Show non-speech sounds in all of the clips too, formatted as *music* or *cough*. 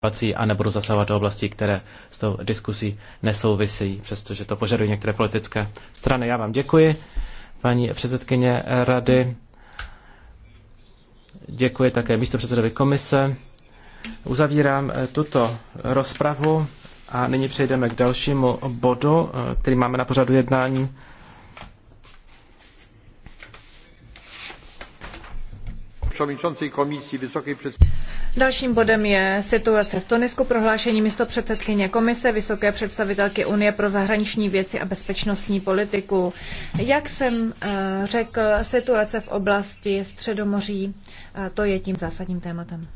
prací a nebudu zasahovat do oblastí, které s tou diskusí nesouvisí, přestože to požadují některé politické strany. Já vám děkuji, paní předsedkyně rady. Děkuji také místopředsedovi komise. Uzavírám eh, tuto rozpravu a nyní přejdeme k dalšímu bodu, eh, který máme na pořadu jednání. Dalším bodem je situace v Tunisku, prohlášení místo komise Vysoké představitelky Unie pro zahraniční věci a bezpečnostní politiku. Jak jsem eh, řekl, situace v oblasti Středomoří, eh, to je tím zásadním tématem.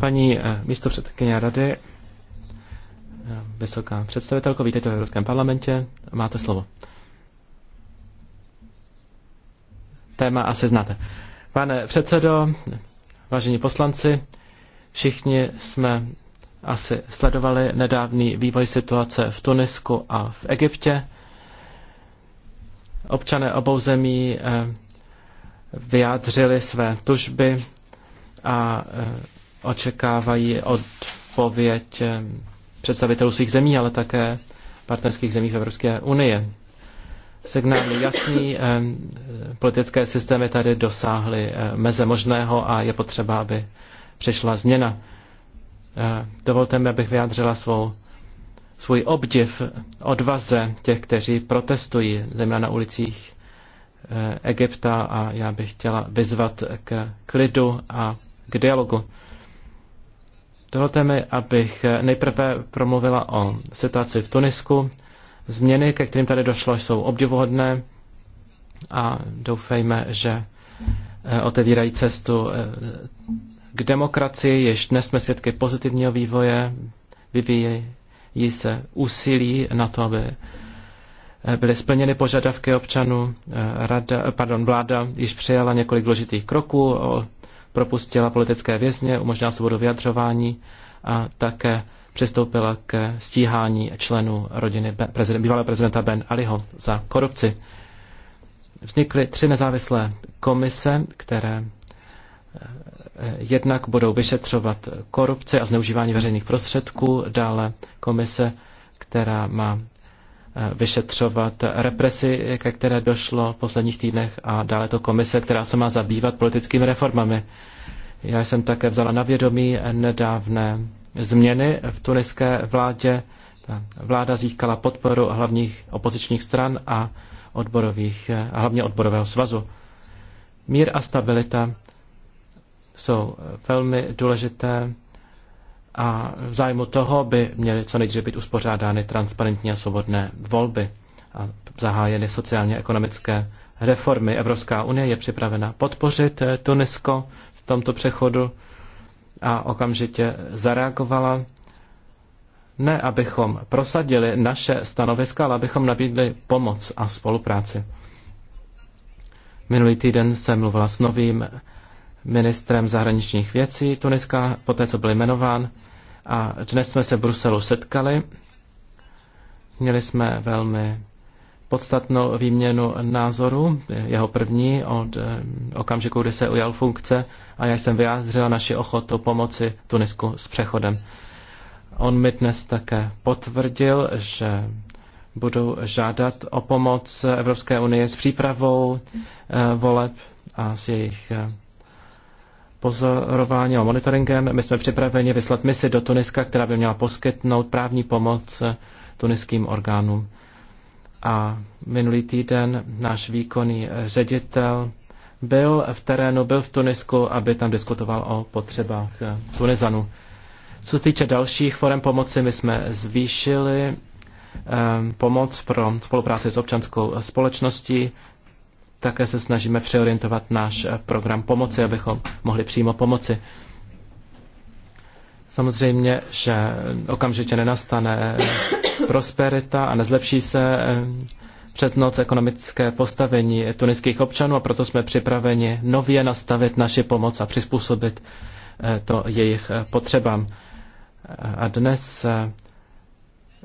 Paní eh, místopředsedkyně rady, eh, vysoká představitelko, vítejte v Evropském parlamentě, máte slovo. Téma asi znáte. Pane předsedo, vážení poslanci, všichni jsme asi sledovali nedávný vývoj situace v Tunisku a v Egyptě. Občané obou zemí eh, vyjádřili své tužby a e, očekávají odpověď e, představitelů svých zemí, ale také partnerských zemí v Evropské unie. Signál je jasný, e, politické systémy tady dosáhly meze možného a je potřeba, aby přišla změna. Dovolte mi, abych vyjádřila svou, svůj obdiv odvaze těch, kteří protestují, zejména na ulicích Egypta a já bych chtěla vyzvat k klidu a k dialogu. Dovolte mi, abych nejprve promluvila o situaci v Tunisku. Změny, ke kterým tady došlo, jsou obdivuhodné a doufejme, že eh, otevírají cestu eh, k demokracii. Jež dnes jsme svědky pozitivního vývoje, vyvíjí se úsilí na to, aby eh, byly splněny požadavky občanů. Rada, pardon, vláda již přijala několik důležitých kroků o propustila politické vězně, umožnila svobodu vyjadřování a také přistoupila k stíhání členů rodiny prezident, bývalého prezidenta Ben Aliho za korupci. Vznikly tři nezávislé komise, které eh, jednak budou vyšetřovat korupci a zneužívání veřejných prostředků, dále komise, která má Eh, vyšetřovat represi, ke které došlo v posledních týdnech a dále to komise, která se má zabývat politickými reformami. Já jsem také vzala na vědomí nedávné změny v tuniské vládě. Ta vláda získala podporu hlavních opozičních stran a odborových, eh, a hlavně odborového svazu. Mír a stabilita jsou velmi důležité a v zájmu toho by měly co nejdříve být uspořádány transparentní a svobodné volby a zahájeny sociálně-ekonomické reformy. Evropská unie je připravena podpořit eh, Tunisko v tomto přechodu a okamžitě zareagovala. Ne, abychom prosadili naše stanoviska, ale abychom nabídli pomoc a spolupráci. Minulý týden jsem mluvila s novým ministrem zahraničních věcí Tuniska, poté co byl jmenován. A dnes jsme se v Bruselu setkali. Měli jsme velmi podstatnou výměnu názoru, jeho první od eh, okamžiku, kdy se ujal funkce a já jsem vyjádřila naši ochotu pomoci Tunisku s přechodem. On mi dnes také potvrdil, že budou žádat o pomoc Evropské unie s přípravou eh, voleb a s jejich eh, pozorováním a monitoringem. My jsme připraveni vyslat misi do Tuniska, která by měla poskytnout právní pomoc eh, tuniským orgánům. A minulý týden náš výkonný eh, ředitel byl v terénu, byl v Tunisku, aby tam diskutoval o potřebách eh, Tunizanů. Co se týče dalších forem pomoci, my jsme zvýšili pomoc pro spolupráci s občanskou společností. Také se snažíme přeorientovat náš eh, program pomoci, abychom mohli přímo pomoci. Samozřejmě, že eh, okamžitě nenastane eh, prosperita a nezlepší se přes noc ekonomické postavení tuniských občanů a proto jsme připraveni nově nastavit naši pomoc a přizpůsobit to jejich potřebám. A dnes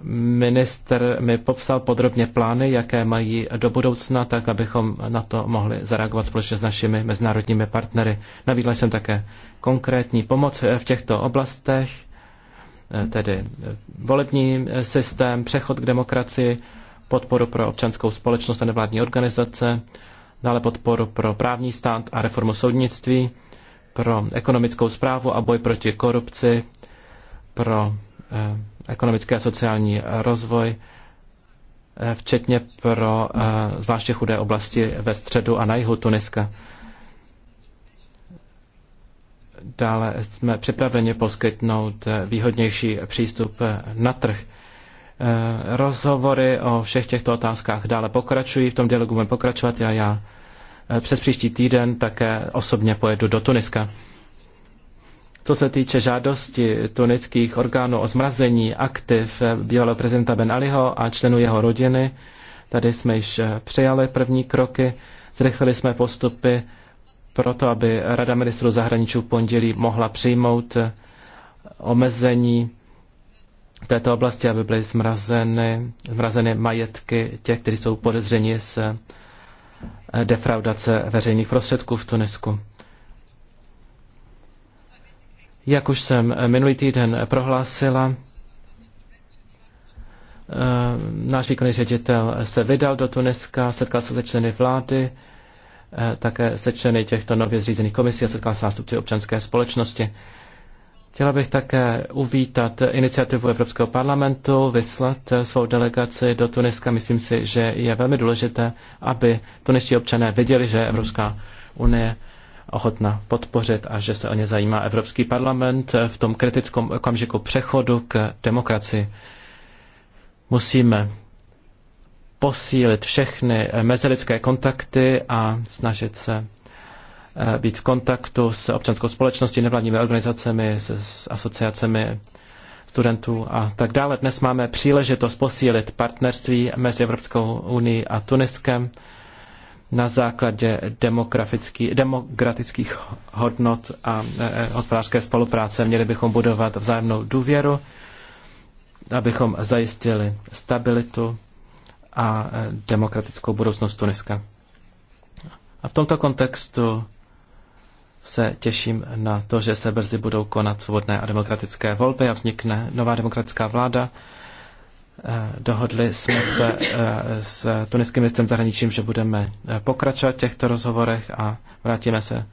Minister mi popsal podrobně plány, jaké mají do budoucna, tak abychom na to mohli zareagovat společně s našimi mezinárodními partnery. Navídla jsem také konkrétní pomoc v těchto oblastech, eh, tedy eh, volební systém, přechod k demokracii, podporu pro občanskou společnost a nevládní organizace, dále podporu pro právní stát a reformu soudnictví, pro ekonomickou zprávu a boj proti korupci, pro eh, ekonomický a sociální rozvoj, eh, včetně pro eh, zvláště chudé oblasti ve středu a na jihu Tuniska. Dále jsme připraveni poskytnout eh, výhodnější přístup na trh. Rozhovory o všech těchto otázkách dále pokračují, v tom dialogu budeme pokračovat a já, já přes příští týden také osobně pojedu do Tuniska. Co se týče žádosti tunických orgánů o zmrazení aktiv bývalého prezidenta Ben Aliho a členů jeho rodiny, tady jsme již eh, přijali první kroky, zrychlili jsme postupy proto, aby Rada ministrů zahraničí v pondělí mohla přijmout eh, omezení této oblasti, aby byly zmrazeny, zmrazeny majetky těch, kteří jsou podezřeni z eh, defraudace veřejných prostředků v Tunisku. Jak už jsem minulý týden prohlásila, eh, náš výkonný ředitel se vydal do Tuniska, setkal se se členy vlády, eh, také se členy těchto nově zřízených komisí a setkal se nástupci občanské společnosti. Chtěla bych také uvítat iniciativu Evropského parlamentu, vyslat svou delegaci do Tuniska. Myslím si, že je velmi důležité, aby tuniští občané viděli, že Evropská unie ochotna podpořit a že se o ně zajímá Evropský parlament v tom kritickém okamžiku přechodu k demokracii. Musíme posílit všechny mezilidské kontakty a snažit se eh, být v kontaktu s občanskou společností, nevládními organizacemi, s asociacemi studentů a tak dále. Dnes máme příležitost posílit partnerství mezi Evropskou unii a Tuniskem na základě demokratických hodnot a e, e, hospodářské spolupráce. Měli bychom budovat vzájemnou důvěru, abychom zajistili stabilitu a e, demokratickou budoucnost Tuniska. A v tomto kontextu se těším na to, že se brzy budou konat svobodné a demokratické volby a vznikne nová demokratická vláda Eh, dohodli jsme se eh, s tuniským ministrem zahraničím, že budeme eh, pokračovat v těchto rozhovorech a vrátíme se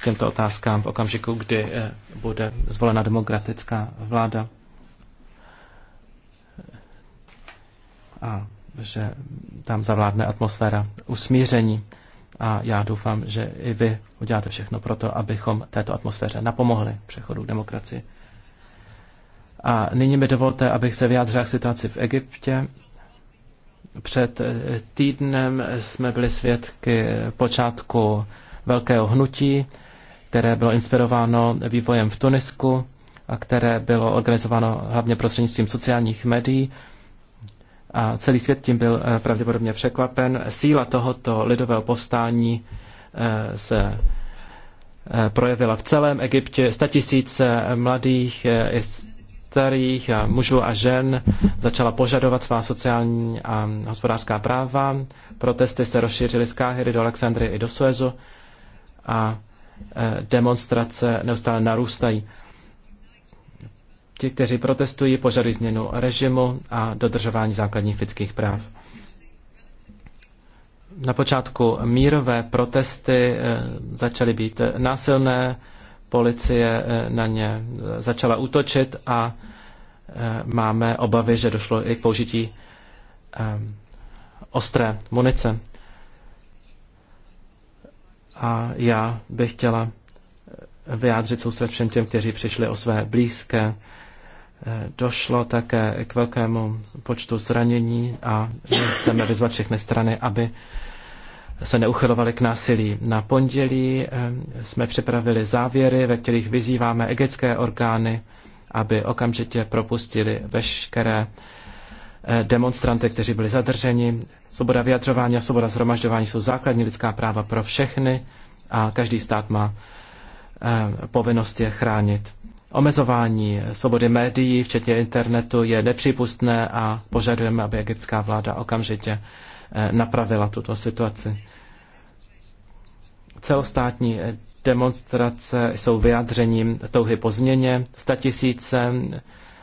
k těmto otázkám v okamžiku, kdy bude zvolena demokratická vláda. A že tam zavládne atmosféra usmíření. A já doufám, že i vy uděláte všechno pro to, abychom této atmosféře napomohli přechodu k demokracii. A nyní mi dovolte, abych se vyjádřil k situaci v Egyptě. Před eh, týdnem jsme byli svědky počátku velkého hnutí, které bylo inspirováno vývojem v Tunisku a které bylo organizováno hlavně prostřednictvím sociálních médií. A celý svět tím byl eh, pravděpodobně překvapen. Síla tohoto lidového povstání eh, se projevila v celém Egyptě. Statisíce mladých starých mužů a žen začala požadovat svá sociální a hospodářská práva. Protesty se rozšířily z Káhyry do Alexandrie i do Suezu a e, demonstrace neustále narůstají. Ti, kteří protestují, požadují změnu režimu a dodržování základních lidských práv. Na počátku mírové protesty e, začaly být násilné, policie eh, na ně eh, začala útočit a eh, máme obavy, že došlo i k použití ostré munice. A já bych chtěla vyjádřit soustřed všem těm, kteří přišli o své blízké. Došlo také k velkému počtu zranění a chceme vyzvat všechny strany, aby se neuchylovali k násilí. Na pondělí eh, jsme připravili závěry, ve kterých vyzýváme egyptské orgány, aby okamžitě propustili veškeré eh, demonstranty, kteří byli zadrženi. Svoboda vyjadřování a svoboda zhromažďování jsou základní lidská práva pro všechny a každý stát má eh, povinnost je chránit. Omezování svobody médií, včetně internetu, je nepřípustné a požadujeme, aby egyptská vláda okamžitě Eh, napravila tuto situaci. Celostátní eh, demonstrace jsou vyjádřením touhy po změně. Statisíce eh,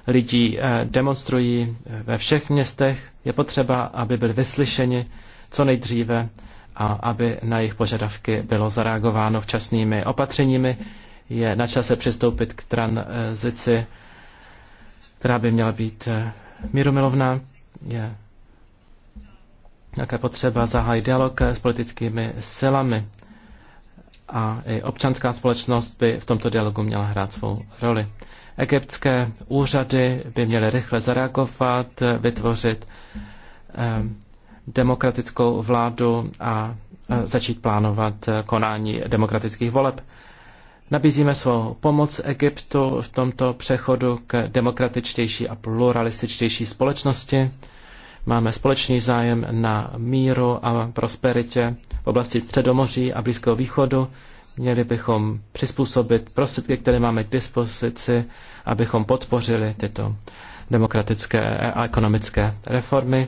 lidí demonstrují ve všech městech. Je potřeba, aby byli vyslyšeni co nejdříve a aby na jejich požadavky bylo zareagováno včasnými opatřeními. Je na čase přistoupit k tranzici, která by měla být mírumilovná. Je také potřeba zahájit dialog s politickými silami. A i občanská společnost by v tomto dialogu měla hrát svou roli. Egyptské úřady by měly rychle zareagovat, vytvořit ehm, demokratickou vládu a e, začít plánovat e, konání demokratických voleb. Nabízíme svou pomoc Egyptu v tomto přechodu k demokratičtější a pluralističtější společnosti. Máme společný zájem na míru a prosperitě v oblasti Středomoří a Blízkého východu. Měli bychom přizpůsobit prostředky, které máme k dispozici, abychom podpořili tyto demokratické a ekonomické reformy.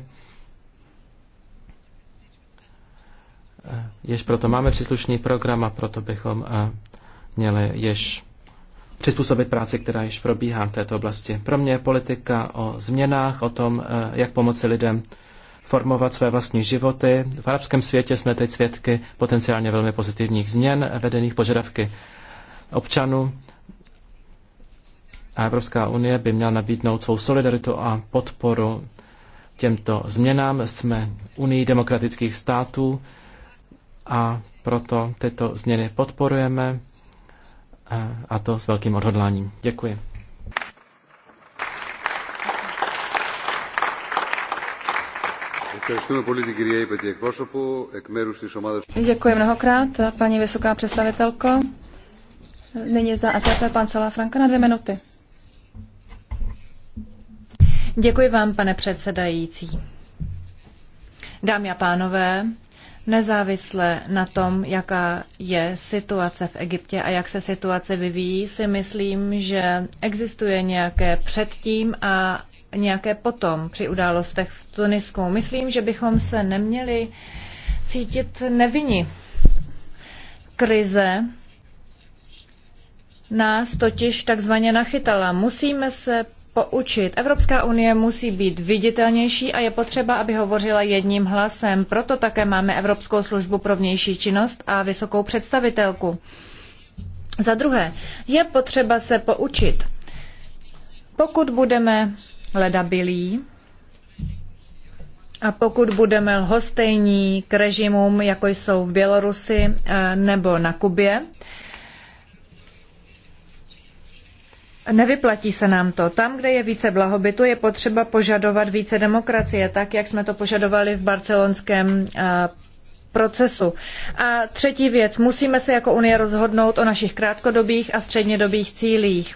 Jež proto máme příslušný program a proto bychom eh, měli jež přizpůsobit práci, která již probíhá v této oblasti. Pro mě je politika o změnách, o tom, eh, jak pomoci lidem formovat své vlastní životy. V arabském světě jsme teď svědky potenciálně velmi pozitivních změn vedených požadavky občanů. A Evropská unie by měla nabídnout svou solidaritu a podporu těmto změnám. Jsme unii demokratických států a proto tyto změny podporujeme a to s velkým odhodláním. Děkuji. Děkuji mnohokrát, paní vysoká představitelko. Nyní za EPP pan Salá Franka na dvě minuty. Děkuji vám, pane předsedající. Dámy a pánové, Nezávisle na tom, jaká je situace v Egyptě a jak se situace vyvíjí, si myslím, že existuje nějaké předtím a nějaké potom při událostech v Tunisku. Myslím, že bychom se neměli cítit nevinni. Krize nás totiž takzvaně nachytala. Musíme se poučit. Evropská unie musí být viditelnější a je potřeba, aby hovořila jedním hlasem. Proto také máme Evropskou službu pro vnější činnost a vysokou představitelku. Za druhé, je potřeba se poučit. Pokud budeme ledabilí, a pokud budeme lhostejní k režimům, jako jsou v Bělorusi eh, nebo na Kubě, Nevyplatí se nám to. Tam, kde je více blahobytu, je potřeba požadovat více demokracie, tak jak jsme to požadovali v barcelonském eh, procesu. A třetí věc, musíme se jako Unie rozhodnout o našich krátkodobých a střednědobých cílích.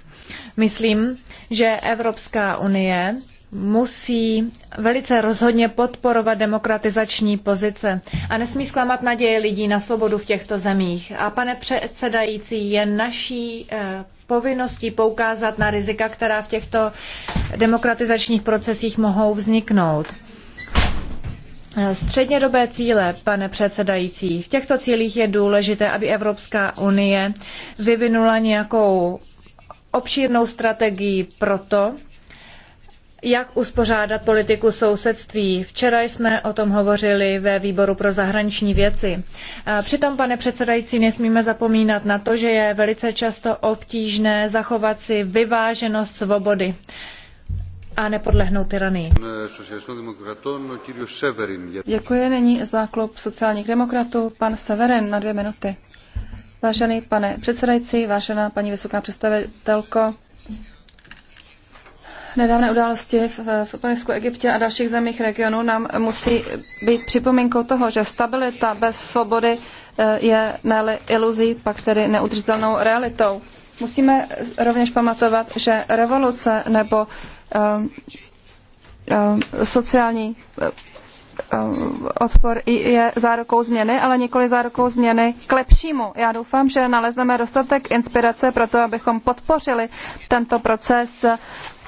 Myslím, že Evropská unie musí velice rozhodně podporovat demokratizační pozice a nesmí zklamat naděje lidí na svobodu v těchto zemích. A pane předsedající, je naší eh, povinností poukázat na rizika, která v těchto demokratizačních procesích mohou vzniknout. Střednědobé cíle, pane předsedající. V těchto cílích je důležité, aby Evropská unie vyvinula nějakou obšírnou strategii pro to, jak uspořádat politiku sousedství. Včera jsme o tom hovořili ve výboru pro zahraniční věci. Přitom, pane předsedající, nesmíme zapomínat na to, že je velice často obtížné zachovat si vyváženost svobody a nepodlehnout tyranii. Děkuji, není za klub sociálních demokratů pan Severin na dvě minuty. Vážený pane předsedající, vážená paní vysoká představitelko, nedávné události v, v Tunisku, Egyptě a dalších zemích regionu nám musí být připomínkou toho, že stabilita bez svobody eh, je ne iluzí, pak tedy neudržitelnou realitou. Musíme rovněž pamatovat, že revoluce nebo uh, uh, sociální Eh, odpor je zárukou změny, ale nikoli zárukou změny k lepšímu. Já doufám, že nalezneme dostatek inspirace pro to, abychom podpořili tento proces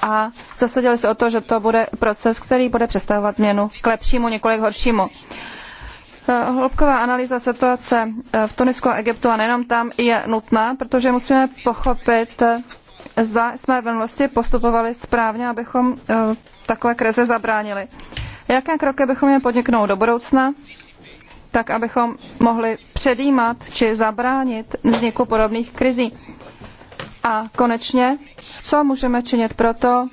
a zasadili se o to, že to bude proces, který bude představovat změnu k lepšímu, nikoli k horšímu. Eh, hloubková analýza situace eh, v Tunisku a Egyptu a nejenom tam je nutná, protože musíme pochopit, zda jsme v minulosti postupovali správně, abychom takové krize zabránili. Jaké kroky bychom měli podniknout do budoucna, tak abychom mohli předjímat či zabránit vzniku podobných krizí? A konečně, co můžeme činit proto,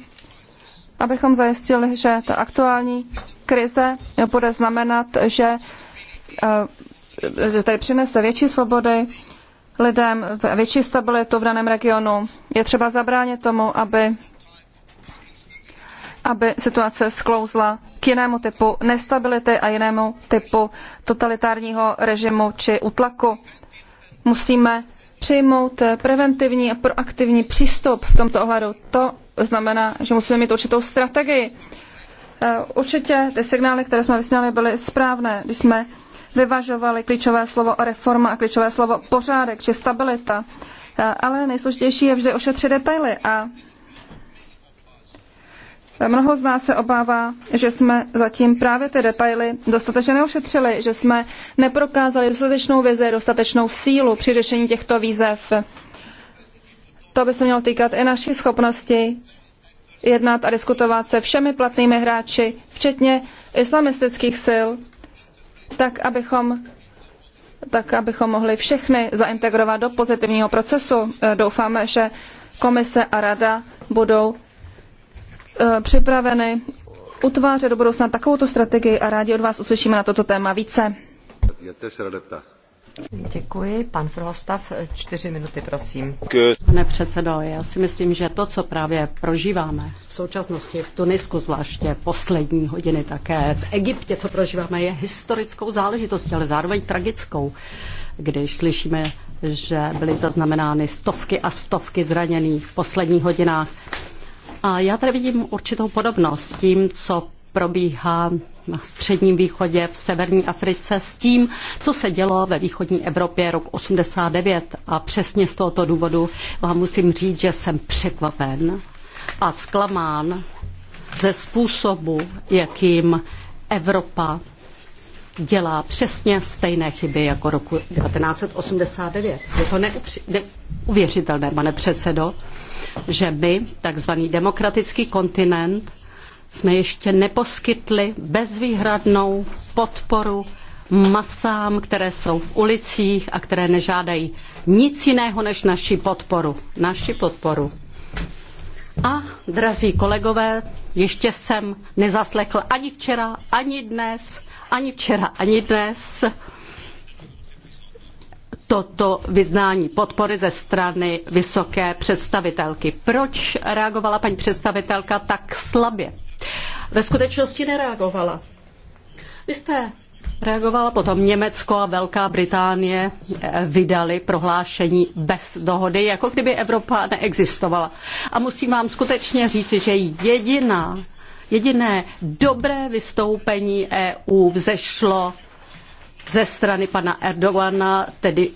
abychom zajistili, že ta aktuální krize bude znamenat, že, eh, že tady přinese větší svobody lidem, větší stabilitu v daném regionu. Je třeba zabránit tomu, aby aby situace sklouzla k jinému typu nestability a jinému typu totalitárního režimu či utlaku. Musíme přijmout preventivní a proaktivní přístup v tomto ohledu. To znamená, že musíme mít určitou strategii. Eh, určitě ty signály, které jsme vysílali, byly správné, když jsme vyvažovali klíčové slovo reforma a klíčové slovo pořádek či stabilita. Eh, ale nejsložitější je vždy ošetřit detaily a Mnoho z nás se obává, že jsme zatím právě ty detaily dostatečně neošetřili, že jsme neprokázali dostatečnou vizi, dostatečnou sílu při řešení těchto výzev. To by se mělo týkat i naší schopnosti jednat a diskutovat se všemi platnými hráči, včetně islamistických sil, tak abychom tak abychom mohli všechny zaintegrovat do pozitivního procesu. Doufáme, že komise a rada budou Eh, připraveny utvářet do budoucna takovouto strategii a rádi od vás uslyšíme na toto téma více. Děkuji. Pan Frostav, čtyři minuty, prosím. Pane předsedo, já si myslím, že to, co právě prožíváme v současnosti v Tunisku, zvláště poslední hodiny také v Egyptě, co prožíváme, je historickou záležitostí, ale zároveň tragickou. Když slyšíme, že byly zaznamenány stovky a stovky zraněných v posledních hodinách, a já tady vidím určitou podobnost s tím, co probíhá na středním východě, v severní Africe, s tím, co se dělo ve východní Evropě rok 89. A přesně z tohoto důvodu vám musím říct, že jsem překvapen a zklamán ze způsobu, jakým Evropa dělá přesně stejné chyby jako roku 1989. Je to neuvěřitelné, pane předsedo že my, takzvaný demokratický kontinent, jsme ještě neposkytli bezvýhradnou podporu masám, které jsou v ulicích a které nežádají nic jiného než naši podporu. Naši podporu. A, drazí kolegové, ještě jsem nezaslechl ani včera, ani dnes, ani včera, ani dnes toto vyznání podpory ze strany vysoké představitelky. Proč reagovala paní představitelka tak slabě? Ve skutečnosti nereagovala. Vy jste reagovala, potom Německo a Velká Británie eh, vydali prohlášení bez dohody, jako kdyby Evropa neexistovala. A musím vám skutečně říci, že jediná, jediné dobré vystoupení EU vzešlo ze strany pana Erdogana, tedy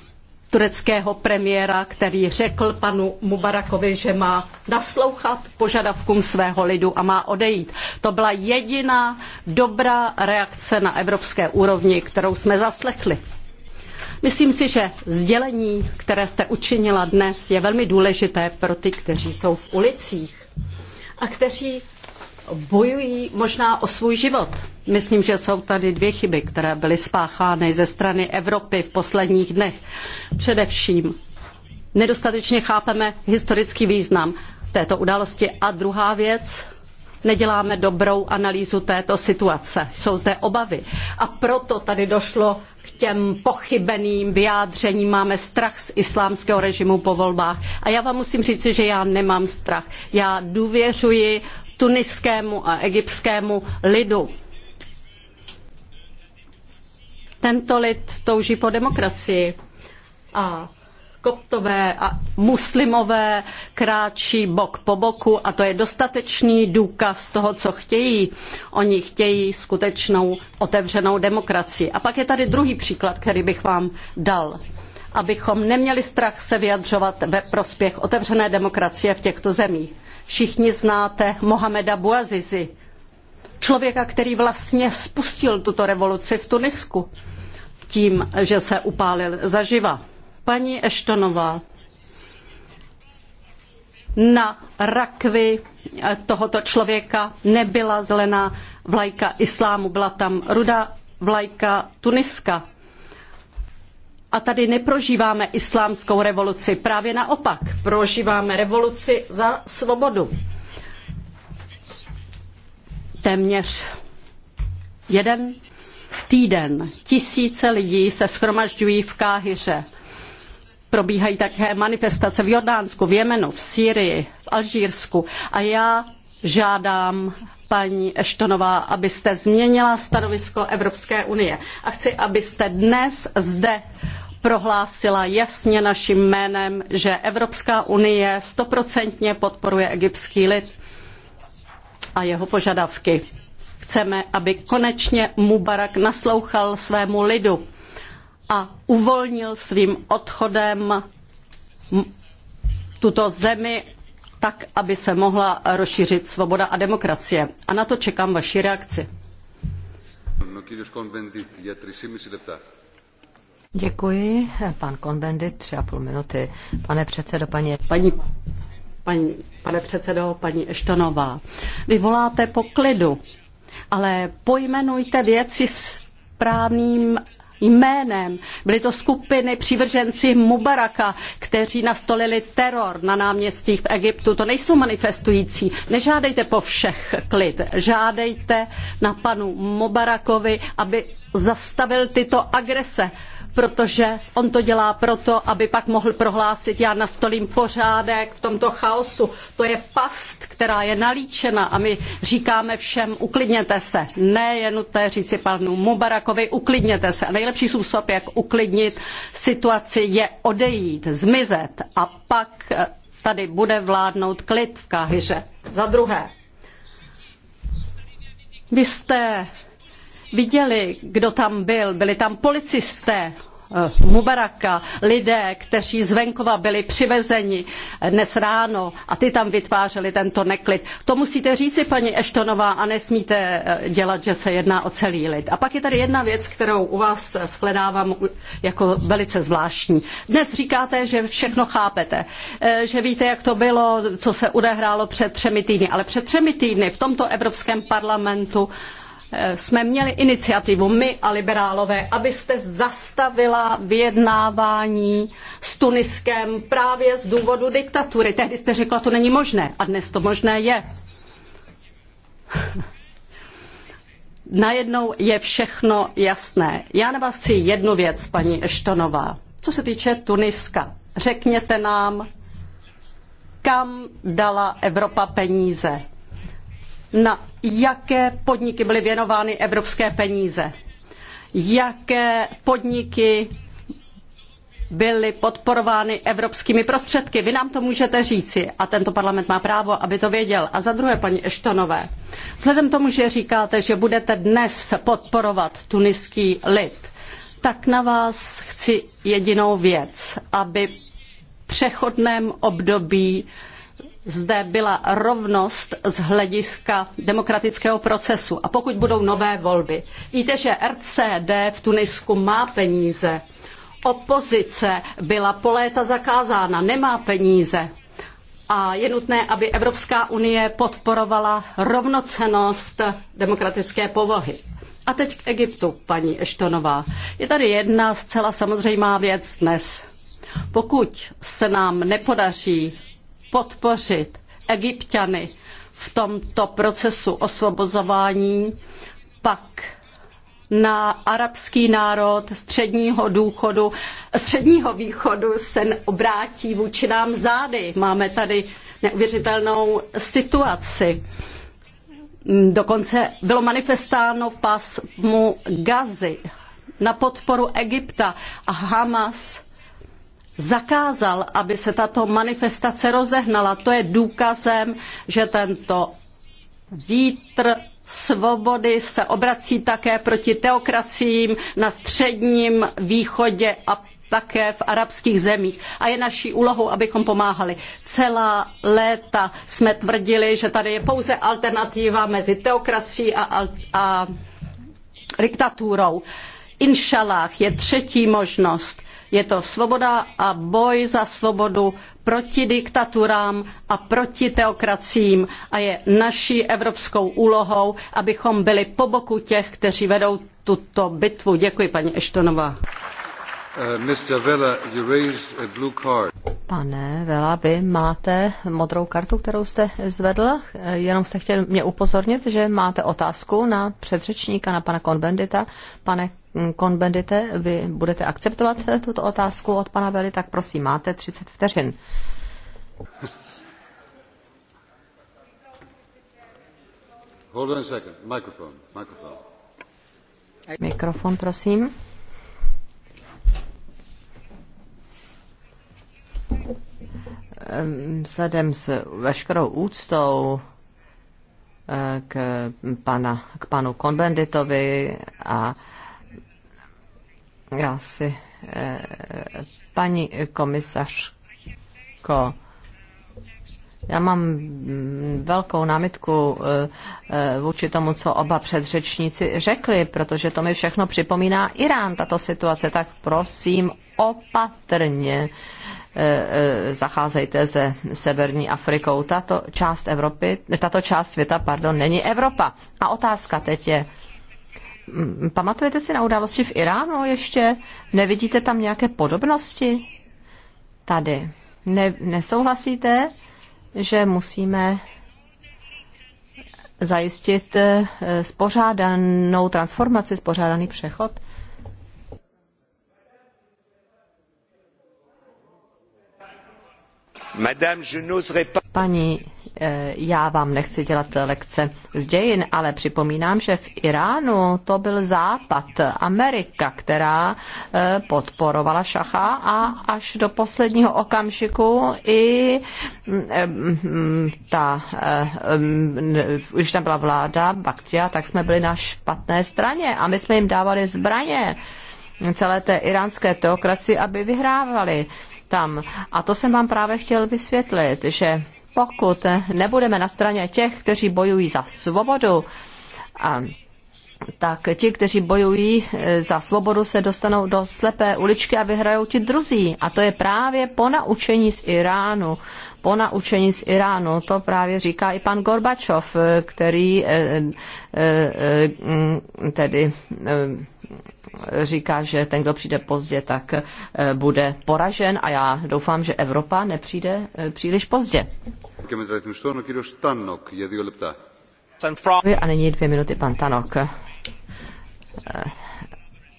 tureckého premiéra, který řekl panu Mubarakovi, že má naslouchat požadavkům svého lidu a má odejít. To byla jediná dobrá reakce na evropské úrovni, kterou jsme zaslechli. Myslím si, že sdělení, které jste učinila dnes, je velmi důležité pro ty, kteří jsou v ulicích a kteří bojují možná o svůj život. Myslím, že jsou tady dvě chyby, které byly spáchány ze strany Evropy v posledních dnech. Především nedostatečně chápeme historický význam této události. A druhá věc, neděláme dobrou analýzu této situace. Jsou zde obavy. A proto tady došlo k těm pochybeným vyjádřením. Máme strach z islámského režimu po volbách. A já vám musím říci, že já nemám strach. Já důvěřuji tuniskému a egyptskému lidu. Tento lid touží po demokracii a koptové a muslimové kráčí bok po boku a to je dostatečný důkaz toho, co chtějí. Oni chtějí skutečnou otevřenou demokracii. A pak je tady druhý příklad, který bych vám dal abychom neměli strach se vyjadřovat ve prospěch otevřené demokracie v těchto zemích. Všichni znáte Mohameda Bouazizi, člověka, který vlastně spustil tuto revoluci v Tunisku tím, že se upálil zaživa. Paní Eštonová, na rakvi tohoto člověka nebyla zelená vlajka islámu, byla tam rudá vlajka Tuniska. A tady neprožíváme islámskou revoluci, právě naopak, prožíváme revoluci za svobodu. Téměř jeden týden tisíce lidí se schromažďují v Káhyře. Probíhají také manifestace v Jordánsku, v Jemenu, v Sýrii, v Alžírsku. A já žádám paní Eštonová, abyste změnila stanovisko Evropské unie. A chci, abyste dnes zde prohlásila jasně naším jménem, že Evropská unie stoprocentně podporuje egyptský lid a jeho požadavky. Chceme, aby konečně Mubarak naslouchal svému lidu a uvolnil svým odchodem tuto zemi tak, aby se mohla rozšířit svoboda a demokracie. A na to čekám vaši reakci. No, Děkuji. Pan Konbendy, tři a půl minuty. Pane předsedo, paní... paní... Paní, pane předsedo, paní Eštonová, vy voláte po klidu, ale pojmenujte věci s právným jménem. Byly to skupiny přívrženci Mubaraka, kteří nastolili teror na náměstích v Egyptu. To nejsou manifestující. Nežádejte po všech klid. Žádejte na panu Mubarakovi, aby zastavil tyto agrese protože on to dělá proto, aby pak mohl prohlásit, já nastolím pořádek v tomto chaosu. To je past, která je nalíčena a my říkáme všem, uklidněte se. Ne, je nutné říci panu Mubarakovi, uklidněte se. A nejlepší způsob, jak uklidnit situaci, je odejít, zmizet a pak eh, tady bude vládnout klid v Káhyře. Za druhé, vy jste viděli, kdo tam byl. Byli tam policisté, eh, Mubaraka, lidé, kteří z venkova byli přivezeni eh, dnes ráno a ty tam vytvářeli tento neklid. To musíte říci, paní Eštonová, a nesmíte eh, dělat, že se jedná o celý lid. A pak je tady jedna věc, kterou u vás shledávám jako velice zvláštní. Dnes říkáte, že všechno chápete, že víte, jak to bylo, co se odehrálo před třemi týdny, ale před třemi týdny v tomto Evropském parlamentu Eh, jsme měli iniciativu, my a liberálové, abyste zastavila vyjednávání s Tuniskem právě z důvodu diktatury. Tehdy jste řekla, to není možné a dnes to možné je. *laughs* Najednou je všechno jasné. Já na vás chci jednu věc, paní Eštonová. Co se týče Tuniska, řekněte nám, kam dala Evropa peníze na jaké podniky byly věnovány evropské peníze, jaké podniky byly podporovány evropskými prostředky. Vy nám to můžete říci a tento parlament má právo, aby to věděl. A za druhé, paní Eštonové, vzhledem tomu, že říkáte, že budete dnes podporovat tuniský lid, tak na vás chci jedinou věc, aby v přechodném období zde byla rovnost z hlediska demokratického procesu. A pokud budou nové volby, víte, že RCD v Tunisku má peníze. Opozice byla po léta zakázána, nemá peníze. A je nutné, aby Evropská unie podporovala rovnocenost demokratické povahy. A teď k Egyptu, paní Eštonová. Je tady jedna zcela samozřejmá věc dnes. Pokud se nám nepodaří podpořit egyptiany v tomto procesu osvobozování, pak na arabský národ středního, důchodu, středního východu se obrátí vůči nám zády. Máme tady neuvěřitelnou situaci. Dokonce bylo manifestáno v pásmu Gazy na podporu Egypta a Hamas zakázal, aby se tato manifestace rozehnala. To je důkazem, že tento vítr svobody se obrací také proti teokraciím na středním východě a také v arabských zemích. A je naší úlohou, abychom pomáhali. Celá léta jsme tvrdili, že tady je pouze alternativa mezi teokracií a, a diktaturou. Inšalách je třetí možnost je to svoboda a boj za svobodu proti diktaturám a proti teokraciím a je naší evropskou úlohou, abychom byli po boku těch, kteří vedou tuto bitvu. Děkuji, paní Eštonová. Uh, Pane Vela, vy máte modrou kartu, kterou jste zvedl. Eh, jenom jste chtěl mě upozornit, že máte otázku na předřečníka, na pana Konbendita. Pane mm, Konbendite, vy budete akceptovat eh, tuto otázku od pana Vely, tak prosím, máte 30 vteřin. Hold on a second. Microphone. Microphone. Mikrofon, prosím. Vzhledem s veškerou úctou eh, k, pana, k panu Konbenditovi a já si eh, paní komisařko, já mám mm, velkou námitku eh, vůči tomu, co oba předřečníci řekli, protože to mi všechno připomíná Irán, tato situace. Tak prosím, opatrně Eh, eh, zacházejte se severní Afrikou. Tato část Evropy, tato část světa, pardon, není Evropa. A otázka teď je, mm, pamatujete si na události v Iránu ještě? Nevidíte tam nějaké podobnosti? Tady. Ne, nesouhlasíte, že musíme zajistit eh, spořádanou transformaci, spořádaný přechod? Paní, eh, já vám nechci dělat lekce z dějin, ale připomínám, že v Iránu to byl západ, Amerika, která eh, podporovala šacha a až do posledního okamžiku i mm, eh, mm, ta, mm, když tam byla vláda Baktia, tak jsme byli na špatné straně a my jsme jim dávali zbraně celé té iránské teokracii, aby vyhrávali tam. A to jsem vám právě chtěl vysvětlit, že pokud nebudeme na straně těch, kteří bojují za svobodu, a tak ti, kteří bojují e, za svobodu, se dostanou do slepé uličky a vyhrajou ti druzí. A to je právě po naučení z Iránu. Po naučení z Iránu, to právě říká i pan Gorbačov, e, který e, tedy říká, že ten, kdo přijde pozdě, tak eh, bude poražen a já doufám, že Evropa nepřijde eh, příliš pozdě. A nyní dvě minuty pan Tanok. Eh,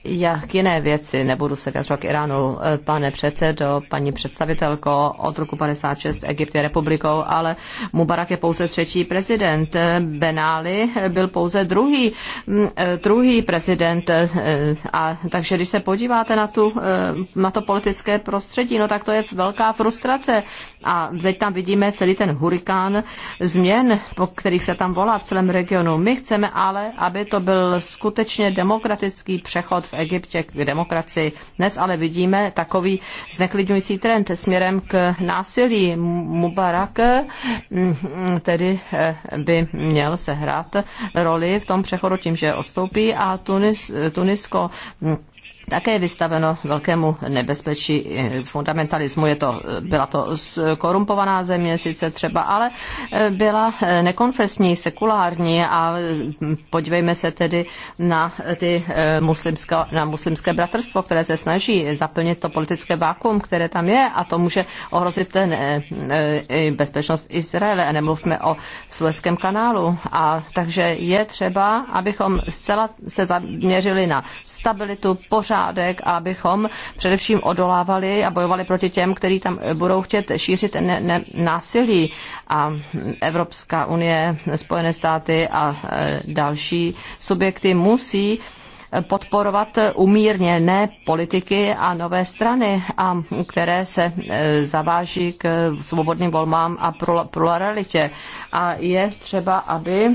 já k jiné věci, nebudu se vyjadřovat k Iránu, pane předsedo, paní představitelko, od roku 56 Egypt je republikou, ale Mubarak je pouze třetí prezident, Ben Ali byl pouze druhý, mm, druhý prezident a takže když se podíváte na, tu, na to politické prostředí, no tak to je velká frustrace a teď tam vidíme celý ten hurikán změn, po kterých se tam volá v celém regionu. My chceme ale, aby to byl skutečně demokratický přechod v Egyptě k demokracii. Dnes ale vidíme takový zneklidňující trend směrem k násilí. Mubarak mm, mm, tedy eh, by měl sehrát roli v tom přechodu tím, že odstoupí a Tunis, Tunisko mm, také vystaveno velkému nebezpečí eh, fundamentalismu. Je to, eh, byla to korumpovaná země sice třeba, ale eh, byla nekonfesní, sekulární a hm, podívejme se tedy na ty muslimské, na muslimské bratrstvo, které se snaží zaplnit to politické vákuum, které tam je a to může ohrozit ten, bezpečnost Izraele a nemluvme o Suezském kanálu. A takže je třeba, abychom zcela se zaměřili na stabilitu, pořád pořádek, abychom především odolávali a bojovali proti těm, kteří tam budou chtět šířit ne- ne- násilí. A Evropská unie, Spojené státy a e, další subjekty musí podporovat umírněné politiky a nové strany, a které se e, zaváží k svobodným volbám a pluralitě. A je třeba, aby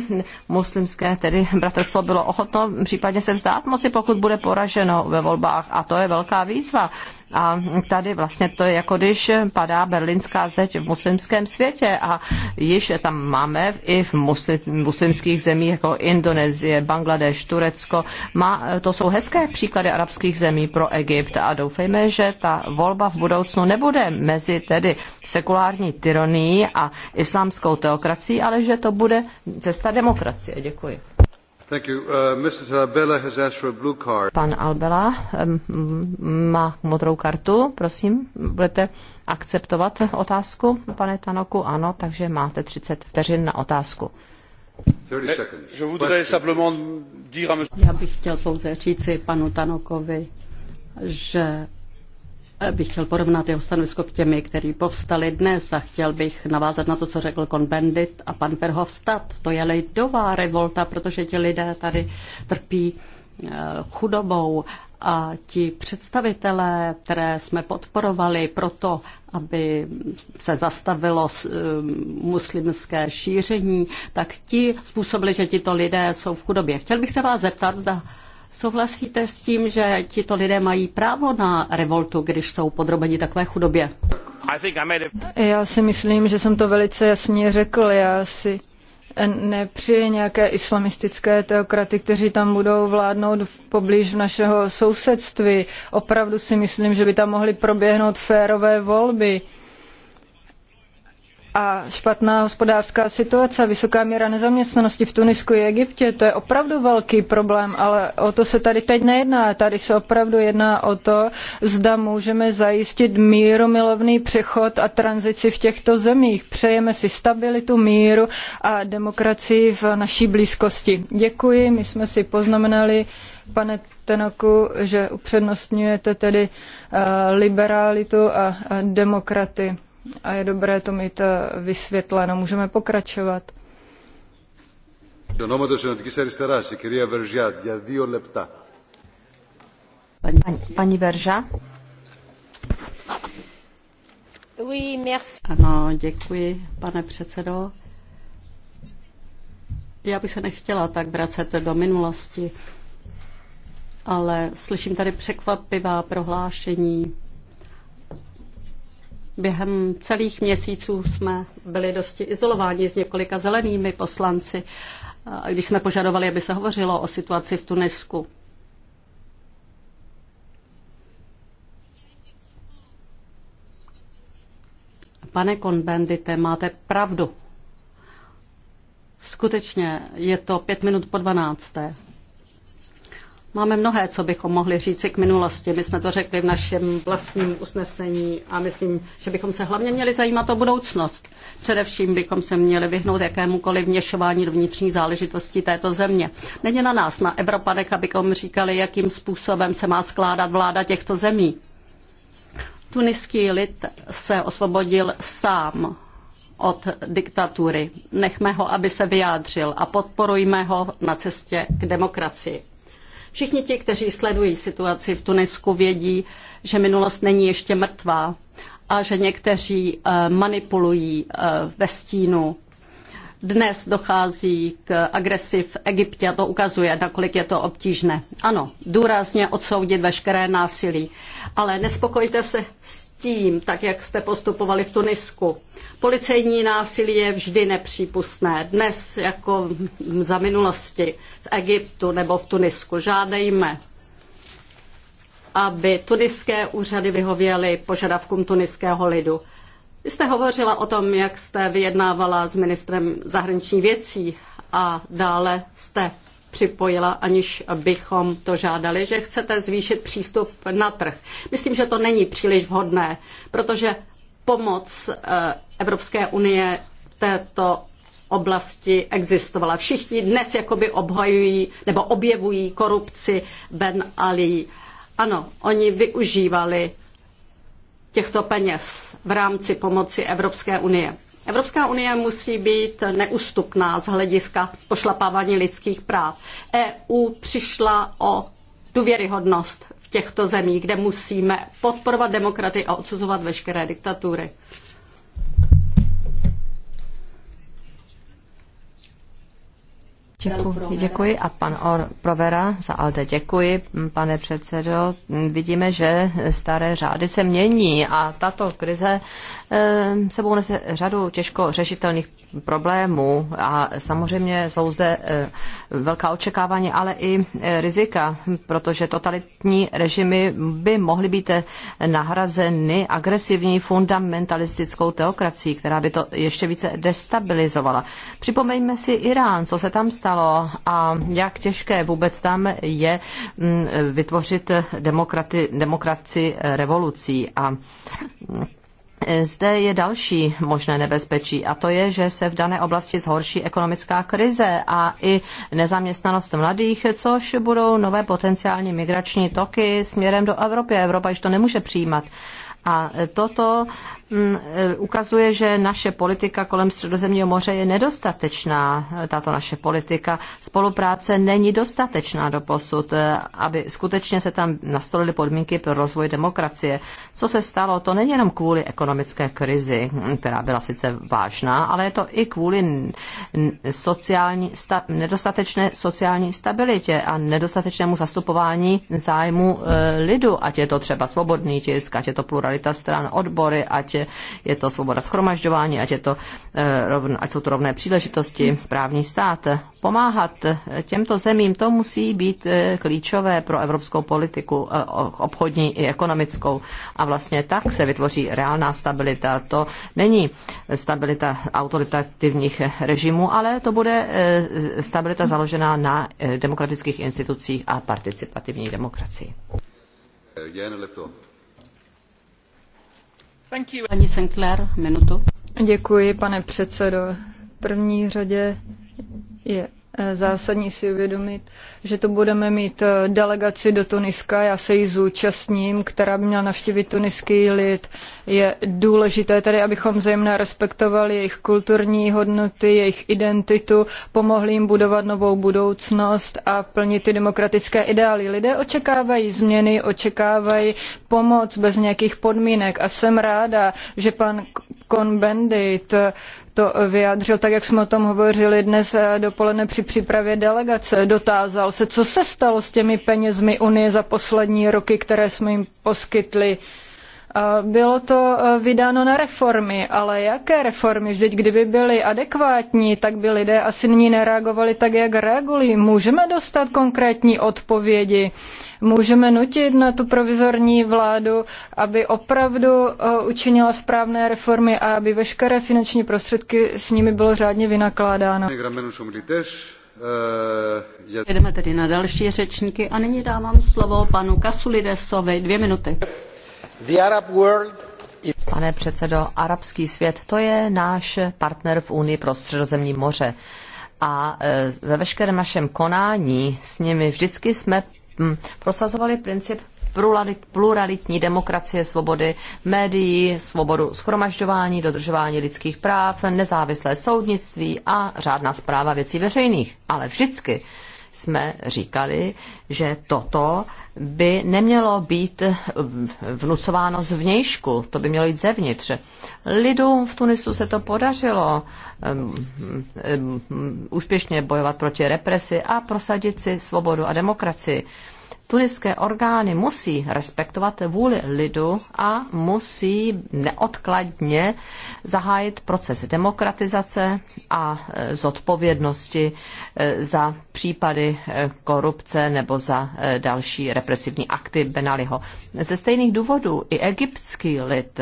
muslimské tedy bratrstvo bylo ochotno případně se vzdát moci, pokud bude poraženo ve volbách. A to je velká výzva a tady vlastně to je jako když padá berlínská zeď v muslimském světě a již tam máme i v muslimských zemích jako Indonésie, Bangladeš, Turecko. Má, to jsou hezké příklady arabských zemí pro Egypt a doufejme, že ta volba v budoucnu nebude mezi tedy sekulární tyranií a islámskou teokracií, ale že to bude cesta demokracie. Děkuji. Uh, Pan Albela um, má modrou kartu, prosím, budete akceptovat otázku, pane Tanoku? Ano, takže máte 30 vteřin na otázku. Eh, Já bych chtěl pouze říci panu Tanokovi, že bych chtěl porovnat jeho stanovisko k těmi, který povstali dnes a chtěl bych navázat na to, co řekl kon Bendit a pan Verhofstadt. To je lidová revolta, protože ti lidé tady trpí eh, chudobou a ti představitelé, které jsme podporovali proto, aby se zastavilo eh, muslimské šíření, tak ti způsobili, že tito lidé jsou v chudobě. Chtěl bych se vás zeptat, zda Souhlasíte s tím, že tito lidé mají právo na revoltu, když jsou podrobeni takové chudobě? Já si myslím, že jsem to velice jasně řekl. Já si nepřije nějaké islamistické teokraty, kteří tam budou vládnout poblíž našeho sousedství. Opravdu si myslím, že by tam mohly proběhnout férové volby a špatná hospodářská situace, vysoká míra nezaměstnanosti v Tunisku i Egyptě, to je opravdu velký problém, ale o to se tady teď nejedná. Tady se opravdu jedná o to, zda můžeme zajistit míromilovný přechod a tranzici v těchto zemích. Přejeme si stabilitu, míru a demokracii v naší blízkosti. Děkuji, my jsme si poznamenali pane Tenoku, že upřednostňujete tedy eh, liberalitu a demokraty a je dobré to mít eh, vysvětleno. Můžeme pokračovat. Paní, Verža. Ano, děkuji, pane předsedo. Já bych se nechtěla tak vracet do minulosti, ale slyším tady překvapivá prohlášení Během celých měsíců jsme byli dosti izolováni s několika zelenými poslanci, když jsme požadovali, aby se hovořilo o situaci v Tunisku. Pane Konbendite, máte pravdu. Skutečně je to pět minut po dvanácté. Máme mnohé, co bychom mohli říci k minulosti. My jsme to řekli v našem vlastním usnesení a myslím, že bychom se hlavně měli zajímat o budoucnost. Především bychom se měli vyhnout jakémukoliv vněšování do vnitřní záležitosti této země. Není na nás, na Evropanech, abychom říkali, jakým způsobem se má skládat vláda těchto zemí. Tuniský lid se osvobodil sám od diktatury. Nechme ho, aby se vyjádřil a podporujme ho na cestě k demokracii. Všichni ti, kteří sledují situaci v Tunisku, vědí, že minulost není ještě mrtvá a že někteří eh, manipulují eh, ve stínu. Dnes dochází k agresi v Egyptě a to ukazuje, nakolik je to obtížné. Ano, důrazně odsoudit veškeré násilí, ale nespokojte se s tím, tak jak jste postupovali v Tunisku. Policejní násilí je vždy nepřípustné, dnes jako za minulosti v Egyptu nebo v Tunisku. Žádejme, aby tuniské úřady vyhověly požadavkům tuniského lidu. Vy jste hovořila o tom, jak jste vyjednávala s ministrem zahraničních věcí a dále jste připojila, aniž bychom to žádali, že chcete zvýšit přístup na trh. Myslím, že to není příliš vhodné, protože pomoc eh, Evropské unie v této oblasti existovala. Všichni dnes jakoby obhajují nebo objevují korupci Ben Ali. Ano, oni využívali těchto peněz v rámci pomoci Evropské unie. Evropská unie musí být neústupná z hlediska pošlapávání lidských práv. EU přišla o důvěryhodnost v těchto zemích, kde musíme podporovat demokraty a odsuzovat veškeré diktatury. Děkuji, děkuji a pan Or Provera za Alde. Děkuji, pane předsedo. Vidíme, že staré řády se mění a tato krize eh, sebou nese řadu těžko řešitelných problémů a samozřejmě jsou zde eh, velká očekávání, ale i eh, rizika, protože totalitní režimy by mohly být eh, nahrazeny agresivní fundamentalistickou teokracií, která by to ještě více destabilizovala. Připomeňme si Irán, co se tam stalo a jak těžké vůbec tam je mm, vytvořit demokraci revolucí. A mm, zde je další možné nebezpečí a to je, že se v dané oblasti zhorší ekonomická krize a i nezaměstnanost mladých, což budou nové potenciální migrační toky směrem do Evropy. Evropa již to nemůže přijímat. A toto Mm, eh, ukazuje, že naše politika kolem Středozemního moře je nedostatečná. Tato naše politika spolupráce není dostatečná do posud, eh, aby skutečně se tam nastolily podmínky pro rozvoj demokracie. Co se stalo, to není jenom kvůli ekonomické krizi, mm, která byla sice vážná, ale je to i kvůli sociální, sta, nedostatečné sociální stabilitě a nedostatečnému zastupování zájmu eh, lidu, ať je to třeba svobodný tisk, ať je to pluralita stran, odbory, ať je to svoboda schromažďování, ať, je to, eh, ať jsou to rovné příležitosti, právní stát. Pomáhat eh, těmto zemím, to musí být eh, klíčové pro evropskou politiku, obchodní i ekonomickou. A vlastně tak se vytvoří reálná stabilita. To není stabilita autoritativních režimů, ale to bude stabilita založená na demokratických institucích a participativní demokracii. Paní Sinclair, minutu. Děkuji, pane předsedo. V první řadě je Eh, zásadní si uvědomit, že to budeme mít eh, delegaci do Tuniska, já se jí zúčastním, která by měla navštívit tuniský lid. Je důležité tedy, abychom zejména respektovali jejich kulturní hodnoty, jejich identitu, pomohli jim budovat novou budoucnost a plnit ty demokratické ideály. Lidé očekávají změny, očekávají pomoc bez nějakých podmínek a jsem ráda, že pan Cohn-Bendit to vyjádřil, tak jak jsme o tom hovořili dnes eh, dopoledne při přípravě delegace. Dotázal se, co se stalo s těmi penězmi Unie za poslední roky, které jsme jim poskytli. Uh, bylo to e, vydáno na reformy, ale jaké reformy? Vždyť kdyby byly adekvátní, tak by lidé asi nyní nereagovali tak, jak reagují. Můžeme dostat konkrétní odpovědi? Můžeme nutit na tu provizorní vládu, aby opravdu e, učinila správné reformy a aby veškeré finanční prostředky s nimi bylo řádně vynakládáno. Jdeme tedy na další řečníky a nyní dávám slovo panu Kasulidesovi. Dvě minuty. Pane předsedo, arabský svět, to je náš partner v Unii pro středozemní moře. A e, ve veškerém našem konání s nimi vždycky jsme mm, prosazovali princip pluralitní demokracie, svobody médií, svobodu schromažďování, dodržování lidských práv, nezávislé soudnictví a řádná zpráva věcí veřejných. Ale vždycky jsme říkali, že toto by nemělo být vnucováno zvnějšku, to by mělo jít zevnitř. Lidům v Tunisu se to podařilo um, um, úspěšně bojovat proti represi a prosadit si svobodu a demokracii tuniské orgány musí respektovat vůli lidu a musí neodkladně zahájit proces demokratizace a e, zodpovědnosti e, za případy e, korupce nebo za další represivní akty Benaliho. Ze stejných důvodů i egyptský lid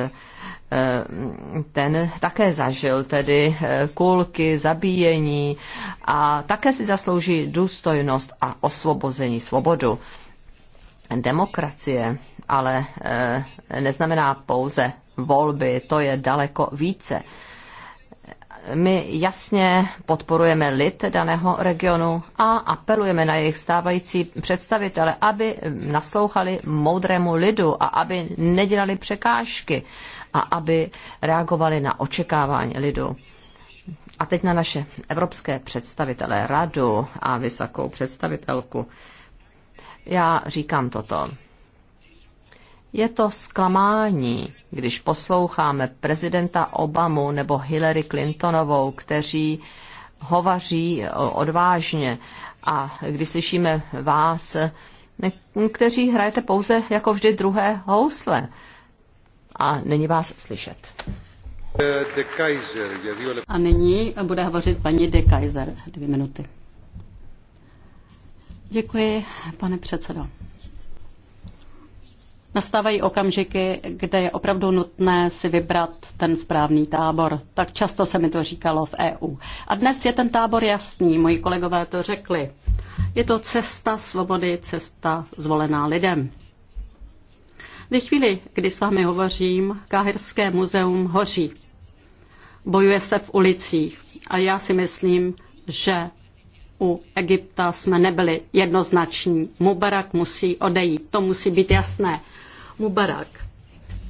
ten také zažil tedy kulky, zabíjení a také si zaslouží důstojnost a osvobození svobodu. Demokracie ale e, neznamená pouze volby, to je daleko více. My jasně podporujeme lid daného regionu a apelujeme na jejich stávající představitele, aby naslouchali moudrému lidu a aby nedělali překážky a aby reagovali na očekávání lidu. A teď na naše evropské představitele, radu a vysokou představitelku já říkám toto. Je to zklamání, když posloucháme prezidenta Obamu nebo Hillary Clintonovou, kteří hovaří odvážně a když slyšíme vás, kteří hrajete pouze jako vždy druhé housle a není vás slyšet. A nyní bude hovořit paní de Kaiser dvě minuty. Děkuji, pane předsedo. Nastávají okamžiky, kde je opravdu nutné si vybrat ten správný tábor. Tak často se mi to říkalo v EU. A dnes je ten tábor jasný, moji kolegové to řekli. Je to cesta svobody, cesta zvolená lidem. Ve chvíli, kdy s vámi hovořím, Káhirské muzeum hoří. Bojuje se v ulicích a já si myslím, že u Egypta jsme nebyli jednoznační. Mubarak musí odejít, to musí být jasné. Mubarak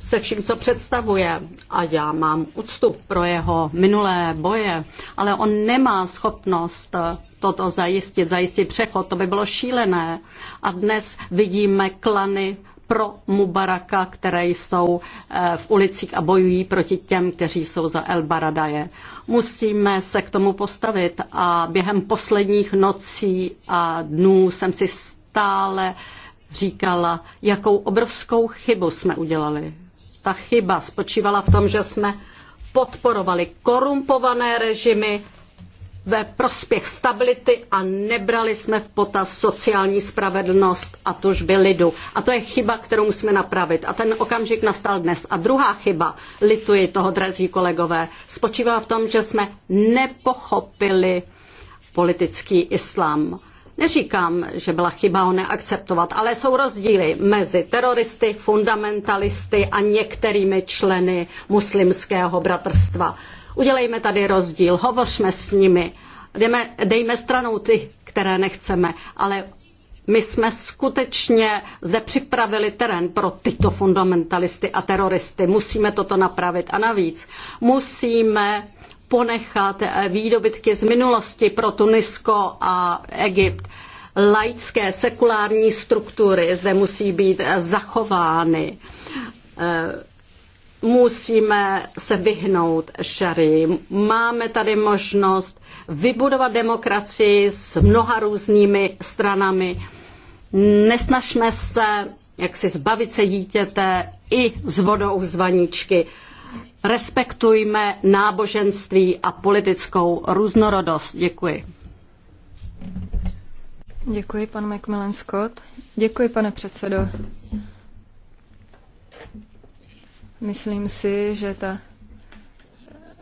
se vším, co představuje, a já mám úctu pro jeho minulé boje, ale on nemá schopnost toto zajistit, zajistit přechod, to by bylo šílené. A dnes vidíme klany pro Mubaraka, které jsou eh, v ulicích a bojují proti těm, kteří jsou za El Baradaje. Musíme se k tomu postavit a během posledních nocí a dnů jsem si stále říkala, jakou obrovskou chybu jsme udělali. Ta chyba spočívala v tom, že jsme podporovali korumpované režimy, ve prospěch stability a nebrali jsme v potaz sociální spravedlnost a tužby lidu. A to je chyba, kterou musíme napravit. A ten okamžik nastal dnes. A druhá chyba, lituji toho, drazí kolegové, spočívá v tom, že jsme nepochopili politický islám. Neříkám, že byla chyba ho neakceptovat, ale jsou rozdíly mezi teroristy, fundamentalisty a některými členy muslimského bratrstva. Udělejme tady rozdíl, hovořme s nimi, Jdeme, dejme stranou ty, které nechceme, ale my jsme skutečně zde připravili terén pro tyto fundamentalisty a teroristy. Musíme toto napravit. A navíc musíme ponechat eh, výdobytky z minulosti pro Tunisko a Egypt. Laické sekulární struktury zde musí být eh, zachovány eh, musíme se vyhnout šary. Máme tady možnost vybudovat demokracii s mnoha různými stranami. Nesnažme se, jak si zbavit se dítěte i s vodou z vaničky. Respektujme náboženství a politickou různorodost. Děkuji. Děkuji, pan McMillan Scott. Děkuji, pane předsedo. Myslím si, že ta,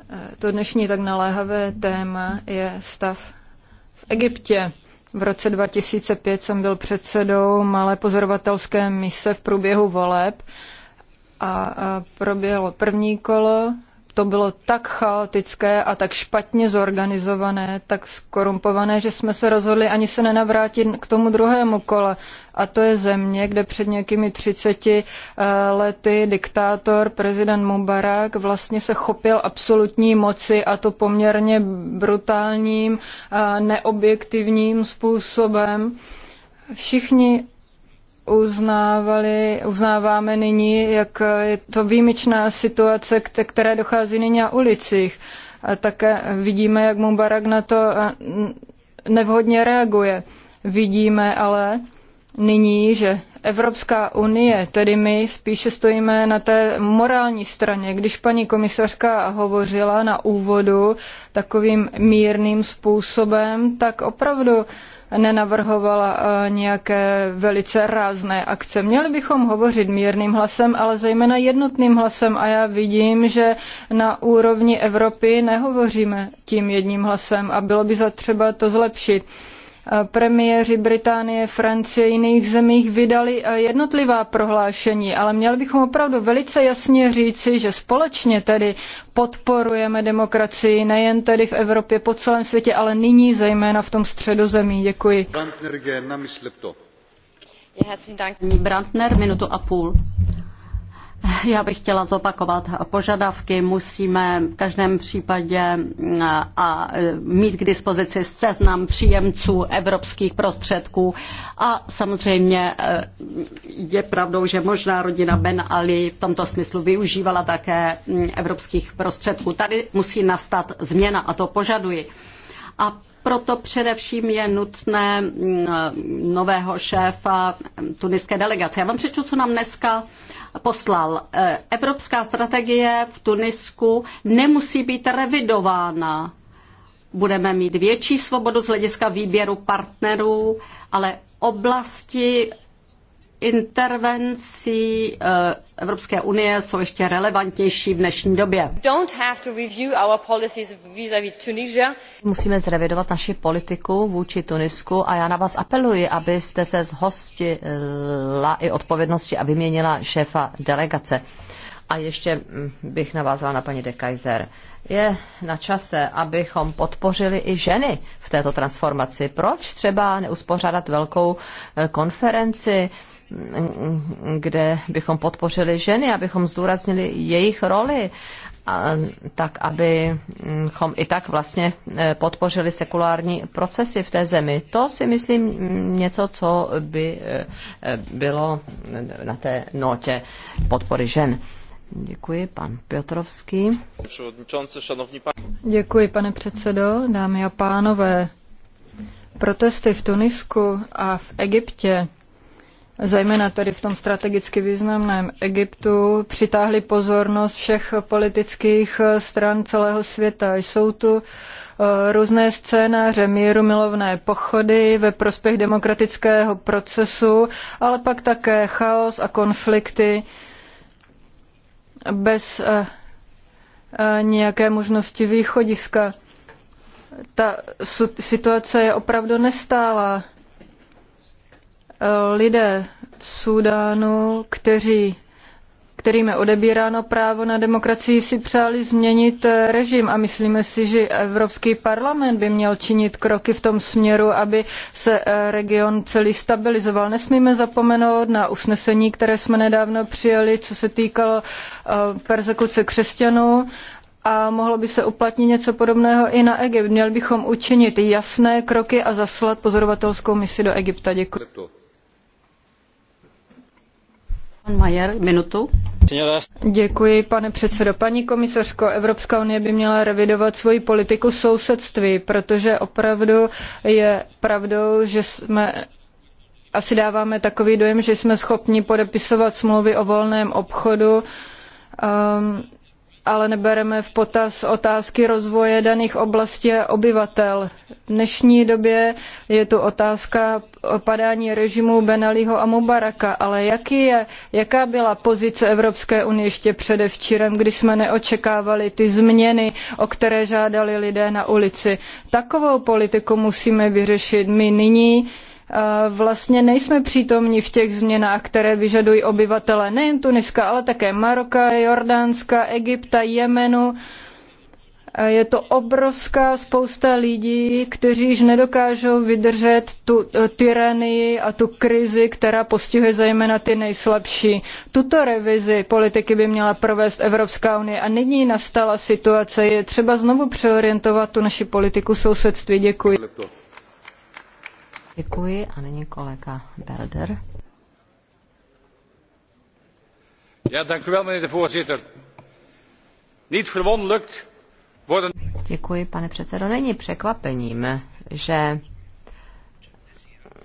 eh, to dnešní tak naléhavé téma je stav v Egyptě. V roce 2005 jsem byl předsedou malé pozorovatelské mise v průběhu voleb a proběhlo první kolo to bylo tak chaotické a tak špatně zorganizované, tak skorumpované, že jsme se rozhodli ani se nenavrátit k tomu druhému kole. A to je země, kde před nějakými 30 eh, lety diktátor, prezident Mubarak, vlastně se chopil absolutní moci a to poměrně brutálním, eh, neobjektivním způsobem. Všichni uznávali, uznáváme nyní, jak je to výjimečná situace, které dochází nyní na ulicích. A také vidíme, jak Mubarak na to nevhodně reaguje. Vidíme ale nyní, že Evropská unie, tedy my spíše stojíme na té morální straně. Když paní komisařka hovořila na úvodu takovým mírným způsobem, tak opravdu uh, nenavrhovala eh, nějaké velice rázné akce. Měli bychom hovořit mírným hlasem, ale zejména jednotným hlasem a já vidím, že na úrovni Evropy nehovoříme tím jedním hlasem a bylo by zatřeba to zlepšit premiéři Británie, Francie, jiných zemích vydali eh, jednotlivá prohlášení, ale měli bychom opravdu velice jasně říci, že společně tedy podporujeme demokracii nejen tedy v Evropě, po celém světě, ale nyní zejména v tom středozemí. Děkuji. Brandner, minutu a půl. Já bych chtěla zopakovat požadavky. Musíme v každém případě a mít k dispozici seznam příjemců evropských prostředků. A samozřejmě e, je pravdou, že možná rodina Ben Ali v tomto smyslu využívala také evropských prostředků. Tady musí nastat změna a to požaduji. A proto především je nutné nového šéfa tuniské delegace. Já vám přečtu, co nám dneska poslal. Eh, evropská strategie v Tunisku nemusí být revidována. Budeme mít větší svobodu z hlediska výběru partnerů, ale oblasti intervencí eh, Evropské unie jsou ještě relevantnější v dnešní době. Musíme zrevidovat naši politiku vůči Tunisku a já na vás apeluji, abyste se zhostila i odpovědnosti a vyměnila šéfa delegace. A ještě mm, bych navázala na paní de Kaiser. Je na čase, abychom podpořili i ženy v této transformaci. Proč třeba neuspořádat velkou eh, konferenci? kde bychom podpořili ženy, abychom zdůraznili jejich roli, a, tak abychom i tak vlastně e, podpořili sekulární procesy v té zemi. To si myslím něco, co by e, e, bylo na té notě podpory žen. Děkuji, pan Piotrovský. Děkuji, pane předsedo, dámy a pánové. Protesty v Tunisku a v Egyptě zejména tedy v tom strategicky významném Egyptu, přitáhly pozornost všech politických eh, stran celého světa. Jsou tu eh, různé scénáře, míru milovné pochody ve prospěch demokratického procesu, ale pak také chaos a konflikty bez eh, nějaké možnosti východiska. Ta situace je opravdu nestálá lidé v Súdánu, kteří kterým je odebíráno právo na demokracii, si přáli změnit eh, režim a myslíme si, že Evropský parlament by měl činit kroky v tom směru, aby se eh, region celý stabilizoval. Nesmíme zapomenout na usnesení, které jsme nedávno přijali, co se týkalo eh, persekuce křesťanů a mohlo by se uplatnit něco podobného i na Egypt. Měli bychom učinit jasné kroky a zaslat pozorovatelskou misi do Egypta. Děkuji. Pan Majer, minutu. Děkuji, pane předsedo. Paní komisařko, Evropská unie by měla revidovat svoji politiku sousedství, protože opravdu je pravdou, že jsme asi dáváme takový dojem, že jsme schopni podepisovat smlouvy o volném obchodu um, ale nebereme v potaz otázky rozvoje daných oblastí a obyvatel. V dnešní době je tu otázka padání režimu Benaliho a Mubaraka, ale jaký je, jaká byla pozice Evropské unie ještě předevčírem, kdy jsme neočekávali ty změny, o které žádali lidé na ulici. Takovou politiku musíme vyřešit my nyní, vlastně nejsme přítomni v těch změnách, které vyžadují obyvatele nejen Tuniska, ale také Maroka, Jordánska, Egypta, Jemenu. Je to obrovská spousta lidí, kteří již nedokážou vydržet tu eh, tyranii a tu krizi, která postihuje zejména ty nejslabší. Tuto revizi politiky by měla provést Evropská unie a nyní nastala situace. Je třeba znovu přeorientovat tu naši politiku sousedství. Děkuji. Děkuji a nyní kolega Belder. Ja, dank u wel, meneer de voorzitter. Niet verwonderlijk worden... Děkuji, pane předsedo. Není překvapením, že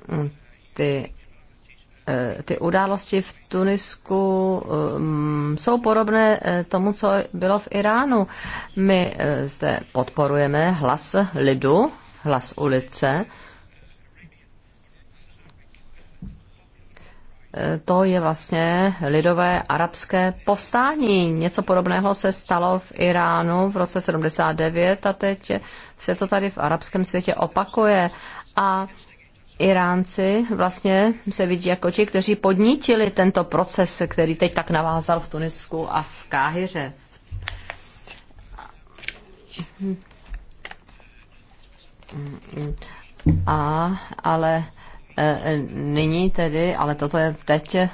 mm, ty e, ty události v Tunisku mm, jsou podobné e, tomu, co bylo v Iránu. My e, zde podporujeme hlas lidu, hlas ulice to je vlastně lidové arabské povstání. Něco podobného se stalo v Iránu v roce 79 a teď se to tady v arabském světě opakuje. A Iránci vlastně se vidí jako ti, kteří podnítili tento proces, který teď tak navázal v Tunisku a v Káhyře. A, ale E, nyní tedy, ale toto je teď, e,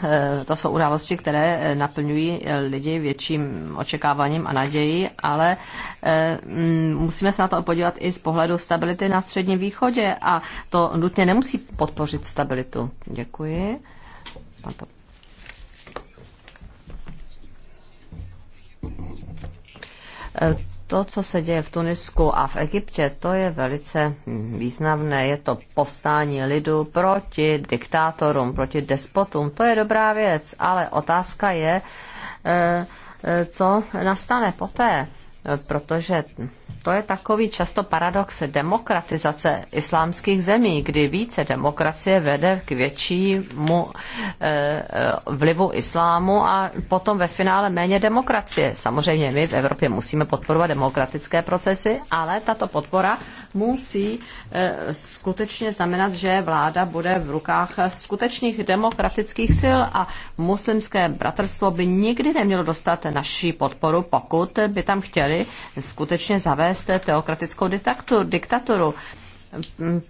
to jsou události, které e, naplňují lidi větším očekáváním a naději, ale musíme se na to podívat i z pohledu stability na Středním východě a to nutně nemusí podpořit stabilitu. Děkuji. Pan to, co se děje v Tunisku a v Egyptě, to je velice významné. Je to povstání lidu proti diktátorům, proti despotům. To je dobrá věc, ale otázka je, eh, eh, co nastane poté protože to je takový často paradox demokratizace islámských zemí, kdy více demokracie vede k většímu eh, eh, vlivu islámu a potom ve finále méně demokracie. Samozřejmě my v Evropě musíme podporovat demokratické procesy, ale tato podpora musí eh, skutečně znamenat, že vláda bude v rukách skutečných demokratických sil a muslimské bratrstvo by nikdy nemělo dostat naší podporu, pokud by tam chtěli chtěli skutečně zavést teokratickou diktaturu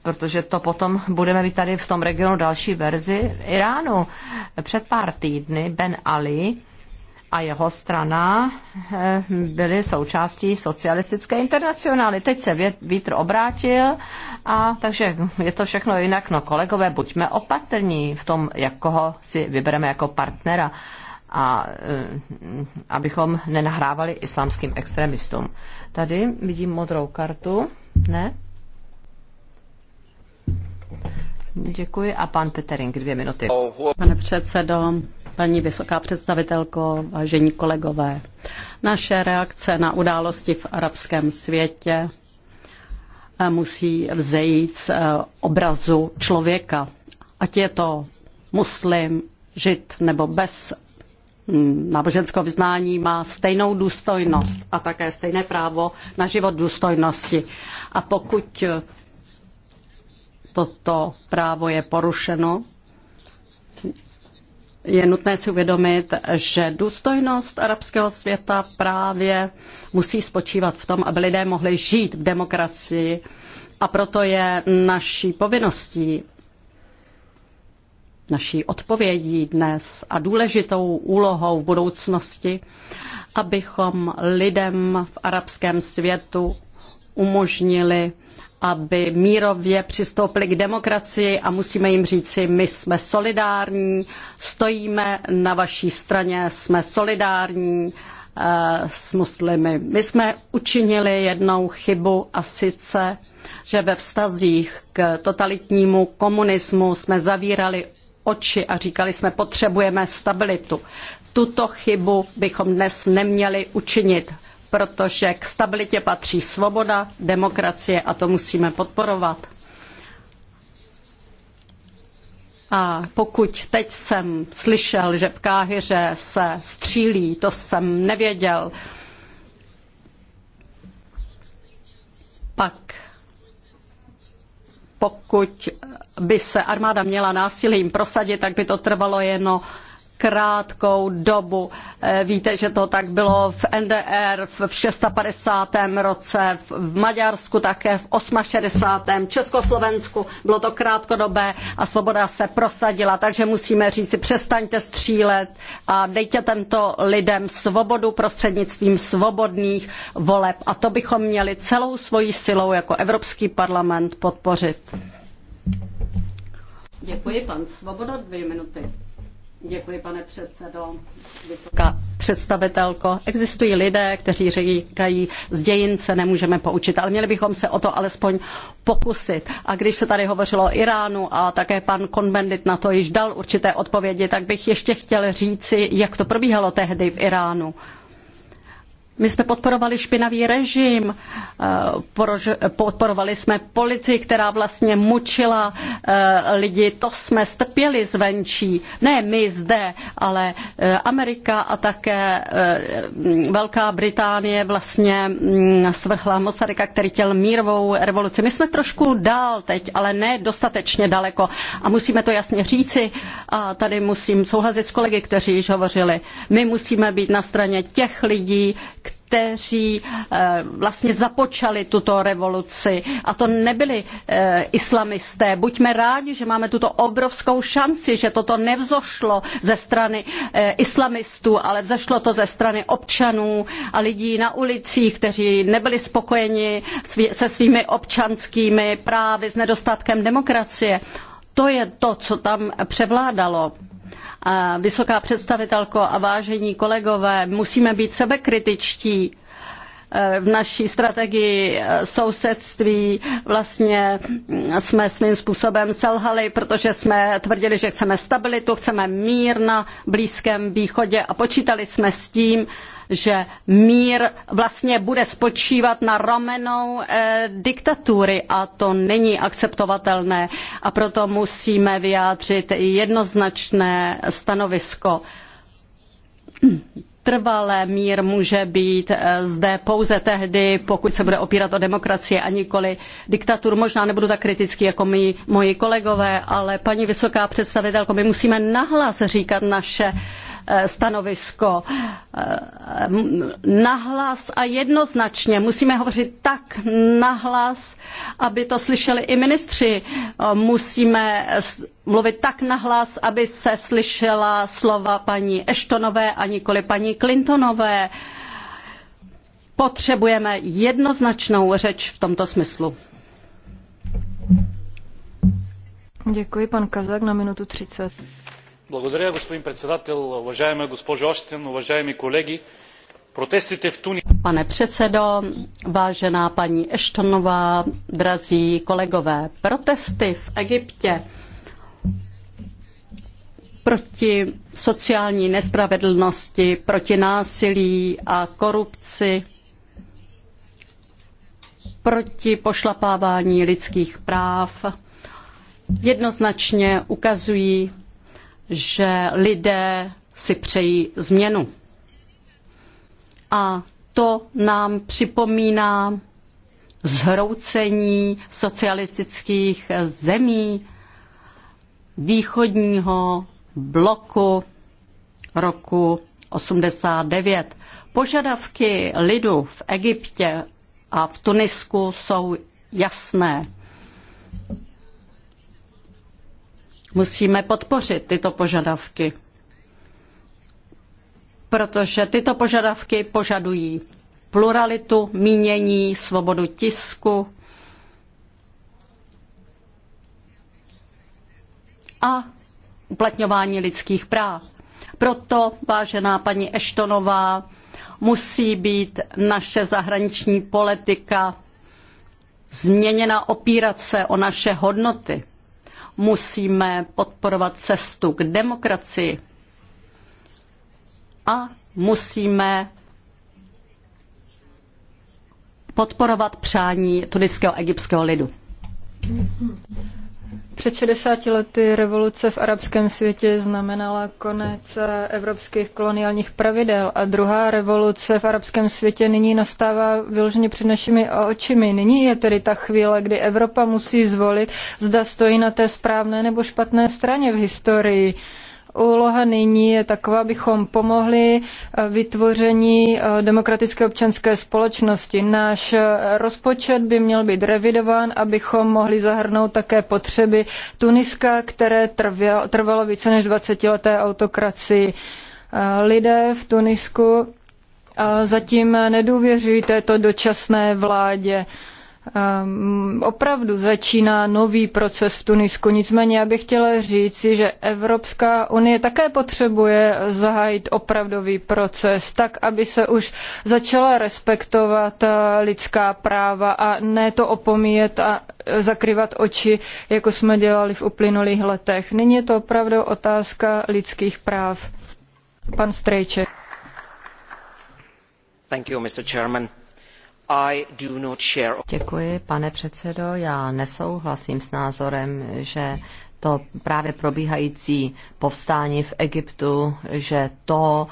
protože to potom budeme mít tady v tom regionu další verzi Iránu. Před pár týdny Ben Ali a jeho strana eh, byly součástí socialistické internacionály. Teď se vítr obrátil a takže je to všechno jinak. No kolegové, buďme opatrní v tom, jak koho si vybereme jako partnera a eh, abychom nenahrávali islámským extremistům. Tady vidím modrou kartu. Ne? Děkuji a pan Petering, dvě minuty. Pane předsedo, paní vysoká představitelko, vážení kolegové, naše reakce na události v arabském světě eh, musí vzejít z eh, obrazu člověka. Ať je to muslim, žid nebo bez náboženského vyznání má stejnou důstojnost a také stejné právo na život důstojnosti. A pokud eh, toto právo je porušeno, je nutné si uvědomit, že důstojnost arabského světa právě musí spočívat v tom, aby lidé mohli žít v demokracii a proto je naší povinností naší odpovědí dnes a důležitou úlohou v budoucnosti, abychom lidem v arabském světu umožnili, aby mírově přistoupili k demokracii a musíme jim říci, my jsme solidární, stojíme na vaší straně, jsme solidární eh, s muslimy. My jsme učinili jednou chybu a sice, že ve vztazích k totalitnímu komunismu jsme zavírali oči a říkali jsme, potřebujeme stabilitu. Tuto chybu bychom dnes neměli učinit, protože k stabilitě patří svoboda, demokracie a to musíme podporovat. A pokud teď jsem slyšel, že v Káhyře se střílí, to jsem nevěděl, pak pokud by se armáda měla násilím prosadit, tak by to trvalo jenom krátkou dobu. Eh, víte, že to tak bylo v NDR v 650. roce, v Maďarsku také v 68. Československu bylo to krátkodobé a svoboda se prosadila, takže musíme říci přestaňte střílet a dejte těmto lidem svobodu prostřednictvím svobodných voleb a to bychom měli celou svojí silou jako Evropský parlament podpořit. Děkuji, pan Svoboda, dvě minuty. Děkuji, pane předsedo. Vysoká představitelko, existují lidé, kteří říkají, z dějin se nemůžeme poučit, ale měli bychom se o to alespoň pokusit. A když se tady hovořilo o Iránu a také pan Konbendit na to již dal určité odpovědi, tak bych ještě chtěl říci, jak to probíhalo tehdy v Iránu. My jsme podporovali špinavý režim, eh, podporovali jsme policii, která vlastně mučila eh, lidi. To jsme strpěli zvenčí. Ne my zde, ale eh, Amerika a také Velká Británie vlastně mm, svrhla Mosarika, který chtěl mírovou revoluci. My jsme trošku dál teď, ale ne dostatečně daleko. A musíme to jasně říci. A tady musím souhlasit s kolegy, kteří již hovořili. My musíme být na straně těch lidí, kteří eh, vlastně započali tuto revoluci. A to nebyli eh, islamisté. Buďme rádi, že máme tuto obrovskou šanci, že toto nevzošlo ze strany eh, islamistů, ale vzešlo to ze strany občanů a lidí na ulicích, kteří nebyli spokojeni se svými občanskými právy, s nedostatkem demokracie. To je to, co tam převládalo vysoká představitelko a vážení kolegové, musíme být sebekritičtí eh, v naší strategii eh, sousedství vlastně mm, jsme svým způsobem selhali, protože jsme tvrdili, že chceme stabilitu, chceme mír na Blízkém východě a počítali jsme s tím, že mír vlastně bude spočívat na ramenou eh, diktatury a to není akceptovatelné a proto musíme vyjádřit jednoznačné stanovisko. Trvalé mír může být eh, zde pouze tehdy, pokud se bude opírat o demokracii a nikoli diktaturu. Možná nebudu tak kritický jako my, moji kolegové, ale paní vysoká představitelko, my musíme nahlas říkat naše eh, Eh, stanovisko. Eh, nahlas a jednoznačně musíme hovořit tak nahlas, aby to slyšeli i ministři. Eh, musíme mluvit tak nahlas, aby se slyšela slova paní Eštonové a nikoli paní Clintonové. Potřebujeme jednoznačnou řeč v tomto smyslu. Děkuji, pan Kazak, na minutu 30. Благодаря, господин председател, уважаема госпожо Оштен, уважаеми колеги. Protesty v Tunisku. Pane předsedo, vážená paní Eštonová, drazí kolegové, protesty v Egyptě proti sociální nespravedlnosti, proti násilí a korupci, proti pošlapávání lidských práv jednoznačně ukazují že lidé si přejí změnu. A to nám připomíná zhroucení socialistických zemí východního bloku roku 89. Požadavky lidu v Egyptě a v Tunisku jsou jasné. Musíme podpořit tyto požadavky, protože tyto požadavky požadují pluralitu mínění, svobodu tisku a uplatňování lidských práv. Proto, vážená paní Eštonová, musí být naše zahraniční politika změněna opírat se o naše hodnoty musíme podporovat cestu k demokracii a musíme podporovat přání tuniského a egyptského lidu. Před 60 lety revoluce v arabském světě znamenala konec evropských koloniálních pravidel a druhá revoluce v arabském světě nyní nastává vyloženě před našimi očimi. Nyní je tedy ta chvíle, kdy Evropa musí zvolit, zda stojí na té správné nebo špatné straně v historii úloha nyní je taková, abychom pomohli eh, vytvoření eh, demokratické občanské společnosti. Náš eh, rozpočet by měl být revidován, abychom mohli zahrnout také potřeby Tuniska, které trvalo více než 20 leté autokracii. Lidé v Tunisku zatím nedůvěřují této dočasné vládě um, opravdu začíná nový proces v Tunisku. Nicméně já bych chtěla říci, že Evropská unie také potřebuje zahájit opravdový proces, tak aby se už začala respektovat eh, lidská práva a ne to opomíjet a zakryvat oči, jako jsme dělali v uplynulých letech. Nyní je to opravdu otázka lidských práv. Pan Strejček. Thank you, Mr. Chairman Děkuji, pane předsedo. Já nesouhlasím s názorem, že to právě probíhající povstání v Egyptu, že to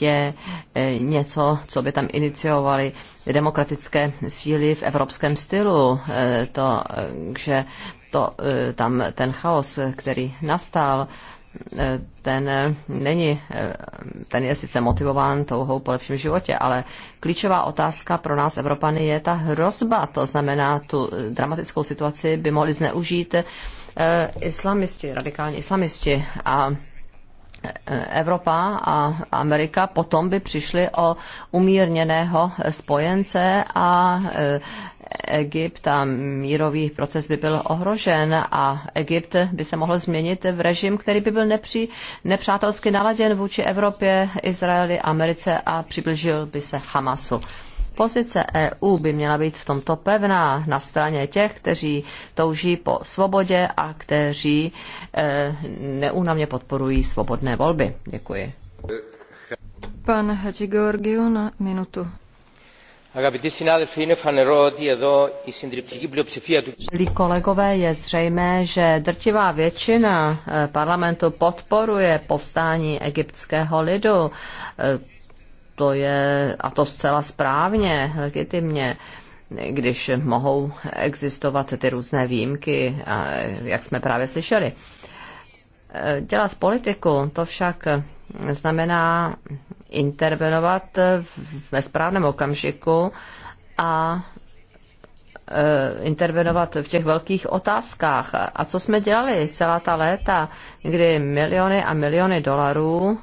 je e, něco, co by tam iniciovali demokratické síly v evropském stylu. E, to, e, že to, tam ten chaos, který nastal, ten není, ten je sice motivován touhou po lepším životě, ale klíčová otázka pro nás Evropany je ta hrozba, to znamená tu dramatickou situaci by mohli zneužít eh, islamisti, radikální islamisti a eh, Evropa a Amerika potom by přišly o umírněného spojence a eh, Egypt a mírový proces by byl ohrožen a Egypt by se mohl změnit v režim, který by byl nepří, nepřátelsky naladěn vůči Evropě, Izraeli, Americe a přiblížil by se Hamasu. Pozice EU by měla být v tomto pevná na straně těch, kteří touží po svobodě a kteří e, neúnavně podporují svobodné volby. Děkuji. Pan Hadži Georgiu na minutu. Milí kolegové, je zřejmé, že drtivá většina eh, parlamentu podporuje povstání egyptského lidu. Eh, to je, a to zcela správně, legitimně když mohou existovat ty různé výjimky, jak jsme právě slyšeli. Eh, dělat politiku, to však znamená intervenovat ve správném okamžiku a e, intervenovat v těch velkých otázkách. A co jsme dělali celá ta léta, kdy miliony a miliony dolarů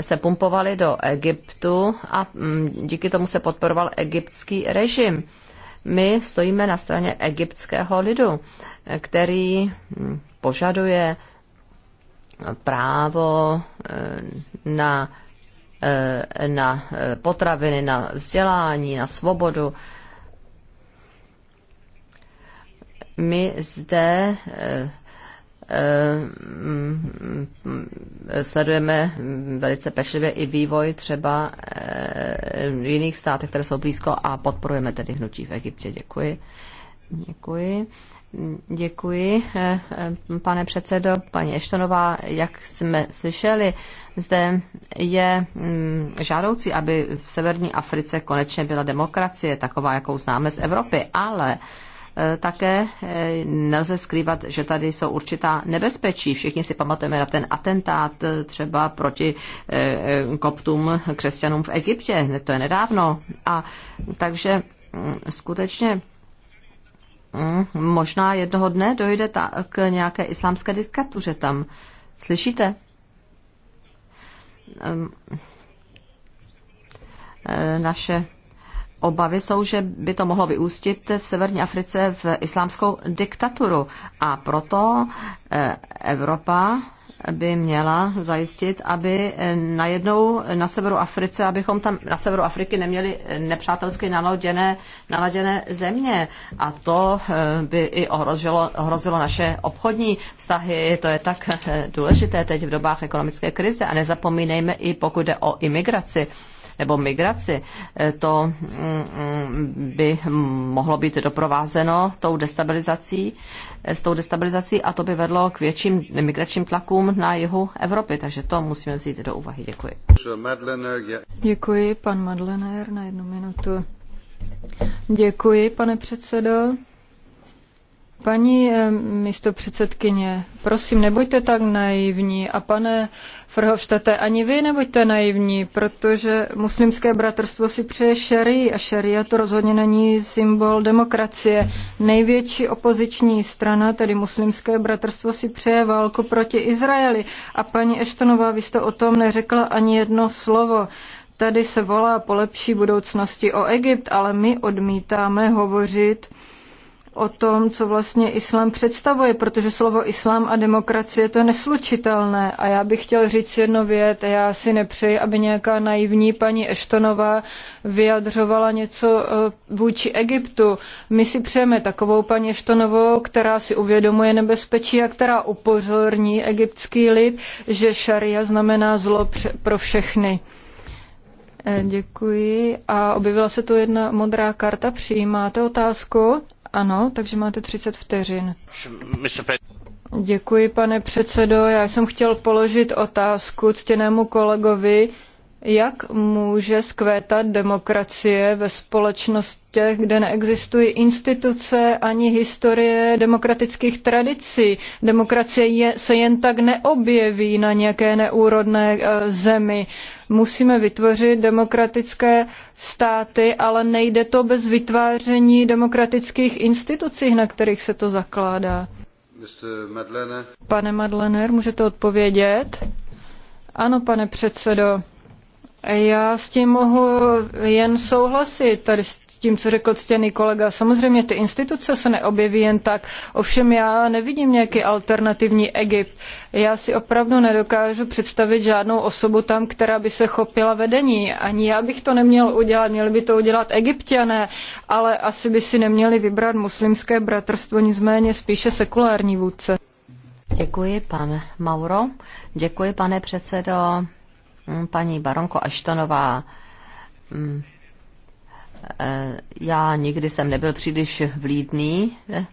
se pumpovaly do Egyptu a mm, díky tomu se podporoval egyptský režim. My stojíme na straně egyptského lidu, který mm, požaduje právo e, na Eh, na eh, potraviny, na vzdělání, na svobodu. My zde eh, sledujeme velice pečlivě i vývoj třeba v jiných státech, které jsou blízko a podporujeme tedy hnutí v Egyptě. Děkuji. Děkuji. Děkuji, eh, pane předsedo, paní Eštonová. Jak jsme slyšeli, zde je mm, žádoucí, aby v severní Africe konečně byla demokracie, taková, jakou známe z Evropy, ale eh, také eh, nelze skrývat, že tady jsou určitá nebezpečí. Všichni si pamatujeme na ten atentát třeba proti koptům křesťanům v Egyptě, to je nedávno. A takže mm, skutečně Mm, možná jednoho dne dojde ta, k nějaké islámské diktatuře tam. Slyšíte? E, naše obavy jsou, že by to mohlo vyústit v Severní Africe v islámskou diktaturu. A proto eh, Evropa by měla zajistit, aby eh, najednou na severu Africe, abychom tam na severu Afriky neměli eh, nepřátelsky naladěné, naladěné země. A to by i ohrozilo, ohrozilo naše obchodní vztahy. To je tak důležité teď v dobách ekonomické krize. A nezapomínejme i pokud jde o imigraci nebo migraci, eh, to mm, mm, by mohlo být doprovázeno tou destabilizací, eh, s tou destabilizací a to by vedlo k větším migračním tlakům na jihu Evropy, takže to musíme vzít do úvahy. Děkuji. Děkuji, pan Madlener, na jednu minutu. Děkuji, pane předsedo. Paní eh, místo předsedkyně, prosím, nebuďte tak naivní a pane Frhovštate, ani vy nebuďte naivní, protože muslimské bratrstvo si přeje šerí a šeria to rozhodně není symbol demokracie. Největší opoziční strana, tedy muslimské bratrstvo, si přeje válku proti Izraeli a paní Eštonová, vy jste o tom neřekla ani jedno slovo. Tady se volá po lepší budoucnosti o Egypt, ale my odmítáme hovořit o tom, co vlastně islám představuje, protože slovo islám a demokracie to je neslučitelné. A já bych chtěl říct jednu věc, já si nepřeji, aby nějaká naivní paní Eštonová vyjadřovala něco eh, vůči Egyptu. My si přejeme takovou paní Eštonovou, která si uvědomuje nebezpečí a která upozorní egyptský lid, že šaria znamená zlo pro všechny. Eh, děkuji. A objevila se tu jedna modrá karta. Přijímáte otázku? Ano, takže máte 30 vteřin. Děkuji, pane předsedo. Já jsem chtěl položit otázku ctěnému kolegovi, jak může skvétat demokracie ve společnostech, kde neexistují instituce ani historie demokratických tradicí? Demokracie je, se jen tak neobjeví na nějaké neúrodné eh, zemi. Musíme vytvořit demokratické státy, ale nejde to bez vytváření demokratických institucí, na kterých se to zakládá. Pane Madlener, můžete odpovědět? Ano, pane předsedo. Já s tím mohu jen souhlasit tady s tím, co řekl ctěný kolega. Samozřejmě ty instituce se neobjeví jen tak, ovšem já nevidím nějaký alternativní Egypt. Já si opravdu nedokážu představit žádnou osobu tam, která by se chopila vedení. Ani já bych to neměl udělat, měli by to udělat egyptiané, ale asi by si neměli vybrat muslimské bratrstvo, nicméně spíše sekulární vůdce. Děkuji, pane Mauro. Děkuji, pane předsedo. Mm, paní baronko Aštonová, mm, e, já nikdy jsem nebyl příliš vlídný e,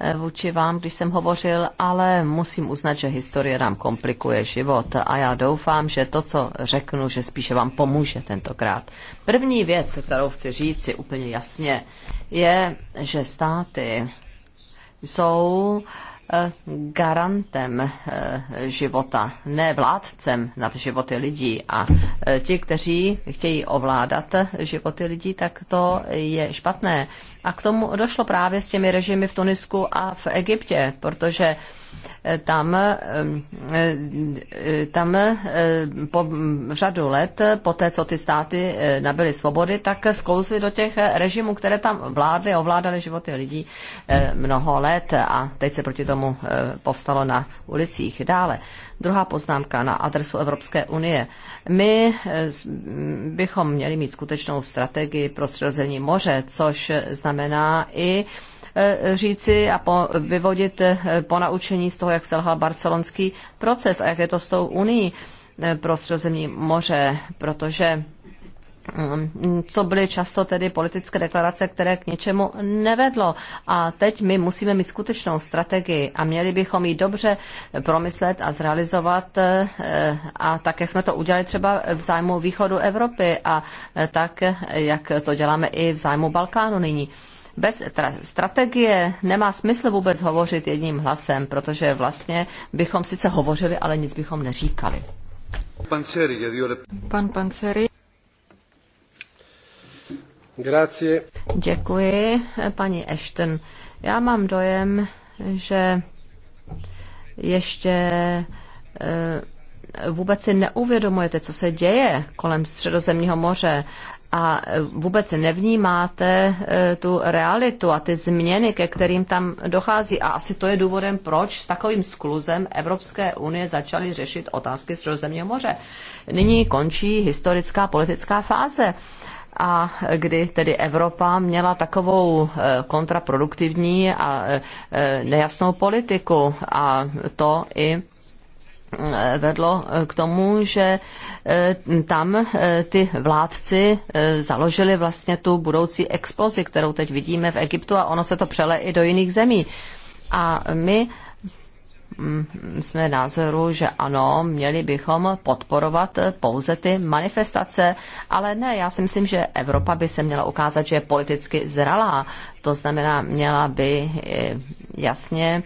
e, vůči vám, když jsem hovořil, ale musím uznat, že historie nám komplikuje život a já doufám, že to, co řeknu, že spíše vám pomůže tentokrát. První věc, kterou chci říct si úplně jasně, je, že státy jsou garantem eh, života, ne vládcem nad životy lidí. A eh, ti, kteří chtějí ovládat životy lidí, tak to je špatné. A k tomu došlo právě s těmi režimy v Tunisku a v Egyptě, protože eh, tam, eh, eh, tam po řadu let, po té, co ty státy nabyly svobody, tak sklouzly do těch režimů, které tam vládly, ovládaly životy lidí mnoho let a teď se proti tomu povstalo na ulicích. Dále, druhá poznámka na adresu Evropské unie. My bychom měli mít skutečnou strategii pro středozemní moře, což znamená znamená i e, říci a po, vyvodit e, naučení z toho, jak selhal barcelonský proces a jak je to s tou unii e, pro středozemní moře, protože Ehm, co byly často tedy politické deklarace, které k něčemu nevedlo. A teď my musíme mít skutečnou strategii a měli bychom ji dobře promyslet a zrealizovat eh, a také jsme to udělali třeba v zájmu východu Evropy a eh, tak, jak to děláme i v zájmu Balkánu nyní. Bez strategie nemá smysl vůbec hovořit jedním hlasem, protože vlastně bychom sice hovořili, ale nic bychom neříkali. Pan Panceri. Grazie. Děkuji, paní Ashton. Já mám dojem, že ještě eh, vůbec si neuvědomujete, co se děje kolem Středozemního moře a vůbec nevnímáte eh, tu realitu a ty změny, ke kterým tam dochází. A asi to je důvodem, proč s takovým skluzem Evropské unie začaly řešit otázky Středozemního moře. Nyní končí historická politická fáze a kdy tedy Evropa měla takovou eh, kontraproduktivní a eh, eh, nejasnou politiku a to i vedlo k tomu, že tam ty vládci založili vlastně tu budoucí explozi, kterou teď vidíme v Egyptu a ono se to přele i do jiných zemí. A my Mm, jsme názoru, že ano, měli bychom podporovat pouze ty manifestace, ale ne, já si myslím, že Evropa by se měla ukázat, že je politicky zralá, to znamená, měla by eh, jasně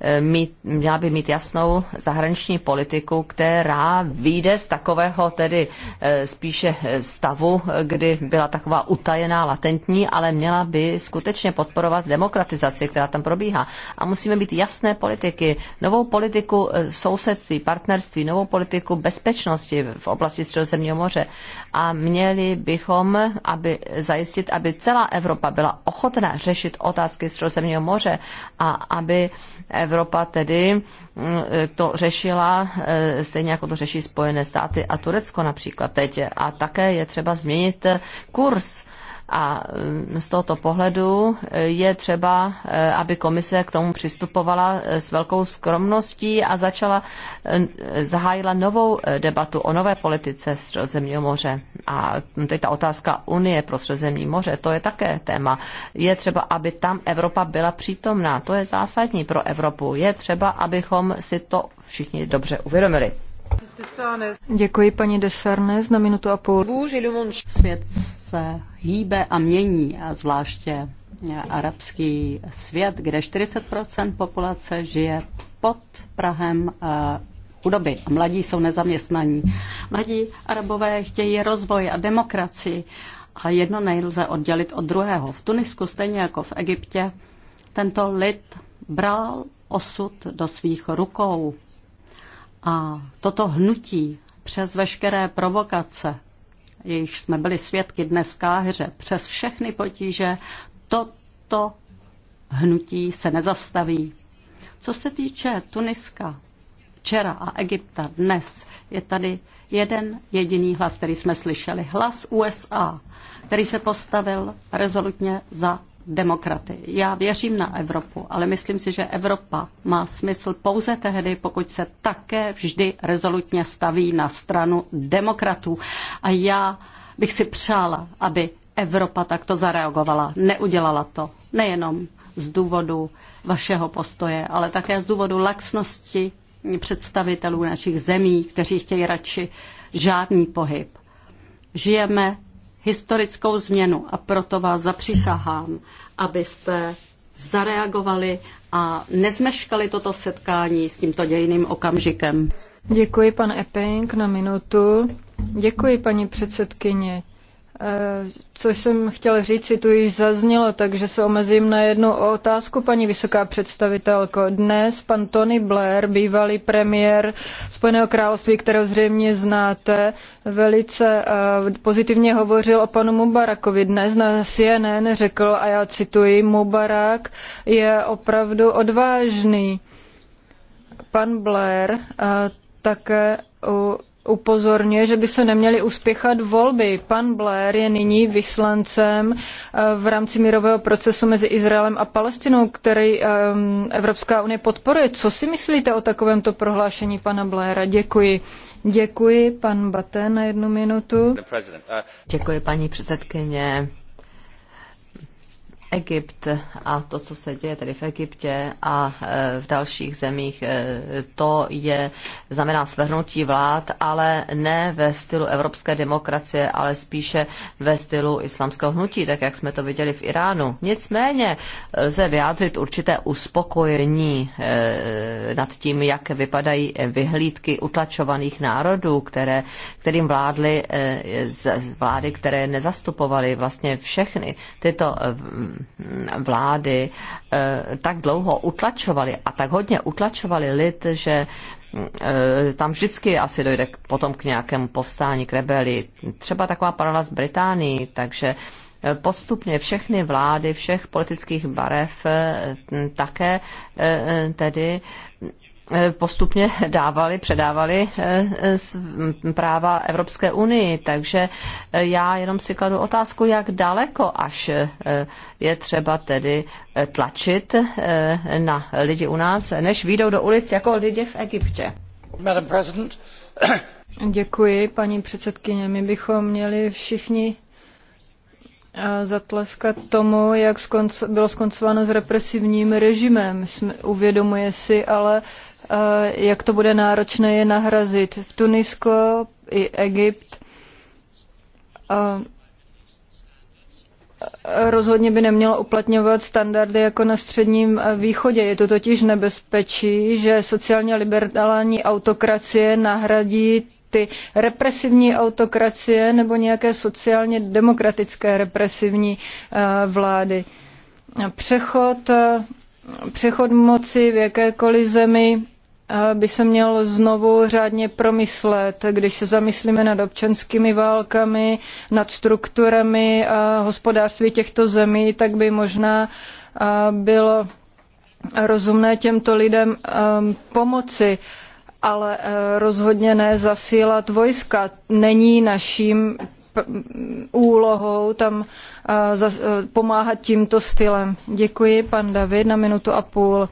eh, mít, měla by mít jasnou zahraniční politiku, která vyjde z takového tedy eh, spíše stavu, kdy byla taková utajená, latentní, ale měla by skutečně podporovat demokratizaci, která tam probíhá. A musíme být jasné politiky, novou politiku sousedství, partnerství, novou politiku bezpečnosti v oblasti Středozemního moře. A měli bychom aby zajistit, aby celá Evropa byla ochotná řešit otázky Středozemního moře a aby Evropa tedy eh, to řešila eh, stejně jako to řeší Spojené státy a Turecko například teď. A také je třeba změnit eh, kurz a mm, z tohoto pohledu e, je třeba, e, aby komise k tomu přistupovala e, s velkou skromností a začala, zahájila novou debatu o nové politice Středozemního moře. A mm, teď ta otázka Unie pro Středozemní moře, to je také téma. Je třeba, aby tam Evropa byla přítomná. To je zásadní pro Evropu. Je třeba, abychom si to všichni dobře uvědomili. Děkuji paní Desarnes na minutu a půl. Svět se hýbe a mění, a zvláště arabský svět, kde 40 populace žije pod Prahem eh, chudoby a mladí jsou nezaměstnaní. Mladí arabové chtějí rozvoj a demokracii a jedno nejlze oddělit od druhého. V Tunisku, stejně jako v Egyptě, tento lid bral osud do svých rukou. A toto hnutí přes veškeré provokace jejich jsme byli svědky dnes v Káhře, přes všechny potíže, toto hnutí se nezastaví. Co se týče Tuniska, včera a Egypta dnes, je tady jeden jediný hlas, který jsme slyšeli. Hlas USA, který se postavil rezolutně za demokraty. Já věřím na Evropu, ale myslím si, že Evropa má smysl pouze tehdy, pokud se také vždy rezolutně staví na stranu demokratů. A já bych si přála, aby Evropa takto zareagovala. Neudělala to. Nejenom z důvodu vašeho postoje, ale také z důvodu laxnosti představitelů našich zemí, kteří chtějí radši žádný pohyb. Žijeme historickou změnu a proto vás zapřísahám, abyste zareagovali a nezmeškali toto setkání s tímto dějným okamžikem. Děkuji, pan Epping, na minutu. Děkuji, paní předsedkyně. Eh, co jsem chtěl říct, si tu již zaznělo, takže se omezím na jednu otázku, paní vysoká představitelko. Dnes pan Tony Blair, bývalý premiér Spojeného království, kterého zřejmě znáte, velice eh, pozitivně hovořil o panu Mubarakovi. Dnes na CNN řekl, a já cituji, Mubarak je opravdu odvážný. Pan Blair eh, také u upozorňuje, že by se neměly uspěchat volby. Pan Blair je nyní vyslancem eh, v rámci mírového procesu mezi Izraelem a Palestinou, který ehm, Evropská unie podporuje. Co si myslíte o takovémto prohlášení pana Blaira? Děkuji. Děkuji, pan Baten, na jednu minutu. Děkuji, paní předsedkyně. Egypt a to, co se děje tedy v Egyptě a e, v dalších zemích, e, to je, znamená svrhnutí vlád, ale ne ve stylu evropské demokracie, ale spíše ve stylu islamského hnutí, tak jak jsme to viděli v Iránu. Nicméně lze vyjádřit určité uspokojení e, nad tím, jak vypadají vyhlídky utlačovaných národů, které, kterým vládly vlády, které nezastupovaly vlastně všechny tyto vlády eh, tak dlouho utlačovali a tak hodně utlačovali lid, že eh, tam vždycky asi dojde potom k nějakému povstání, k rebeli. Třeba taková paralela s Británií, takže eh, postupně všechny vlády všech politických barev také tedy postupně dávali, předávali eh, práva Evropské unii. Takže eh, já jenom si kladu otázku, jak daleko až eh, je třeba tedy tlačit na lidi u nás, než výjdou do ulic jako lidi v Egyptě. Madam President. *coughs* Děkuji, paní předsedkyně. My bychom měli všichni zatleskat tomu, jak bylo skoncováno s represivním režimem. Jsme, uvědomuje si ale jak to bude náročné je nahrazit. V Tunisko i Egypt rozhodně by nemělo uplatňovat standardy jako na středním východě. Je to totiž nebezpečí, že sociálně liberální autokracie nahradí ty represivní autokracie nebo nějaké sociálně demokratické represivní eh, vlády. Přechod eh, přechod moci v jakékoliv zemi eh, by se měl znovu řádně promyslet, když se zamyslíme nad občanskými válkami, nad strukturami a hospodářství těchto zemí, tak by možná eh, bylo rozumné těmto lidem ehm, pomoci, ale eh, rozhodně ne zasílat vojska. Není naším Eh, úlohou tam eh, eh, pomáhat tímto stylem. Děkuji, pan David, na minutu a půl.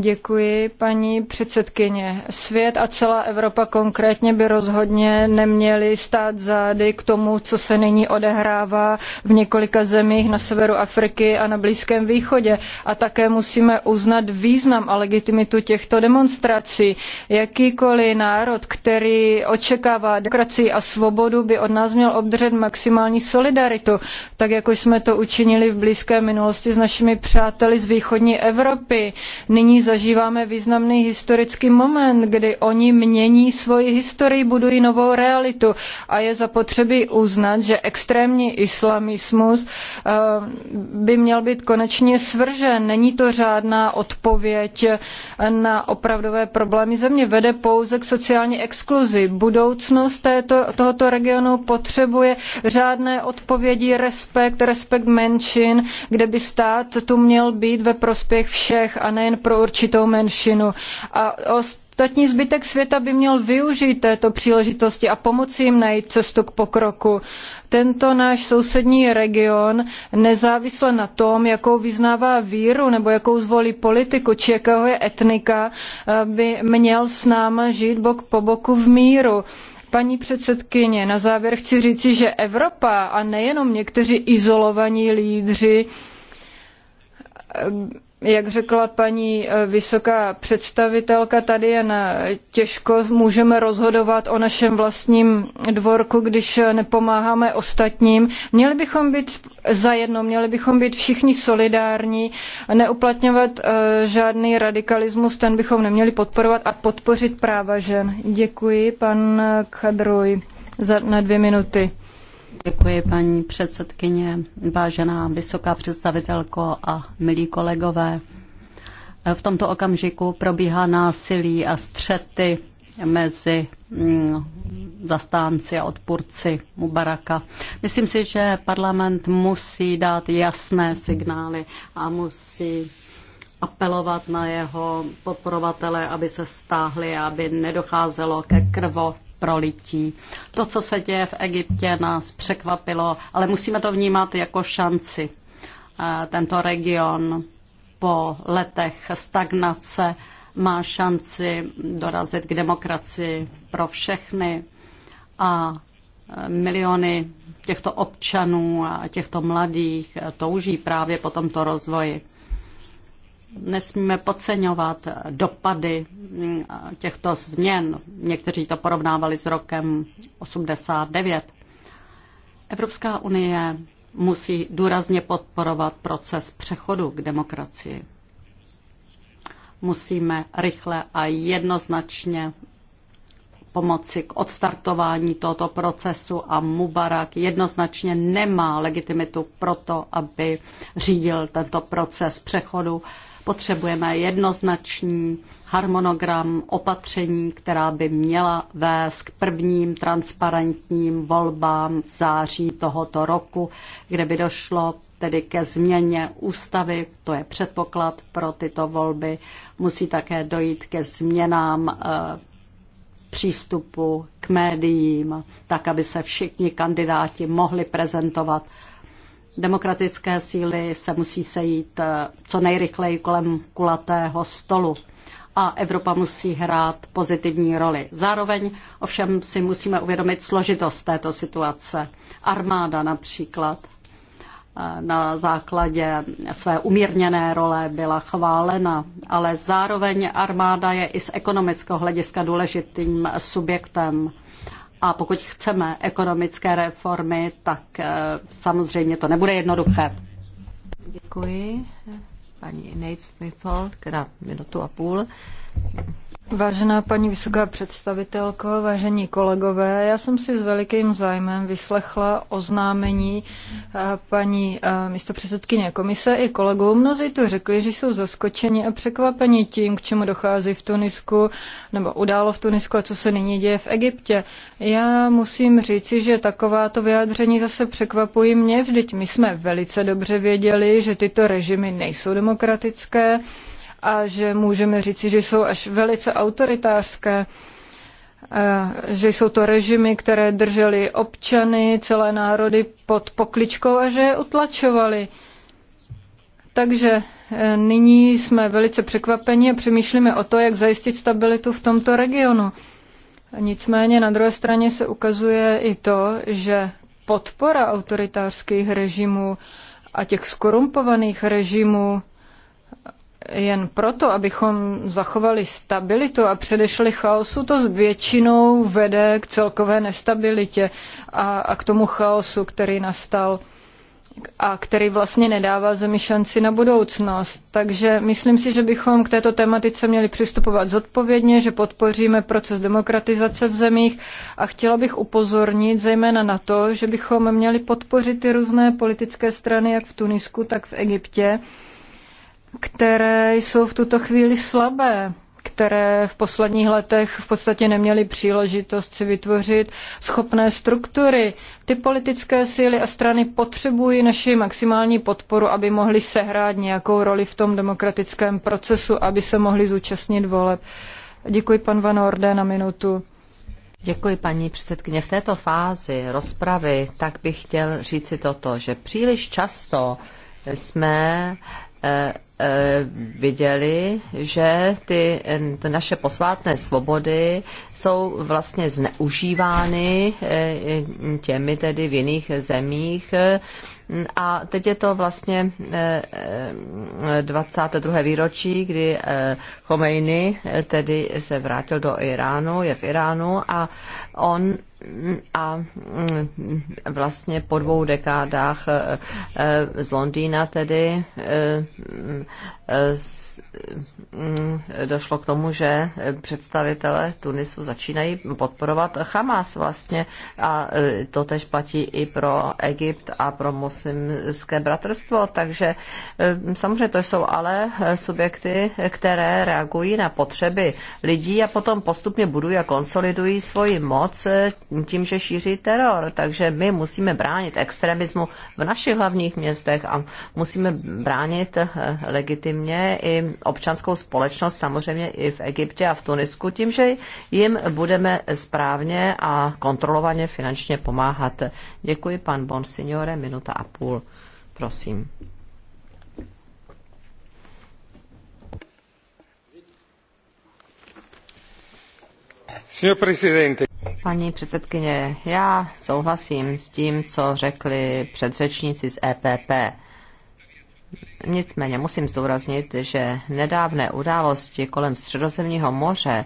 Děkuji, paní předsedkyně. Svět a celá Evropa konkrétně by rozhodně neměli stát zády k tomu, co se nyní odehrává v několika zemích na severu Afriky a na Blízkém východě. A také musíme uznat význam a legitimitu těchto demonstrací. Jakýkoliv národ, který očekává demokracii a svobodu, by od nás měl obdržet maximální solidaritu, tak jako jsme to učinili v blízké minulosti s našimi přáteli z východní Evropy. Nyní zažíváme významný historický moment, kdy oni mění svoji historii, budují novou realitu a je zapotřebí uznat, že extrémní islamismus eh, by měl být konečně svržen. Není to žádná odpověď na opravdové problémy země, vede pouze k sociální exkluzi. Budoucnost této, tohoto regionu potřebuje řádné odpovědi, respekt, respekt menšin, kde by stát tu měl být ve prospěch všech a nejen pro určitě určitou menšinu. A ostatní zbytek světa by měl využít této příležitosti a pomoci jim najít cestu k pokroku. Tento náš sousední region, nezávisle na tom, jakou vyznává víru nebo jakou zvolí politiku, či jakého je etnika, by měl s náma žít bok po boku v míru. Paní předsedkyně, na závěr chci říci, že Evropa a nejenom někteří izolovaní lídři jak řekla paní eh, vysoká představitelka, tady jen těžko můžeme rozhodovat o našem vlastním dvorku, když eh, nepomáháme ostatním. Měli bychom být zajedno, měli bychom být všichni solidární, neuplatňovat eh, žádný radikalismus, ten bychom neměli podporovat a podpořit práva žen. Děkuji, pan Kadroj, za, na dvě minuty. Děkuji, paní předsedkyně, vážená vysoká představitelko a milí kolegové. V tomto okamžiku probíhá násilí a střety mezi mm, zastánci a odpůrci Mubaraka. Myslím si, že parlament musí dát jasné signály a musí apelovat na jeho podporovatele, aby se stáhli, aby nedocházelo ke krvo prolití. To, co se děje v Egyptě, nás překvapilo, ale musíme to vnímat jako šanci. Tento region po letech stagnace má šanci dorazit k demokracii pro všechny a miliony těchto občanů a těchto mladých touží právě po tomto rozvoji nesmíme podceňovat dopady těchto změn. Někteří to porovnávali s rokem 89. Evropská unie musí důrazně podporovat proces přechodu k demokracii. Musíme rychle a jednoznačně pomoci k odstartování tohoto procesu a Mubarak jednoznačně nemá legitimitu pro to, aby řídil tento proces přechodu Potřebujeme jednoznačný harmonogram opatření, která by měla vést k prvním transparentním volbám v září tohoto roku, kde by došlo tedy ke změně ústavy, to je předpoklad pro tyto volby. Musí také dojít ke změnám eh, přístupu k médiím, tak aby se všichni kandidáti mohli prezentovat Demokratické síly se musí sejít eh, co nejrychleji kolem kulatého stolu a Evropa musí hrát pozitivní roli. Zároveň ovšem si musíme uvědomit složitost této situace. Armáda například eh, na základě své umírněné role byla chválena, ale zároveň armáda je i z ekonomického hlediska důležitým subjektem a pokud chceme ekonomické reformy, tak eh, samozřejmě to nebude jednoduché. Děkuji. Paní Nates Mifold, teda minutu a půl. Vážená paní vysoká představitelko, vážení kolegové, já jsem si s velikým zájmem vyslechla oznámení eh, paní eh, místopředsedkyně komise i kolegů. Mnozí tu řekli, že jsou zaskočeni a překvapeni tím, k čemu dochází v Tunisku, nebo událo v Tunisku a co se nyní děje v Egyptě. Já musím říci, že takováto vyjádření zase překvapují mě, vždyť my jsme velice dobře věděli, že tyto režimy nejsou demokratické a že můžeme říci, že jsou až velice autoritářské, že jsou to režimy, které držely občany, celé národy pod pokličkou a že je utlačovali. Takže e, nyní jsme velice překvapeni a přemýšlíme o to, jak zajistit stabilitu v tomto regionu. Nicméně na druhé straně se ukazuje i to, že podpora autoritářských režimů a těch skorumpovaných režimů jen proto, abychom zachovali stabilitu a předešli chaosu, to s většinou vede k celkové nestabilitě a, a k tomu chaosu, který nastal a který vlastně nedává zemi šanci na budoucnost. Takže myslím si, že bychom k této tematice měli přistupovat zodpovědně, že podpoříme proces demokratizace v zemích a chtěla bych upozornit zejména na to, že bychom měli podpořit ty různé politické strany jak v Tunisku, tak v Egyptě, které jsou v tuto chvíli slabé které v posledních letech v podstatě neměly příležitost si vytvořit schopné struktury. Ty politické síly a strany potřebují naši maximální podporu, aby mohly sehrát nějakou roli v tom demokratickém procesu, aby se mohly zúčastnit voleb. Děkuji pan Van Orde na minutu. Děkuji, paní předsedkyně. V této fázi rozpravy tak bych chtěl říci toto, že příliš často jsme eh, Eh, viděli, že ty, eh, ty naše posvátné svobody jsou vlastně zneužívány eh, těmi tedy v jiných zemích. A teď je to vlastně 22. výročí, kdy Khomeini tedy se vrátil do Iránu, je v Iránu a on a mm, vlastně po dvou dekádách eh, eh, z Londýna tedy eh, mm, došlo k tomu, že představitelé Tunisu začínají podporovat Hamas vlastně a to tež platí i pro Egypt a pro muslimské bratrstvo, takže samozřejmě to jsou ale subjekty, které reagují na potřeby lidí a potom postupně budují a konsolidují svoji moc tím, že šíří teror. Takže my musíme bránit extremismu v našich hlavních městech a musíme bránit eh, legitimně i občanskou společnost, samozřejmě i v Egyptě a v Tunisku, tím, že jim budeme správně a kontrolovaně finančně pomáhat. Děkuji, pan Bonsignore, minuta a půl. Prosím. Signor Presidente, Paní předsedkyně, já souhlasím s tím, co řekli předřečníci z EPP. Nicméně musím zdůraznit, že nedávné události kolem Středozemního moře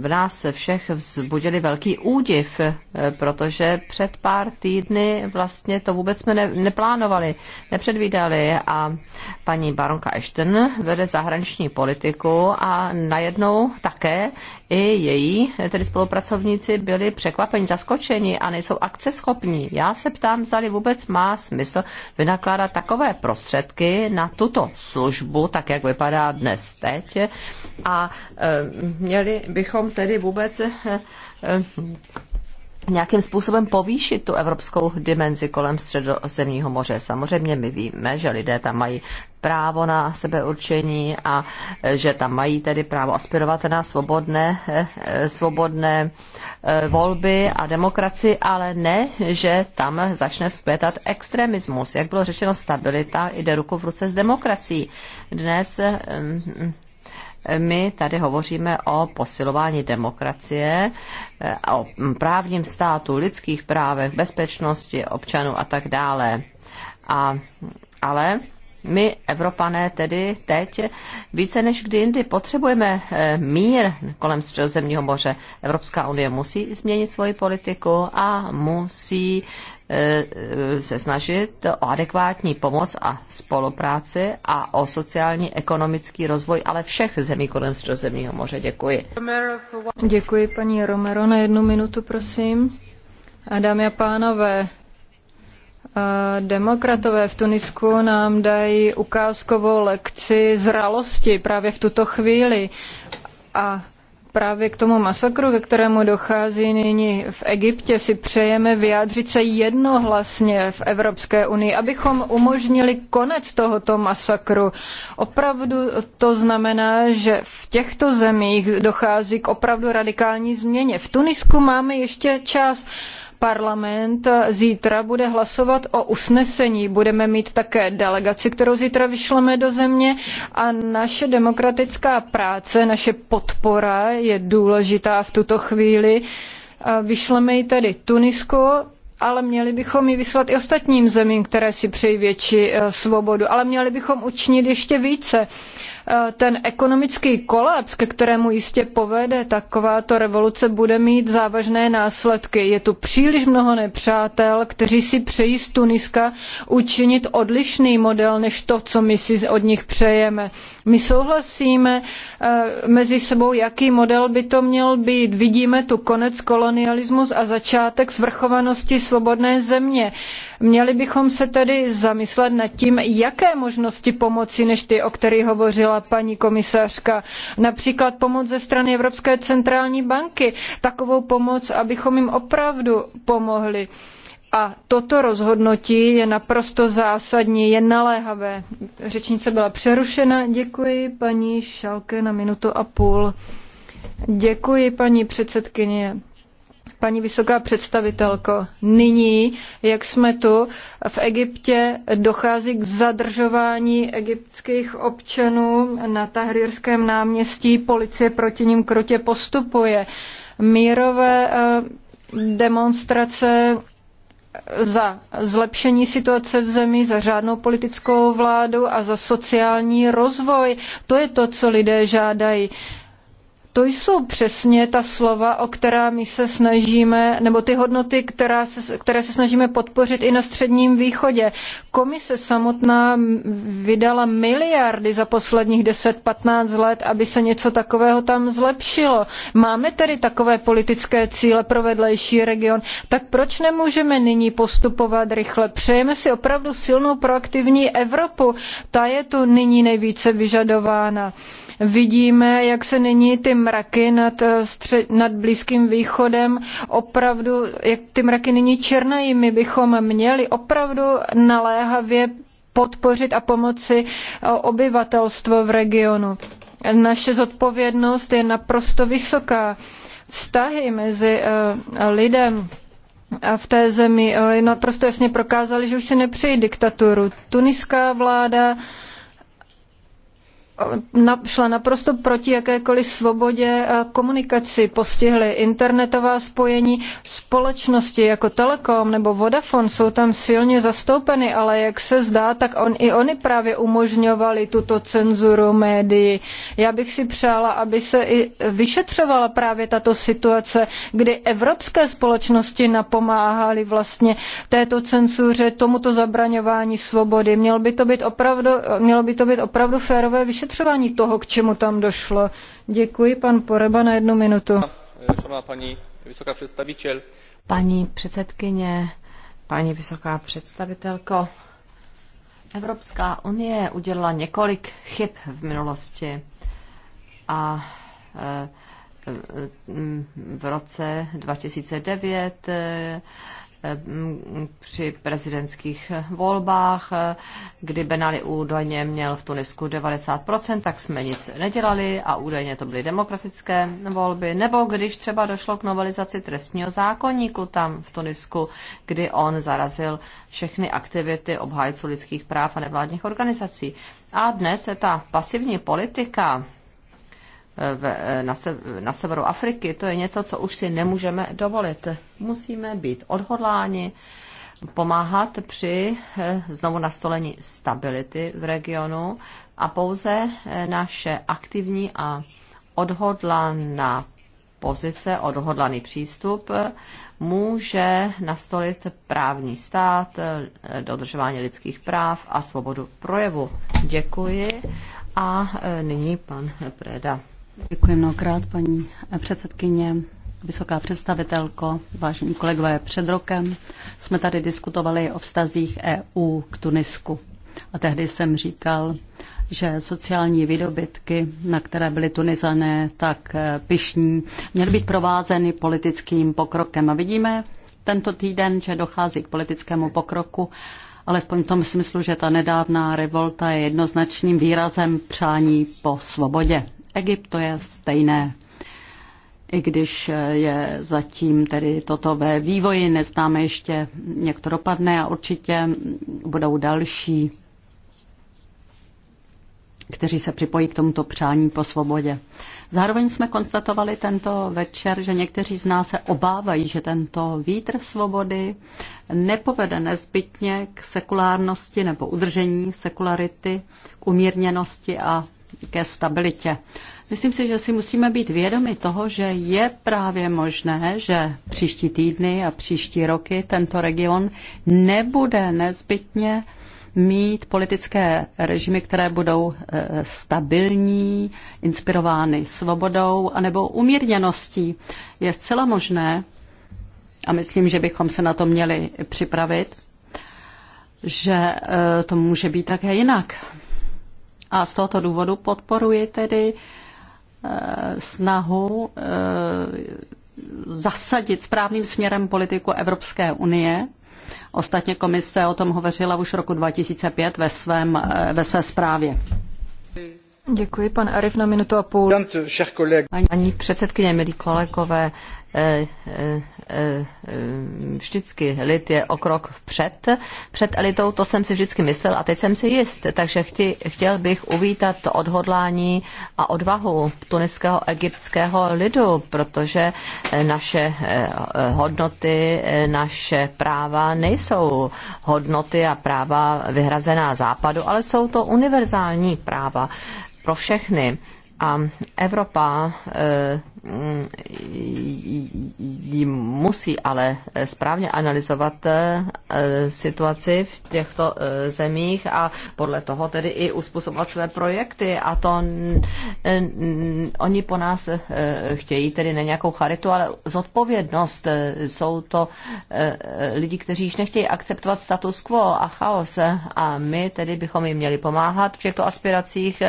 v nás všech vzbudili velký údiv, eh, protože před pár týdny vlastně to vůbec jsme ne, neplánovali, nepředvídali a paní baronka Ashton vede zahraniční politiku a najednou také i její, eh, tedy spolupracovníci, byli překvapeni, zaskočeni a nejsou akceschopní. Já se ptám, zda vůbec má smysl vynakládat takové prostředky na tuto službu, tak jak vypadá dnes teď a eh, měli bychom tedy vůbec eh, eh, nějakým způsobem povýšit tu evropskou dimenzi kolem středozemního moře. Samozřejmě my víme, že lidé tam mají právo na sebeurčení a eh, že tam mají tedy právo aspirovat na svobodné, svobodné volby a demokracii, ale ne, že tam začne zpětat extremismus. Jak bylo řečeno, stabilita jde ruku v ruce s demokracií. Dnes my tady hovoříme o posilování demokracie, o právním státu, lidských právech, bezpečnosti občanů a tak dále. A, ale my, Evropané, tedy teď více než kdy jindy potřebujeme eh, mír kolem Středozemního moře. Evropská unie musí změnit svoji politiku a musí E, se snažit o adekvátní pomoc a spolupráci a o sociální ekonomický rozvoj, ale všech zemí kolem Středozemního moře. Děkuji. Děkuji paní Romero na jednu minutu, prosím. A dámy a pánové, e, Demokratové v Tunisku nám dají ukázkovou lekci zralosti právě v tuto chvíli. A Právě k tomu masakru, ke kterému dochází nyní v Egyptě, si přejeme vyjádřit se jednohlasně v Evropské unii, abychom umožnili konec tohoto masakru. Opravdu to znamená, že v těchto zemích dochází k opravdu radikální změně. V Tunisku máme ještě čas parlament zítra bude hlasovat o usnesení. Budeme mít také delegaci, kterou zítra vyšleme do země a naše demokratická práce, naše podpora je důležitá v tuto chvíli. Vyšleme ji tedy Tunisko, ale měli bychom ji vyslat i ostatním zemím, které si přejí větší eh, svobodu. Ale měli bychom učinit ještě více Eh, ten ekonomický kolaps, ke kterému jistě povede takováto revoluce, bude mít závažné následky. Je tu příliš mnoho nepřátel, kteří si přejí z Tuniska učinit odlišný model než to, co my si od nich přejeme. My souhlasíme eh, mezi sebou, jaký model by to měl být. Vidíme tu konec kolonialismus a začátek svrchovanosti svobodné země. Měli bychom se tedy zamyslet nad tím, jaké možnosti pomoci, než ty, o kterých hovořila paní komisařka, například pomoc ze strany Evropské centrální banky, takovou pomoc, abychom jim opravdu pomohli. A toto rozhodnutí je naprosto zásadní, je naléhavé. Řečnice byla přerušena. Děkuji paní Šalke na minutu a půl. Děkuji paní předsedkyně. Paní vysoká představitelko, nyní, jak jsme tu, v Egyptě dochází k zadržování egyptských občanů na Tahrirském náměstí. Policie proti ním krutě postupuje. Mírové eh, demonstrace za zlepšení situace v zemi, za řádnou politickou vládu a za sociální rozvoj. To je to, co lidé žádají. To jsou přesně ta slova, o která my se snažíme, nebo ty hodnoty, která se, které se snažíme podpořit i na Středním východě. Komise samotná vydala miliardy za posledních 10-15 let, aby se něco takového tam zlepšilo. Máme tedy takové politické cíle pro vedlejší region, tak proč nemůžeme nyní postupovat rychle? Přejeme si opravdu silnou proaktivní Evropu, ta je tu nyní nejvíce vyžadována. Vidíme, jak se nyní ty mraky nad, eh, nad Blízkým východem opravdu, jak ty mraky nyní černají, my bychom měli opravdu naléhavě podpořit a pomoci eh, obyvatelstvo v regionu. Naše zodpovědnost je naprosto vysoká. Vztahy mezi eh, lidem v té zemi naprosto jasně prokázaly, že už si nepřejí diktaturu. Tuniská vláda šla naprosto proti jakékoliv svobodě komunikaci, postihly internetová spojení, společnosti jako Telekom nebo Vodafone jsou tam silně zastoupeny, ale jak se zdá, tak on, i oni právě umožňovali tuto cenzuru médií. Já bych si přála, aby se i vyšetřovala právě tato situace, kdy evropské společnosti napomáhaly vlastně této cenzuře, tomuto zabraňování svobody. Mělo by to být opravdu, mělo by to být opravdu férové vyšetřování vyšetřování toho, k čemu tam došlo. Děkuji, pan Poreba, na jednu minutu. Paní vysoká představitel. Paní předsedkyně, paní vysoká představitelko, Evropská unie udělala několik chyb v minulosti a e, e, v roce 2009 Eh, při prezidentských volbách, eh, kdy Benali údajně měl v Tunisku 90%, tak jsme nic nedělali a údajně to byly demokratické volby. Nebo když třeba došlo k novelizaci trestního zákonníku tam v Tunisku, kdy on zarazil všechny aktivity obhájců lidských práv a nevládních organizací. A dnes se ta pasivní politika na, na severu Afriky, to je něco, co už si nemůžeme dovolit. Musíme být odhodláni, pomáhat při eh, znovu nastolení stability v regionu a pouze eh, naše aktivní a odhodlaná pozice, odhodlaný přístup eh, může nastolit právní stát, dodržování lidských práv a svobodu projevu. Děkuji. A nyní pan Preda. Děkuji mnohokrát, paní předsedkyně, vysoká představitelko, vážení kolegové. Před rokem jsme tady diskutovali o vztazích EU k Tunisku. A tehdy jsem říkal, že sociální výdobytky, na které byly Tunizané tak eh, pyšní, měly být provázeny politickým pokrokem. A vidíme tento týden, že dochází k politickému pokroku, alespoň v tom smyslu, že ta nedávná revolta je jednoznačným výrazem přání po svobodě. Egypt to je stejné. I když je zatím tedy toto ve vývoji, neznáme ještě, jak to dopadne a určitě budou další, kteří se připojí k tomuto přání po svobodě. Zároveň jsme konstatovali tento večer, že někteří z nás se obávají, že tento vítr svobody nepovede nezbytně k sekulárnosti nebo udržení sekularity, k umírněnosti a ke stabilitě. Myslím si, že si musíme být vědomi toho, že je právě možné, že příští týdny a příští roky tento region nebude nezbytně mít politické režimy, které budou eh, stabilní, inspirovány svobodou anebo umírněností. Je zcela možné, a myslím, že bychom se na to měli připravit, že eh, to může být také jinak. A z tohoto důvodu podporuji tedy eh, snahu eh, zasadit správným směrem politiku Evropské unie. Ostatně komise o tom hovořila už roku 2005 ve, svém, eh, ve své zprávě. Děkuji, pan Arif, na minutu a půl. Paní předsedkyně, milí kolegové, Eh, eh, eh, vždycky lid je o krok vpřed, před elitou, to jsem si vždycky myslel a teď jsem si jist. Takže chti, chtěl bych uvítat odhodlání a odvahu tuniského egyptského lidu, protože naše hodnoty, naše práva nejsou hodnoty a práva vyhrazená západu, ale jsou to univerzální práva pro všechny. A Evropa Mm, jí musí ale eh, správně analyzovat eh, eh, situaci v těchto zemích a podle toho tedy i uspůsobovat své projekty a to oni po nás chtějí tedy ne nějakou charitu, ale zodpovědnost. Jsou to lidi, kteří již nechtějí akceptovat status quo a chaos a my tedy bychom jim měli pomáhat v těchto aspiracích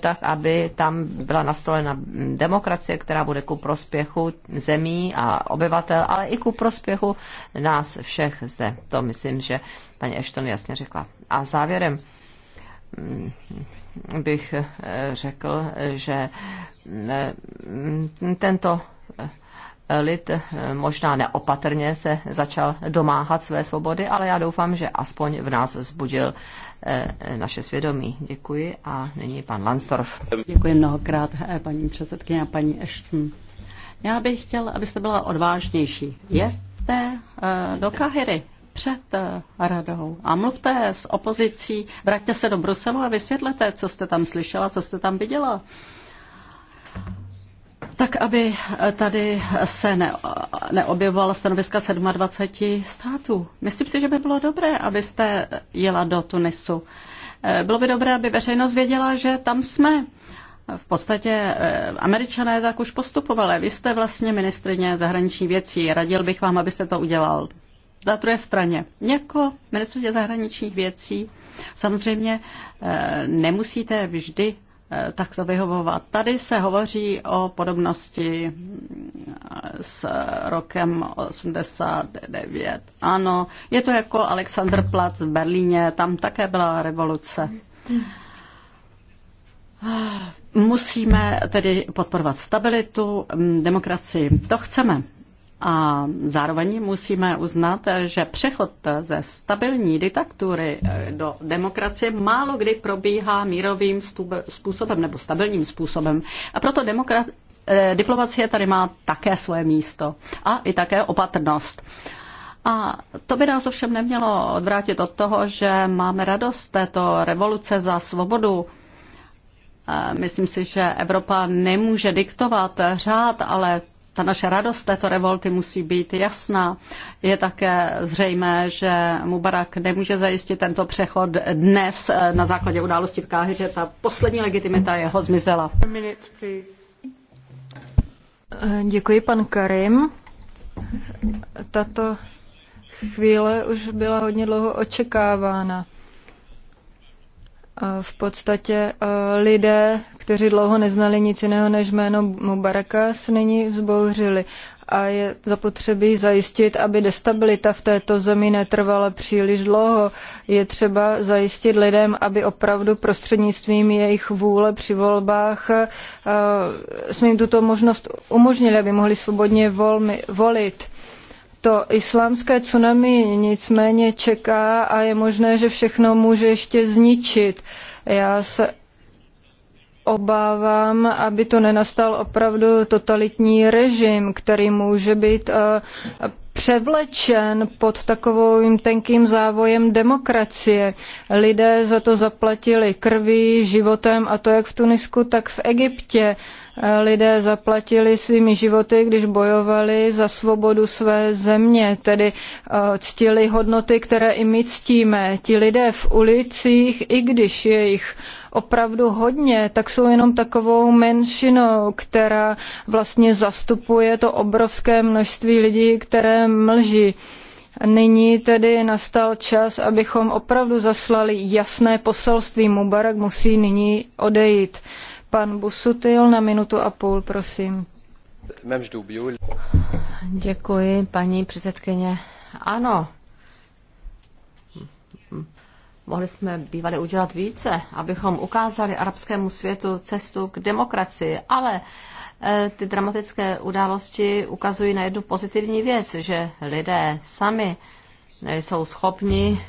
tak, aby tam byla nastolena demokracie, která která bude ku prospěchu zemí a obyvatel, ale i ku prospěchu nás všech zde. To myslím, že paní Ashton jasně řekla. A závěrem mm, bych eh, řekl, že mm, tento eh, lid eh, možná neopatrně se začal domáhat své svobody, ale já doufám, že aspoň v nás zbudil Eh, eh, naše svědomí. Děkuji a nyní pan Lansdorf. Děkuji mnohokrát, eh, paní předsedkyně a paní Ashton. Já bych chtěl, abyste byla odvážnější. Jezdte do Kahiry před radou a mluvte s opozicí, vraťte se do Bruselu a vysvětlete, co jste tam slyšela, co jste tam viděla tak aby eh, tady se ne, neobjevovala stanoviska 27 států. Myslím si, že by bylo dobré, abyste jela do Tunisu. Eh, bylo by dobré, aby veřejnost věděla, že tam jsme. V podstatě eh, američané tak už postupovali. Vy jste vlastně ministrině zahraniční věcí. Radil bych vám, abyste to udělal. Na druhé straně, jako ministrině zahraničních věcí samozřejmě nemusíte vždy Eh, takto vyhovovat. Tady se hovoří o podobnosti eh, s rokem 89. Ano, je to jako Alexanderplatz v Berlíně, tam také byla revoluce. Eh, musíme tedy podporovat stabilitu, mm, demokracii. To chceme. A zároveň musíme uznat, že přechod ze stabilní diktatury eh, do demokracie málo kdy probíhá mírovým způsobem nebo stabilním způsobem. A proto demokra- eh, diplomacie tady má také svoje místo a i také opatrnost. A to by nás ovšem nemělo odvrátit od toho, že máme radost této revoluce za svobodu. Eh, myslím si, že Evropa nemůže diktovat řád, ale ta naše radost této revolty musí být jasná. Je také zřejmé, že Mubarak nemůže zajistit tento přechod dnes eh, na základě události v Káhyře. Ta poslední legitimita jeho zmizela. Eh, děkuji, pan Karim. Tato chvíle už byla hodně dlouho očekávána. V podstatě e, lidé, kteří dlouho neznali nic jiného než jméno Mubaraka, se nyní vzbouřili a je zapotřebí zajistit, aby destabilita v této zemi netrvala příliš dlouho. Je třeba zajistit lidem, aby opravdu prostřednictvím jejich vůle při volbách e, jsme jim tuto možnost umožnili, aby mohli svobodně volmi, volit to islámské tsunami nicméně čeká a je možné, že všechno může ještě zničit. Já se obávám, aby to nenastal opravdu totalitní režim, který může být eh, převlečen pod takovým tenkým závojem demokracie. Lidé za to zaplatili krví, životem a to jak v Tunisku, tak v Egyptě lidé zaplatili svými životy, když bojovali za svobodu své země, tedy eh, ctili hodnoty, které i my ctíme. Ti lidé v ulicích, i když je jich opravdu hodně, tak jsou jenom takovou menšinou, která vlastně zastupuje to obrovské množství lidí, které mlží. Nyní tedy nastal čas, abychom opravdu zaslali jasné poselství. Mubarak musí nyní odejít. Pan Busutil na minutu a půl, prosím. Děkuji, paní předsedkyně. Ano, mohli jsme bývali udělat více, abychom ukázali arabskému světu cestu k demokracii, ale eh, ty dramatické události ukazují na jednu pozitivní věc, že lidé sami eh, jsou schopni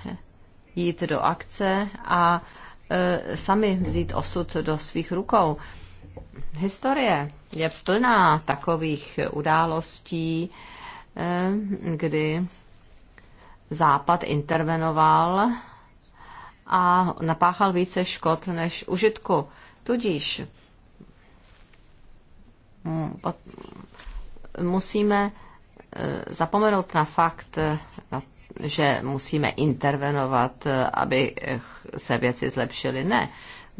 jít do akce a E, sami vzít osud do svých rukou. Historie je plná takových událostí, e, kdy Západ intervenoval a napáchal více škod než užitku. Tudíž musíme e, zapomenout na fakt, na že musíme intervenovat, aby se věci zlepšily. Ne.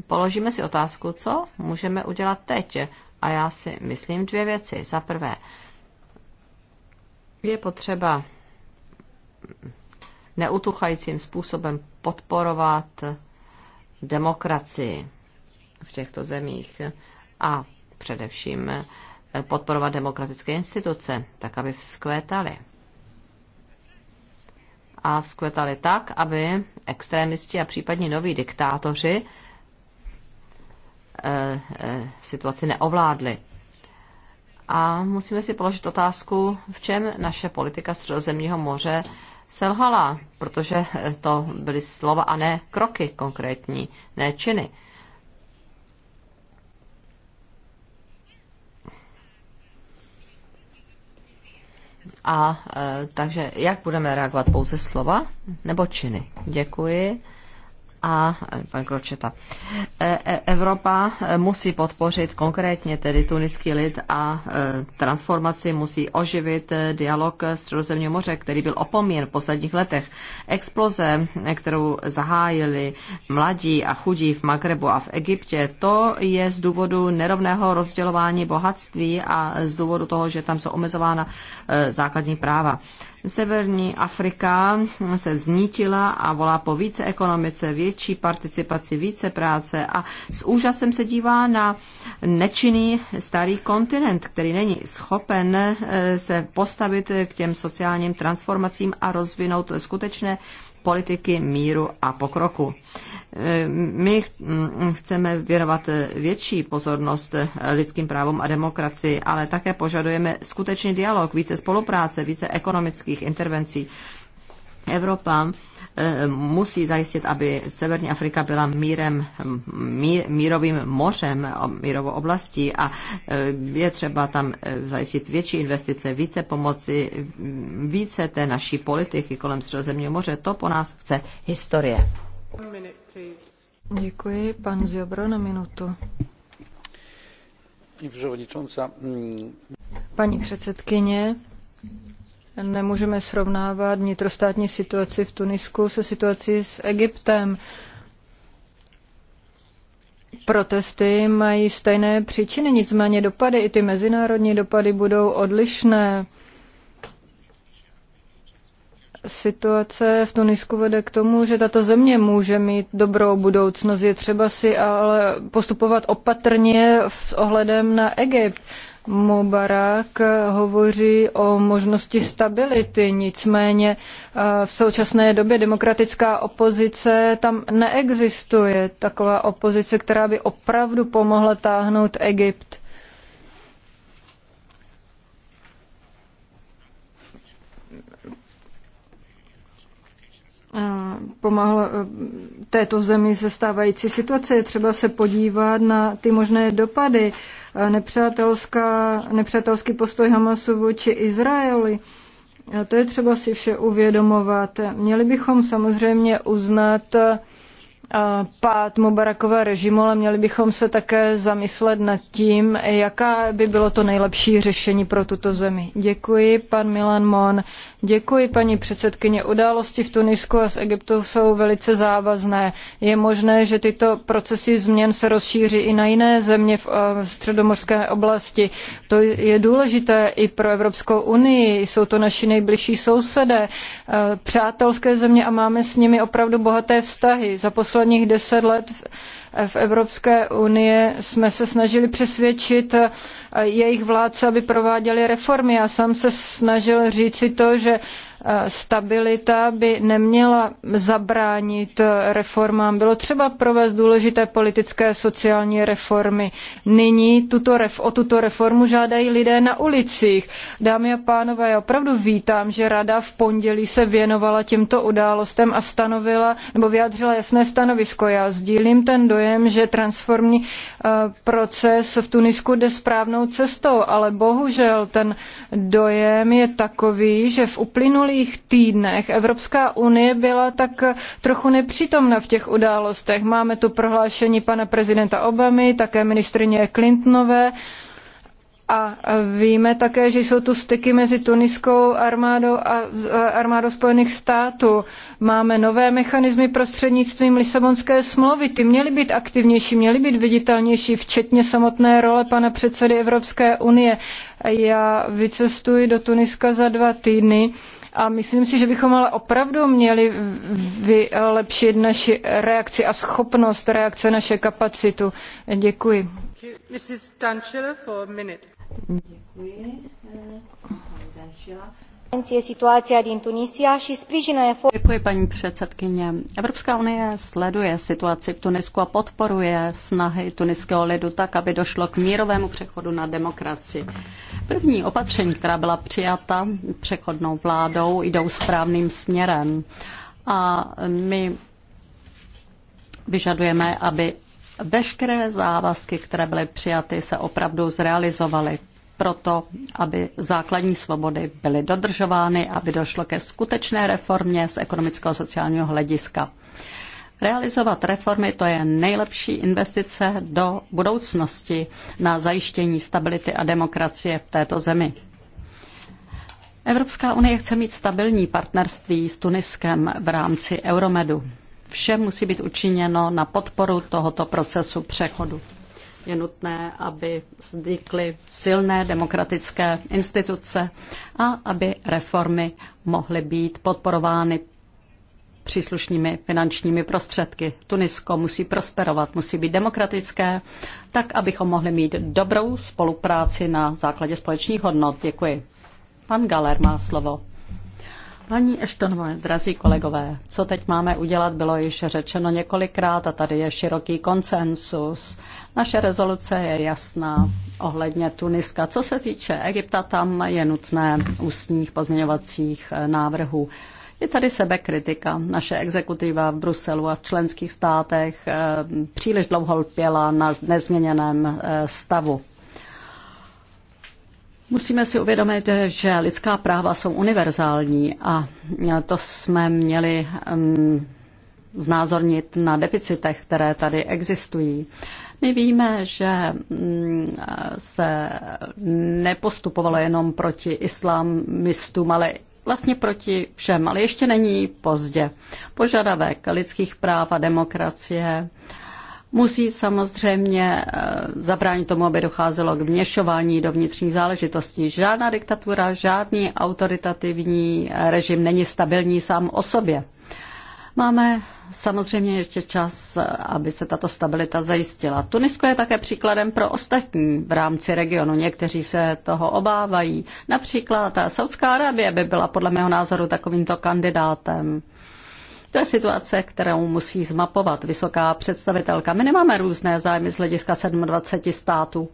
Položíme si otázku, co můžeme udělat teď. A já si myslím dvě věci. Za prvé, je potřeba neutuchajícím způsobem podporovat demokracii v těchto zemích a především podporovat demokratické instituce, tak aby vzkvétaly a vzkvetaly tak, aby extrémisti a případně noví diktátoři eh, eh, situaci neovládli. A musíme si položit otázku, v čem naše politika Středozemního moře selhala, protože to byly slova a ne kroky konkrétní, ne činy. A e, takže jak budeme reagovat pouze slova nebo činy? Děkuji a pan Kročeta. E, e, Evropa musí podpořit konkrétně tedy tuniský lid a e, transformaci musí oživit dialog Středozemního moře, který byl opomíjen v posledních letech. Exploze, kterou zahájili mladí a chudí v Magrebu a v Egyptě, to je z důvodu nerovného rozdělování bohatství a z důvodu toho, že tam jsou omezována základní práva. Severní Afrika se vznítila a volá po více ekonomice, větší participaci, více práce a s úžasem se dívá na nečinný starý kontinent, který není schopen eh, se postavit k těm sociálním transformacím a rozvinout skutečné politiky míru a pokroku. Eh, my mm, chceme věnovat větší pozornost lidským právům a demokracii, ale také požadujeme skutečný dialog, více spolupráce, více ekonomických intervencí Evropa eh, musí zajistit, aby Severní Afrika byla mírem, hm, mírovým mořem, mírovou oblastí a eh, je třeba tam eh, zajistit větší investice, více pomoci, hm, více té naší politiky kolem Středozemního moře. To po nás chce historie. Děkuji. Pan Ziobro na minutu. Paní mm. předsedkyně, Nemůžeme srovnávat vnitrostátní situaci v Tunisku se situací s Egyptem. Protesty mají stejné příčiny, nicméně dopady, i ty mezinárodní dopady budou odlišné. Situace v Tunisku vede k tomu, že tato země může mít dobrou budoucnost. Je třeba si ale postupovat opatrně s ohledem na Egypt. Mubarak hovoří o možnosti stability, nicméně eh, v současné době demokratická opozice tam neexistuje. Taková opozice, která by opravdu pomohla táhnout Egypt. Eh, pomáhal eh, této zemi ze stávající situace. Je třeba se podívat na ty možné dopady nepřátelská, nepřátelský postoj Hamasu vůči Izraeli. to je třeba si vše uvědomovat. Měli bychom samozřejmě uznat pád Mubarakova režimu, ale měli bychom se také zamyslet nad tím, jaká by bylo to nejlepší řešení pro tuto zemi. Děkuji, pan Milan Mon. Děkuji, paní předsedkyně. Události v Tunisku a z Egyptu jsou velice závazné. Je možné, že tyto procesy změn se rozšíří i na jiné země v eh, středomorské oblasti. To je důležité i pro Evropskou unii. Jsou to naši nejbližší sousedé, eh, přátelské země a máme s nimi opravdu bohaté vztahy. Za poslední posledních deset let v Evropské unii jsme se snažili přesvědčit eh, jejich vládce, aby prováděli reformy. Já jsem se snažil říci to, že stabilita by neměla zabránit reformám. Bylo třeba provést důležité politické sociální reformy. Nyní tuto ref, o tuto reformu žádají lidé na ulicích. Dámy a pánové, já opravdu vítám, že Rada v pondělí se věnovala těmto událostem a stanovila nebo vyjádřila jasné stanovisko. Já sdílím ten dojem, že transformní eh, proces v Tunisku jde správnou cestou, ale bohužel ten dojem je takový, že v uplynulých minulých týdnech Evropská unie byla tak trochu nepřítomna v těch událostech. Máme tu prohlášení pana prezidenta Obamy, také ministrině Clintonové. A víme také, že jsou tu styky mezi tuniskou armádou a eh, armádou Spojených států. Máme nové mechanismy prostřednictvím Lisabonské smlouvy. Ty měly být aktivnější, měly být viditelnější, včetně samotné role pana předsedy Evropské unie. Já vycestuji do Tuniska za dva týdny a myslím si, že bychom ale opravdu měli vylepšit naši reakci a schopnost reakce, naše kapacitu. Děkuji. Děkuji. Eh, Děkuji, paní předsedkyně. Evropská unie sleduje situaci v Tunisku a podporuje snahy tuniského lidu tak, aby došlo k mírovému přechodu na demokracii. První opatření, která byla přijata přechodnou vládou, jdou správným směrem. A my vyžadujeme, aby veškeré závazky, které byly přijaty, se opravdu zrealizovaly proto, aby základní svobody byly dodržovány, aby došlo ke skutečné reformě z ekonomického a sociálního hlediska. Realizovat reformy to je nejlepší investice do budoucnosti na zajištění stability a demokracie v této zemi. Evropská unie chce mít stabilní partnerství s Tuniskem v rámci Euromedu. Vše musí být učiněno na podporu tohoto procesu přechodu. Je nutné, aby vznikly silné demokratické instituce a aby reformy mohly být podporovány příslušnými finančními prostředky. Tunisko musí prosperovat, musí být demokratické, tak abychom mohli mít dobrou spolupráci na základě společných hodnot. Děkuji. Pan Galer má slovo. Paní Eštonová, drazí kolegové, co teď máme udělat, bylo již řečeno několikrát a tady je široký konsensus naše rezoluce je jasná ohledně Tuniska. Co se týče Egypta, tam je nutné ústních pozměňovacích eh, návrhů. Je tady sebekritika. Naše exekutiva v Bruselu a v členských státech eh, příliš dlouho lpěla na nezměněném eh, stavu. Musíme si uvědomit, že lidská práva jsou univerzální a to jsme měli mm, znázornit na deficitech, které tady existují. My víme, že mm, se nepostupovalo jenom proti islamistům, ale vlastně proti všem, ale ještě není pozdě. Požadavek lidských práv a demokracie musí samozřejmě eh, zabránit tomu, aby docházelo k vněšování do vnitřních záležitostí. Žádná diktatura, žádný autoritativní režim není stabilní sám o sobě. Máme samozřejmě ještě čas, aby se tato stabilita zajistila. Tunisko je také příkladem pro ostatní v rámci regionu. Někteří se toho obávají. Například Saudská Arábie by byla podle mého názoru takovýmto kandidátem. To je situace, kterou musí zmapovat vysoká představitelka. My nemáme různé zájmy z hlediska 27 států.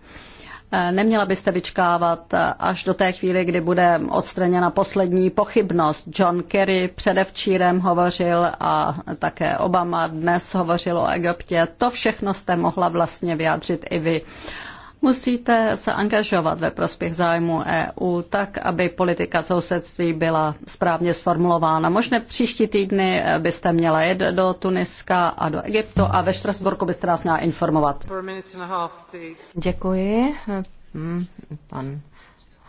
Eh, neměla byste vyčkávat eh, až do té chvíli, kdy bude odstraněna poslední pochybnost. John Kerry předevčírem hovořil a také Obama dnes hovořil o Egyptě. To všechno jste mohla vlastně vyjádřit i vy. Musíte se angažovat ve prospěch zájmu EU tak, aby politika sousedství byla správně sformulována. Možná příští týdny byste měla jet do Tuniska a do Egyptu a ve Štrasburku byste nás měla informovat. Děkuji. Hmm, pan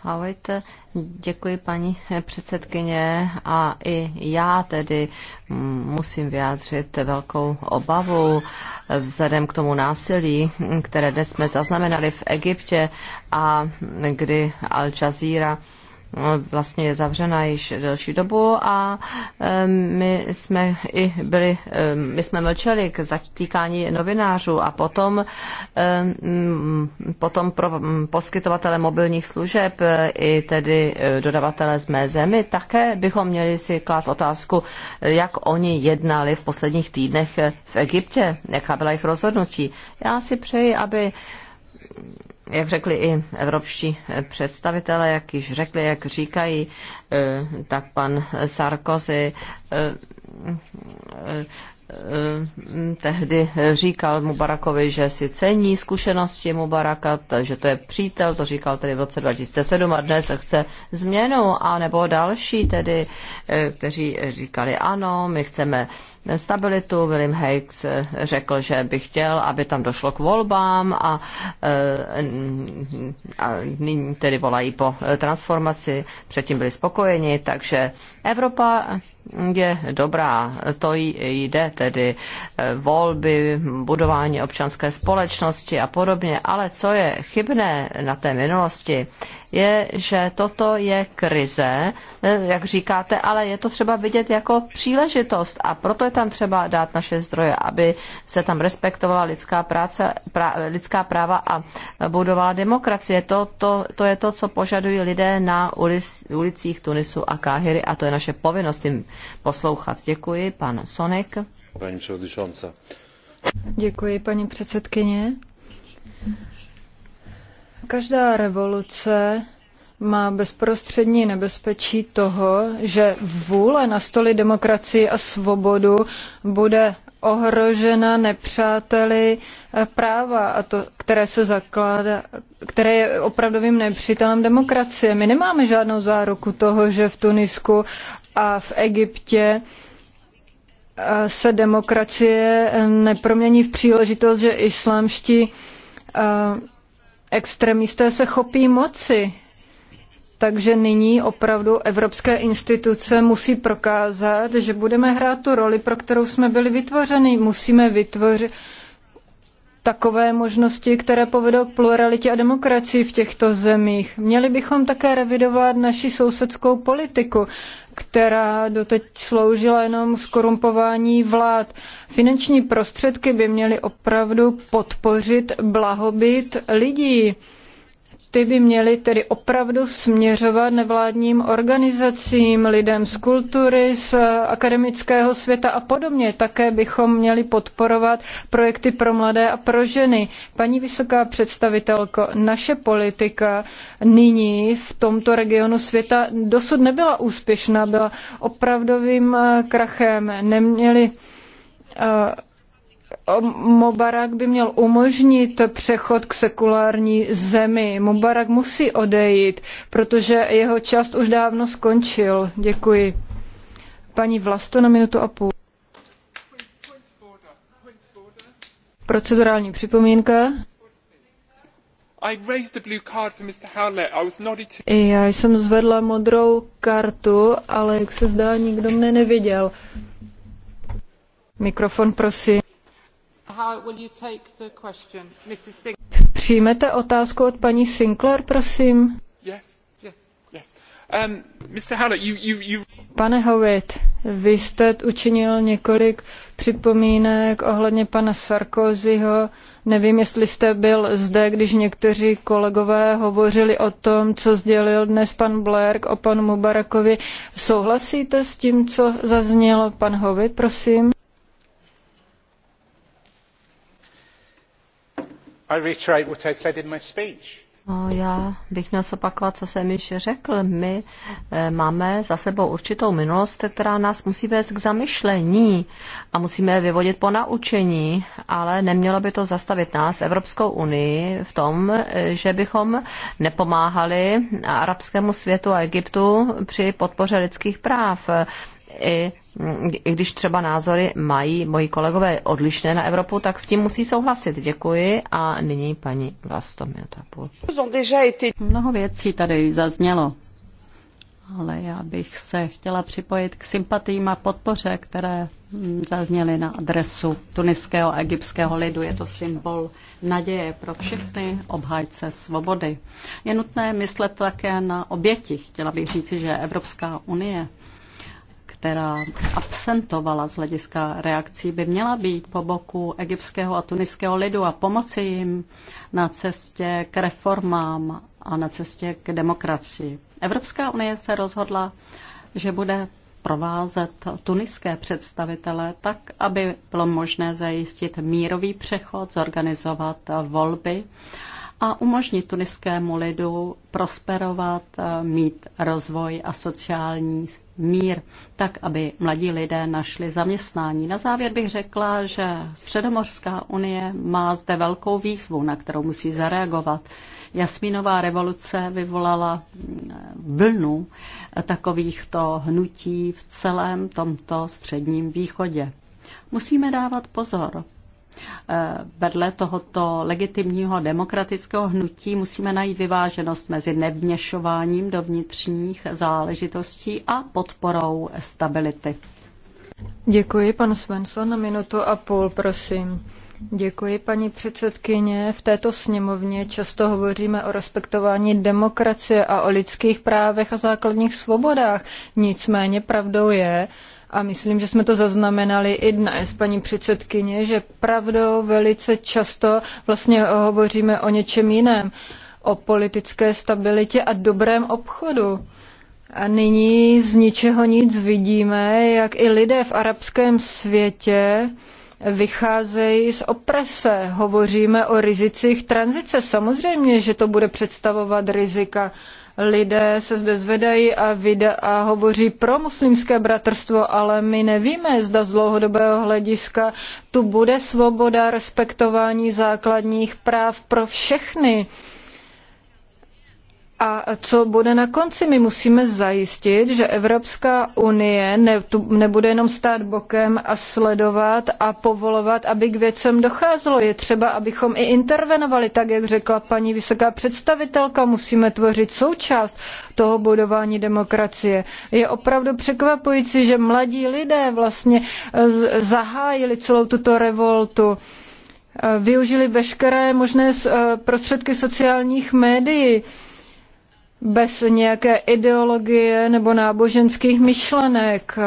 Ahojte, Děkuji, paní předsedkyně. A i já tedy musím vyjádřit velkou obavu vzhledem k tomu násilí, které dnes jsme zaznamenali v Egyptě a kdy Al Jazeera vlastně je zavřena již delší dobu a my jsme i byli, my jsme mlčeli k zatýkání novinářů a potom, potom pro poskytovatele mobilních služeb e, i tedy e, dodavatele z mé zemi, také bychom měli si klást otázku, jak oni jednali v posledních týdnech e, v Egyptě, jaká byla jejich rozhodnutí. Já si přeji, aby jak řekli i evropští představitelé, jak již řekli, jak říkají, eh, tak pan Sarkozy eh, eh, tehdy říkal Mubarakovi, že si cení zkušenosti Mubaraka, že to je přítel, to říkal tedy v roce 2007 a dnes chce změnu, a nebo další tedy, kteří říkali ano, my chceme stabilitu. William Hicks eh, řekl, že by chtěl, aby tam došlo k volbám a, eh, a nyní tedy volají po eh, transformaci. Předtím byli spokojeni, takže Evropa je dobrá. To jde tedy volby, budování občanské společnosti a podobně. Ale co je chybné na té minulosti, je, že toto je krize, eh, jak říkáte, ale je to třeba vidět jako příležitost a proto je tam třeba dát naše zdroje, aby se tam respektovala lidská, práce, pra, lidská práva a budovala demokracie. To, to, to je to, co požadují lidé na ulic, ulicích Tunisu a Káhyry a to je naše povinnost jim poslouchat. Děkuji, pan Sonek. Paní Děkuji, paní předsedkyně. Každá revoluce má bezprostřední nebezpečí toho, že vůle nastolit demokracii a svobodu bude ohrožena nepřáteli eh, práva, a to, které se zakládá, které je opravdovým nepřítelem demokracie. My nemáme žádnou záruku toho, že v Tunisku a v Egyptě eh, se demokracie nepromění v příležitost, že islámští eh, extremisté se chopí moci. Takže nyní opravdu evropské instituce musí prokázat, že budeme hrát tu roli, pro kterou jsme byli vytvořeni. Musíme vytvořit takové možnosti, které povedou k pluralitě a demokracii v těchto zemích. Měli bychom také revidovat naši sousedskou politiku která doteď sloužila jenom skorumpování vlád. Finanční prostředky by měly opravdu podpořit blahobyt lidí ty by měly tedy opravdu směřovat nevládním organizacím, lidem z kultury, z akademického světa a podobně. Také bychom měli podporovat projekty pro mladé a pro ženy. Paní vysoká představitelko, naše politika nyní v tomto regionu světa dosud nebyla úspěšná, byla opravdovým krachem. Neměli Mubarak by měl umožnit přechod k sekulární zemi. Mubarak musí odejít, protože jeho čas už dávno skončil. Děkuji. Paní Vlasto na minutu a půl. Procedurální připomínka. Já jsem zvedla modrou kartu, ale jak se zdá, nikdo mne neviděl. Mikrofon, prosím. Přijmete otázku od paní Sinclair, prosím? Um, Pane Howitt, vy jste učinil několik připomínek ohledně pana Sarkozyho. Nevím, jestli jste byl zde, když někteří kolegové hovořili o tom, co sdělil dnes pan Blair o panu Mubarakovi. Souhlasíte s tím, co zaznělo pan Howitt, prosím? No, já bych měl zopakovat, co jsem již řekl. My eh, máme za sebou určitou minulost, která nás musí vést k zamyšlení a musíme je vyvodit po naučení, ale nemělo by to zastavit nás, Evropskou unii, v tom, eh, že bychom nepomáhali arabskému světu a Egyptu při podpoře lidských práv i když třeba názory mají moji kolegové odlišné na Evropu, tak s tím musí souhlasit. Děkuji a nyní paní Vlastomětapul. Mnoho věcí tady zaznělo, ale já bych se chtěla připojit k sympatím a podpoře, které zazněly na adresu tuniského a egyptského lidu. Je to symbol naděje pro všechny obhájce svobody. Je nutné myslet také na oběti. Chtěla bych říci, že Evropská unie která absentovala z hlediska reakcí, by měla být po boku egyptského a tuniského lidu a pomoci jim na cestě k reformám a na cestě k demokracii. Evropská unie se rozhodla, že bude provázet tuniské představitele tak, aby bylo možné zajistit mírový přechod, zorganizovat volby a umožnit tuniskému lidu prosperovat, mít rozvoj a sociální mír, tak aby mladí lidé našli zaměstnání. Na závěr bych řekla, že Středomorská unie má zde velkou výzvu, na kterou musí zareagovat. Jasmínová revoluce vyvolala vlnu takovýchto hnutí v celém tomto středním východě. Musíme dávat pozor, Eh, vedle tohoto legitimního demokratického hnutí musíme najít vyváženost mezi nevněšováním do vnitřních záležitostí a podporou stability. Děkuji, pan Svensson, na minutu a půl, prosím. Děkuji, paní předsedkyně. V této sněmovně často hovoříme o respektování demokracie a o lidských právech a základních svobodách. Nicméně pravdou je, a myslím, že jsme to zaznamenali i dnes, paní předsedkyně, že pravdou velice často vlastně hovoříme o něčem jiném, o politické stabilitě a dobrém obchodu. A nyní z ničeho nic vidíme, jak i lidé v arabském světě vycházejí z oprese. Hovoříme o rizicích tranzice. Samozřejmě, že to bude představovat rizika. Lidé se zde zvedají a, a hovoří pro muslimské bratrstvo, ale my nevíme, zda z dlouhodobého hlediska tu bude svoboda respektování základních práv pro všechny. Uh, a co bude na konci? My musíme zajistit, že Evropská unie ne, tu, nebude jenom stát bokem a sledovat a povolovat, aby k věcem docházelo. Je třeba, abychom i intervenovali, tak jak řekla paní vysoká představitelka, musíme tvořit součást toho budování demokracie. Je opravdu překvapující, že mladí lidé vlastně eh, zahájili celou tuto revoltu eh, využili veškeré možné eh, prostředky sociálních médií bez nějaké ideologie nebo náboženských myšlenek.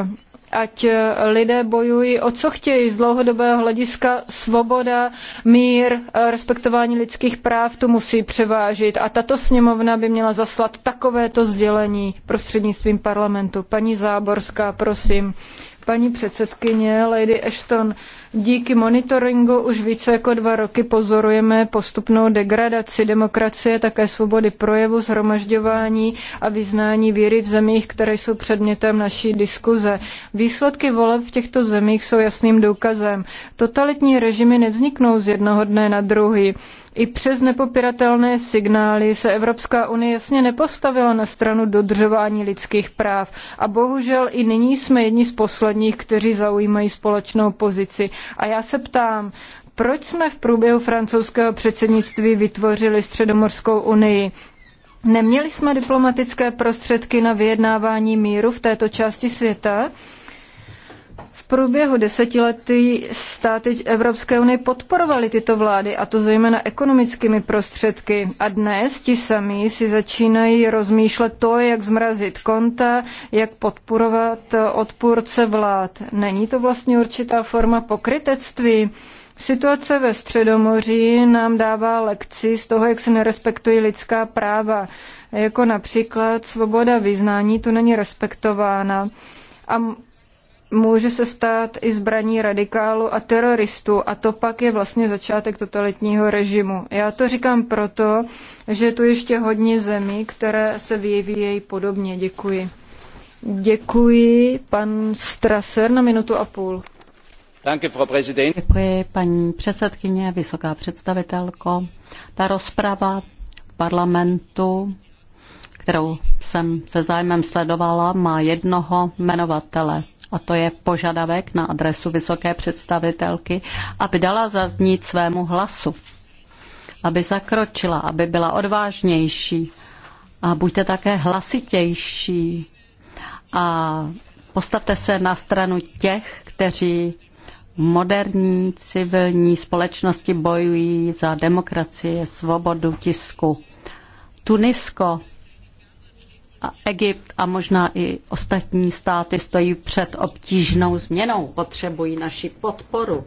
Ať lidé bojují o co chtějí z dlouhodobého hlediska, svoboda, mír, respektování lidských práv, tu musí převážit. A tato sněmovna by měla zaslat takovéto sdělení prostřednictvím parlamentu. Paní Záborská, prosím. Paní předsedkyně, Lady Ashton, Díky monitoringu už více jako dva roky pozorujeme postupnou degradaci demokracie, také svobody projevu, zhromažďování a vyznání víry v zemích, které jsou předmětem naší diskuze. Výsledky voleb v těchto zemích jsou jasným důkazem. Totalitní režimy nevzniknou z jednoho dne na druhý. I přes nepopiratelné signály se Evropská unie jasně nepostavila na stranu dodržování lidských práv a bohužel i nyní jsme jedni z posledních, kteří zaujímají společnou pozici. A já se ptám, proč jsme v průběhu francouzského předsednictví vytvořili Středomorskou unii? Neměli jsme diplomatické prostředky na vyjednávání míru v této části světa? průběhu desetiletí státy Evropské unie podporovaly tyto vlády, a to zejména ekonomickými prostředky. A dnes ti sami si začínají rozmýšlet to, jak zmrazit konta, jak podporovat odpůrce vlád. Není to vlastně určitá forma pokrytectví? Situace ve Středomoří nám dává lekci z toho, jak se nerespektují lidská práva, jako například svoboda vyznání tu není respektována. A může se stát i zbraní radikálu a teroristu, a to pak je vlastně začátek totalitního režimu. Já to říkám proto, že je tu ještě hodně zemí, které se vyvíjejí podobně. Děkuji. Děkuji, pan Strasser, na minutu a půl. Děkuji, paní předsedkyně, vysoká představitelko. Ta rozprava v parlamentu kterou jsem se zájmem sledovala, má jednoho jmenovatele a to je požadavek na adresu vysoké představitelky, aby dala zaznít svému hlasu, aby zakročila, aby byla odvážnější a buďte také hlasitější a postavte se na stranu těch, kteří moderní civilní společnosti bojují za demokracii, svobodu tisku. Tunisko Egypt a možná i ostatní státy stojí před obtížnou změnou, potřebují naši podporu.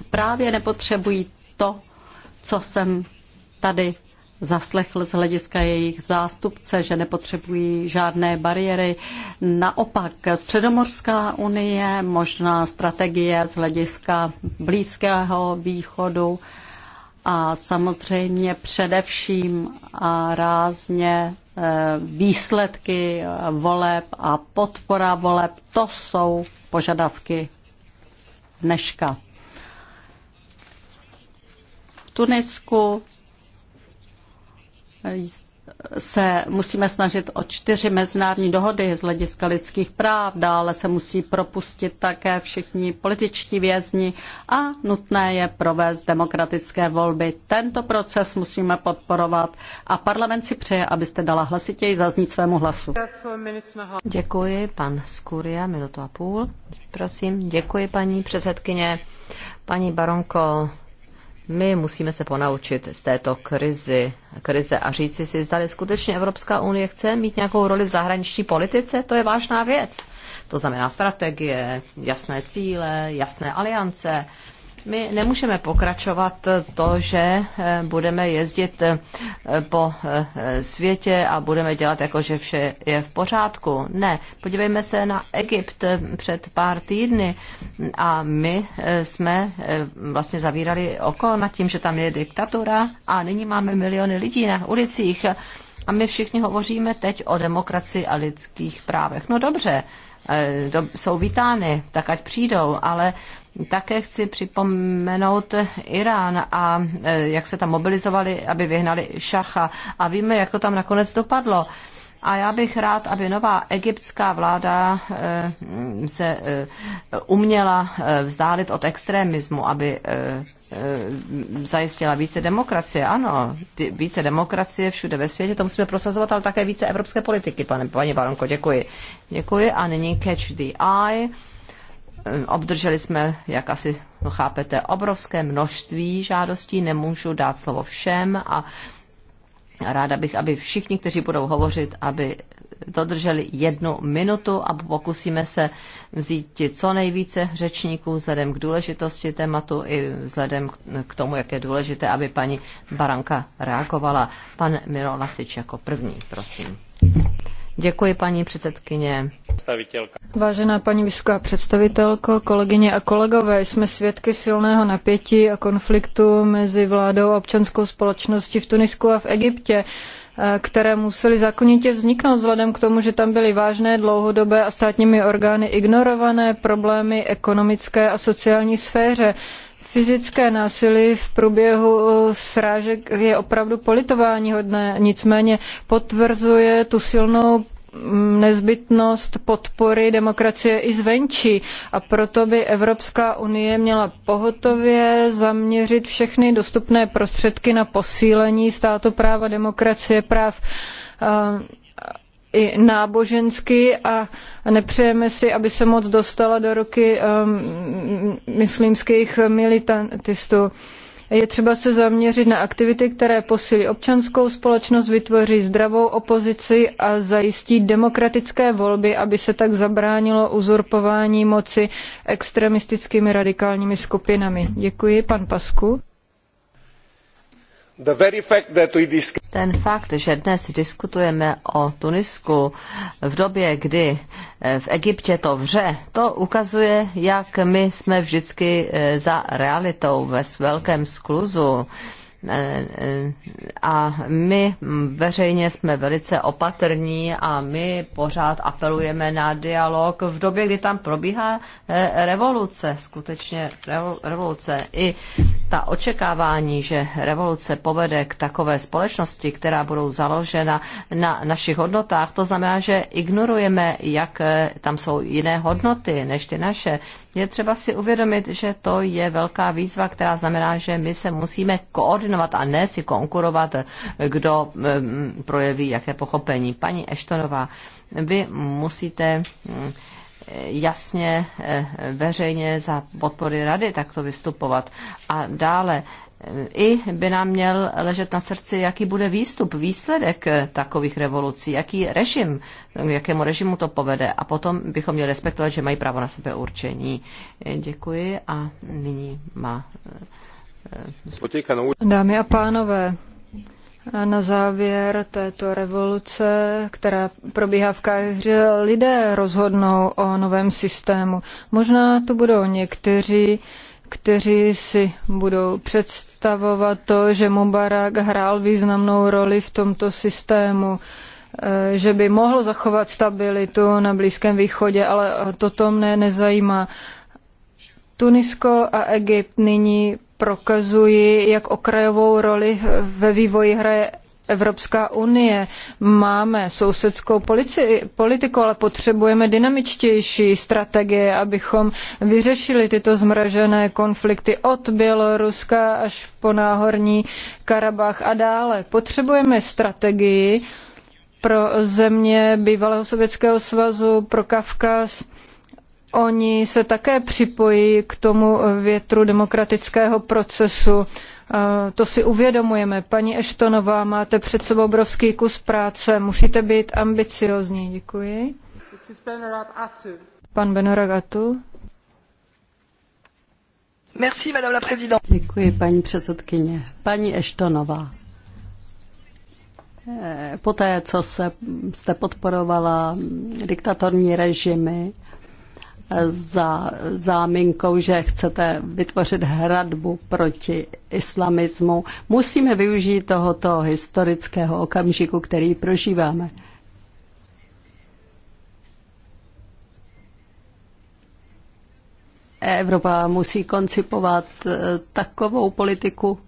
A právě nepotřebují to, co jsem tady zaslechl z hlediska jejich zástupce, že nepotřebují žádné bariéry. Naopak Středomorská unie, možná strategie z hlediska Blízkého východu a samozřejmě především a rázně Eh, výsledky voleb a podpora voleb, to jsou požadavky dneška. V Tunisku se musíme snažit o čtyři mezinárodní dohody z hlediska lidských práv, dále se musí propustit také všichni političtí vězni a nutné je provést demokratické volby. Tento proces musíme podporovat a parlament si přeje, abyste dala hlasitěji zaznít svému hlasu. Děkuji, pan Skuria, minutu a půl. Prosím, děkuji paní předsedkyně. Paní Baronko, my musíme se ponaučit z této krizi, krize a říci si, zda skutečně Evropská unie chce mít nějakou roli v zahraniční politice, to je vážná věc. To znamená strategie, jasné cíle, jasné aliance, my nemůžeme pokračovat to, že eh, budeme jezdit eh, po eh, světě a budeme dělat jako, že vše je v pořádku. Ne, podívejme se na Egypt před pár týdny a my jsme vlastně zavírali oko nad tím, že tam je diktatura a nyní máme miliony lidí na ulicích a my všichni hovoříme teď o demokracii a lidských právech. No dobře, jsou vítány, tak ať přijdou, ale také chci připomenout Irán a e, jak se tam mobilizovali, aby vyhnali šacha. A víme, jak to tam nakonec dopadlo. A já bych rád, aby nová egyptská vláda e, se e, uměla vzdálit od extremismu, aby zajistila více demokracie. Ano, více demokracie všude ve světě, to musíme prosazovat, ale také více evropské politiky, pane, paní Baronko, děkuji. Děkuji a nyní Catch the Eye Obdrželi jsme, jak asi chápete, obrovské množství žádostí, nemůžu dát slovo všem a ráda bych, aby všichni, kteří budou hovořit, aby dodrželi jednu minutu a pokusíme se vzít co nejvíce řečníků vzhledem k důležitosti tématu i vzhledem k tomu, jak je důležité, aby paní Baranka reagovala. Pan Miro Lasič jako první, prosím. Děkuji, paní předsedkyně. Vážená paní vysoká představitelko, kolegyně a kolegové, jsme svědky silného napětí a konfliktu mezi vládou a občanskou společností v Tunisku a v Egyptě eh, které musely zákonitě vzniknout vzhledem k tomu, že tam byly vážné dlouhodobé a státními orgány ignorované problémy ekonomické a sociální sféře. Fyzické násilí v průběhu eh, srážek je opravdu politováníhodné, nicméně potvrzuje tu silnou mm, nezbytnost podpory demokracie i zvenčí a proto by Evropská unie měla pohotově zaměřit všechny dostupné prostředky na posílení státu práva, demokracie, práv i nábožensky a nepřejeme si, aby se moc dostala do ruky um, muslimských militantistů. Je třeba se zaměřit na aktivity, které posílí občanskou společnost, vytvoří zdravou opozici a zajistí demokratické volby, aby se tak zabránilo uzurpování moci extremistickými radikálními skupinami. Děkuji, pan Pasku. Ten fakt, že dnes diskutujeme o Tunisku v době, kdy eh, v Egyptě to vře, to ukazuje, jak my jsme vždycky eh, za realitou ve velkém skluzu. Eh, a my mm, veřejně jsme velice opatrní a my pořád apelujeme na dialog v době, kdy tam probíhá revoluce, skutečně revoluce. I ta očekávání, že revoluce povede k takové společnosti, která budou založena na našich hodnotách, to znamená, že ignorujeme, jak eh, tam jsou jiné hodnoty než ty naše. Je třeba si uvědomit, že to je velká výzva, která znamená, že my se musíme koordinovat a ne si konkurovat, eh, kdo mm, projeví jaké pochopení. Paní Eštonová, vy musíte mm, jasně eh, veřejně za podpory rady takto vystupovat. A dále eh, i by nám měl ležet na srdci, jaký bude výstup, výsledek eh, takových revolucí, jaký režim, jakému režimu to povede. A potom bychom měli respektovat, že mají právo na sebe určení. Děkuji a nyní má. Dámy a pánové, na závěr této revoluce, která probíhá v Káhře, lidé rozhodnou o novém systému. Možná to budou někteří, kteří si budou představovat to, že Mubarak hrál významnou roli v tomto systému, eh, že by mohl zachovat stabilitu na Blízkém východě, ale toto mne nezajímá. Tunisko a Egypt nyní prokazuji, jak okrajovou roli ve vývoji hraje Evropská unie. Máme sousedskou polici, politiku, ale potřebujeme dynamičtější strategie, abychom vyřešili tyto zmražené konflikty od Běloruska až po náhorní Karabach a dále. Potřebujeme strategii pro země bývalého Sovětského svazu, pro Kavkaz, oni se také připojí k tomu větru demokratického procesu. To si uvědomujeme. Paní Eštonová, máte před sebou obrovský kus práce. Musíte být ambiciozní. Děkuji. Pan Benoragatu. Merci, madame la présidente. Děkuji, paní předsedkyně. Paní Eštonová, eh, poté, co se, jste podporovala diktatorní režimy, za záminkou, že chcete vytvořit hradbu proti islamismu. Musíme využít tohoto historického okamžiku, který prožíváme. Evropa musí koncipovat eh, takovou politiku,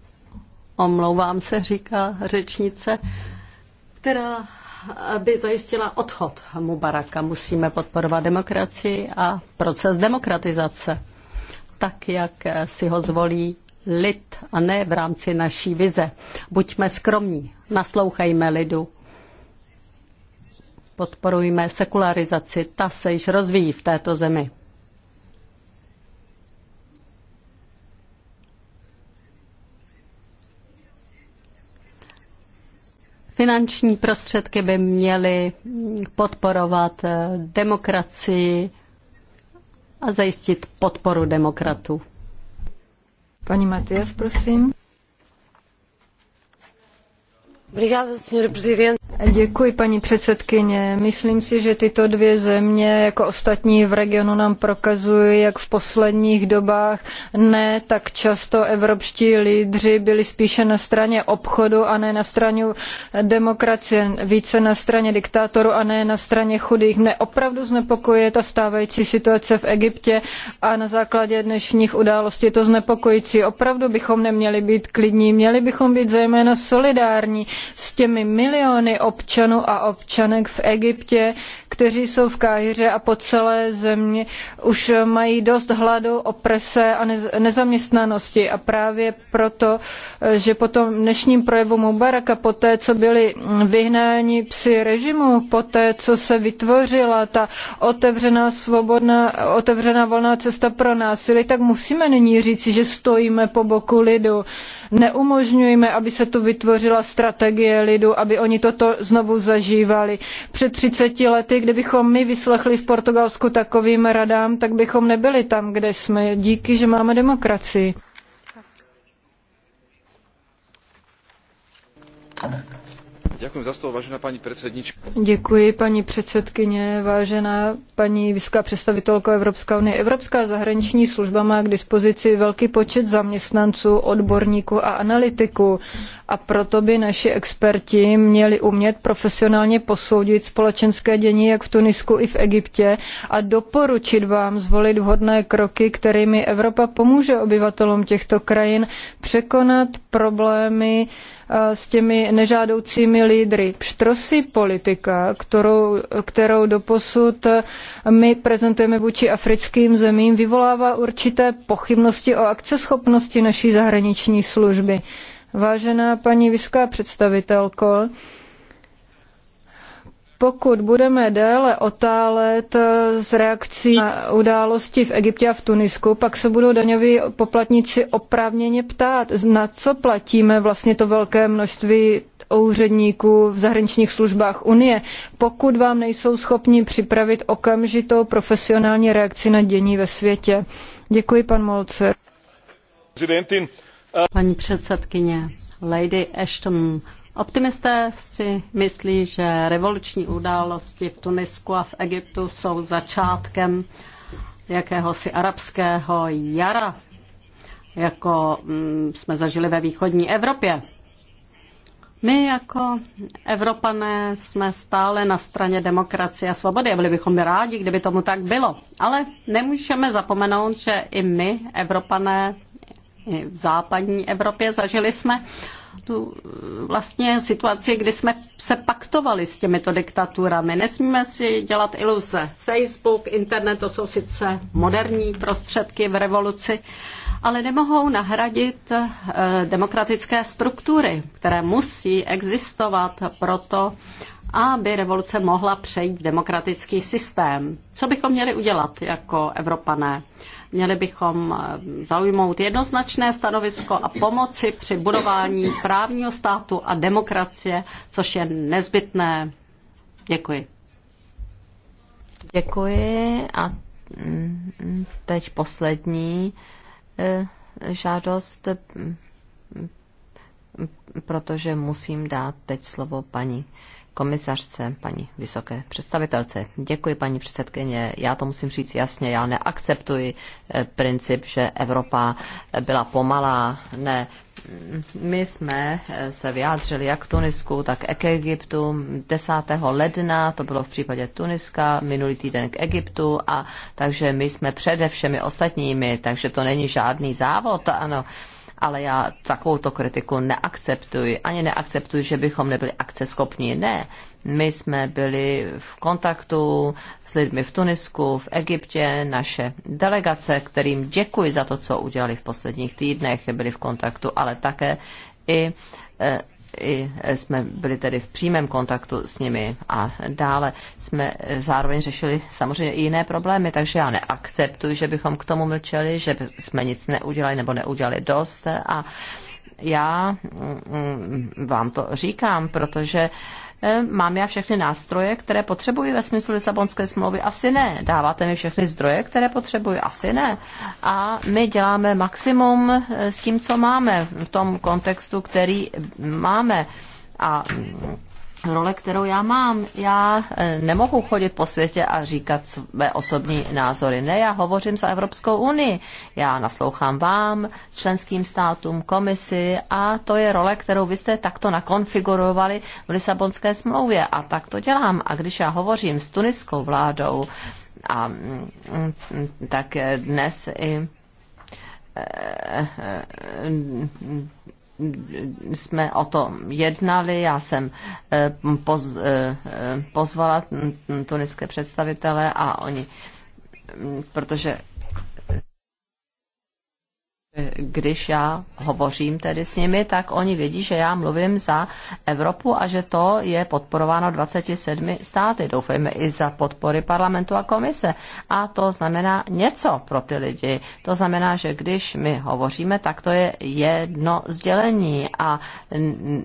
omlouvám se, říká řečnice, která aby zajistila odchod Mubaraka. Musíme podporovat demokracii a proces demokratizace, tak jak si ho zvolí lid a ne v rámci naší vize. Buďme skromní, naslouchejme lidu. Podporujme sekularizaci, ta se již rozvíjí v této zemi. Finanční prostředky by měly podporovat eh, demokracii a zajistit podporu demokratů. Paní Matias, prosím. Obrigada, senhora Presidente. Děkuji, paní předsedkyně. Myslím si, že tyto dvě země, jako ostatní v regionu, nám prokazují, jak v posledních dobách ne tak často evropští lídři byli spíše na straně obchodu a ne na straně demokracie, více na straně diktátorů a ne na straně chudých. Mne opravdu znepokojuje ta stávající situace v Egyptě a na základě dnešních událostí je to znepokojící. Opravdu bychom neměli být klidní, měli bychom být zejména solidární s těmi miliony občanů a občanek v Egyptě, kteří jsou v Káhiře a po celé zemi, už mají dost hladu, oprese a nezaměstnanosti. A právě proto, že po tom dnešním projevu Mubaraka, po té, co byli vyhnáni psi režimu, po té, co se vytvořila ta otevřená, svobodná, otevřená volná cesta pro násilí, tak musíme nyní říci, že stojíme po boku lidu. Neumožňujeme, aby se tu vytvořila strategie lidu, aby oni toto znovu zažívali. Před 30 lety, kdybychom my vyslechli v Portugalsku takovým radám, tak bychom nebyli tam, kde jsme. Díky, že máme demokracii. Děkuji za slovo, vážená paní předsednička. Děkuji, paní předsedkyně, vážená paní vysoká představitelko Evropské unie. Evropská zahraniční služba má k dispozici velký počet zaměstnanců, odborníků a analytiků a proto by naši experti měli umět profesionálně posoudit společenské dění jak v Tunisku i v Egyptě a doporučit vám zvolit vhodné kroky, kterými Evropa pomůže obyvatelům těchto krajin překonat problémy, Eh, s těmi nežádoucími lídry. Pštrosí politika, kterou, kterou doposud my prezentujeme vůči africkým zemím, vyvolává určité pochybnosti o akceschopnosti naší zahraniční služby. Vážená paní vysoká představitelko, pokud budeme déle otálet eh, s reakcí na události v Egyptě a v Tunisku, pak se budou daňoví poplatníci oprávněně ptát, na co platíme vlastně to velké množství úředníků v zahraničních službách Unie, pokud vám nejsou schopni připravit okamžitou profesionální reakci na dění ve světě. Děkuji, pan Molcer. Eh, Paní předsedkyně, Lady Ashton Optimisté si myslí, že revoluční události v Tunisku a v Egyptu jsou začátkem jakéhosi arabského jara, jako mm, jsme zažili ve východní Evropě. My jako Evropané jsme stále na straně demokracie a svobody a byli bychom rádi, kdyby tomu tak bylo. Ale nemůžeme zapomenout, že i my, Evropané, i v západní Evropě, zažili jsme tu vlastně situaci, kdy jsme se paktovali s těmito diktaturami. Nesmíme si dělat iluze. Facebook, internet, to jsou sice moderní prostředky v revoluci, ale nemohou nahradit eh, demokratické struktury, které musí existovat proto, aby revoluce mohla přejít v demokratický systém. Co bychom měli udělat jako Evropané? Měli bychom eh, zaujmout jednoznačné stanovisko a pomoci při budování právního státu a demokracie, což je nezbytné. Děkuji. Děkuji a mm, teď poslední eh, žádost, mm, protože musím dát teď slovo paní komisařce, paní vysoké představitelce. Děkuji, paní předsedkyně. Já to musím říct jasně, já neakceptuji eh, princip, že Evropa byla pomalá. Ne, my jsme eh, se vyjádřili jak Tunisku, tak k Egyptu 10. ledna, to bylo v případě Tuniska, minulý týden k Egyptu a takže my jsme přede všemi ostatními, takže to není žádný závod, ano ale já takovouto kritiku neakceptuji. Ani neakceptuji, že bychom nebyli akceschopní. Ne, my jsme byli v kontaktu s lidmi v Tunisku, v Egyptě, naše delegace, kterým děkuji za to, co udělali v posledních týdnech, byli v kontaktu, ale také i eh, i jsme byli tedy v přímém kontaktu s nimi a dále jsme zároveň řešili samozřejmě i jiné problémy, takže já neakceptuji, že bychom k tomu mlčeli, že jsme nic neudělali nebo neudělali dost a já mm, mm, vám to říkám, protože E, mám já všechny nástroje, které potřebuji ve smyslu Lisabonské smlouvy? Asi ne. Dáváte mi všechny zdroje, které potřebuji? Asi ne. A my děláme maximum e, s tím, co máme v tom kontextu, který máme. A role, kterou já mám. Já eh, nemohu chodit po světě a říkat své osobní názory. Ne, já hovořím za Evropskou unii. Já naslouchám vám, členským státům, komisi a to je role, kterou vy jste takto nakonfigurovali v Lisabonské smlouvě a tak to dělám. A když já hovořím s tuniskou vládou, a mm, mm, tak dnes i eh, eh, jsme o tom jednali, já jsem eh, poz, eh, eh, pozvala tuniské představitele a oni mm, protože když já hovořím tedy s nimi, tak oni vědí, že já mluvím za Evropu a že to je podporováno 27 státy. Doufejme i za podpory parlamentu a komise. A to znamená něco pro ty lidi. To znamená, že když my hovoříme, tak to je jedno sdělení a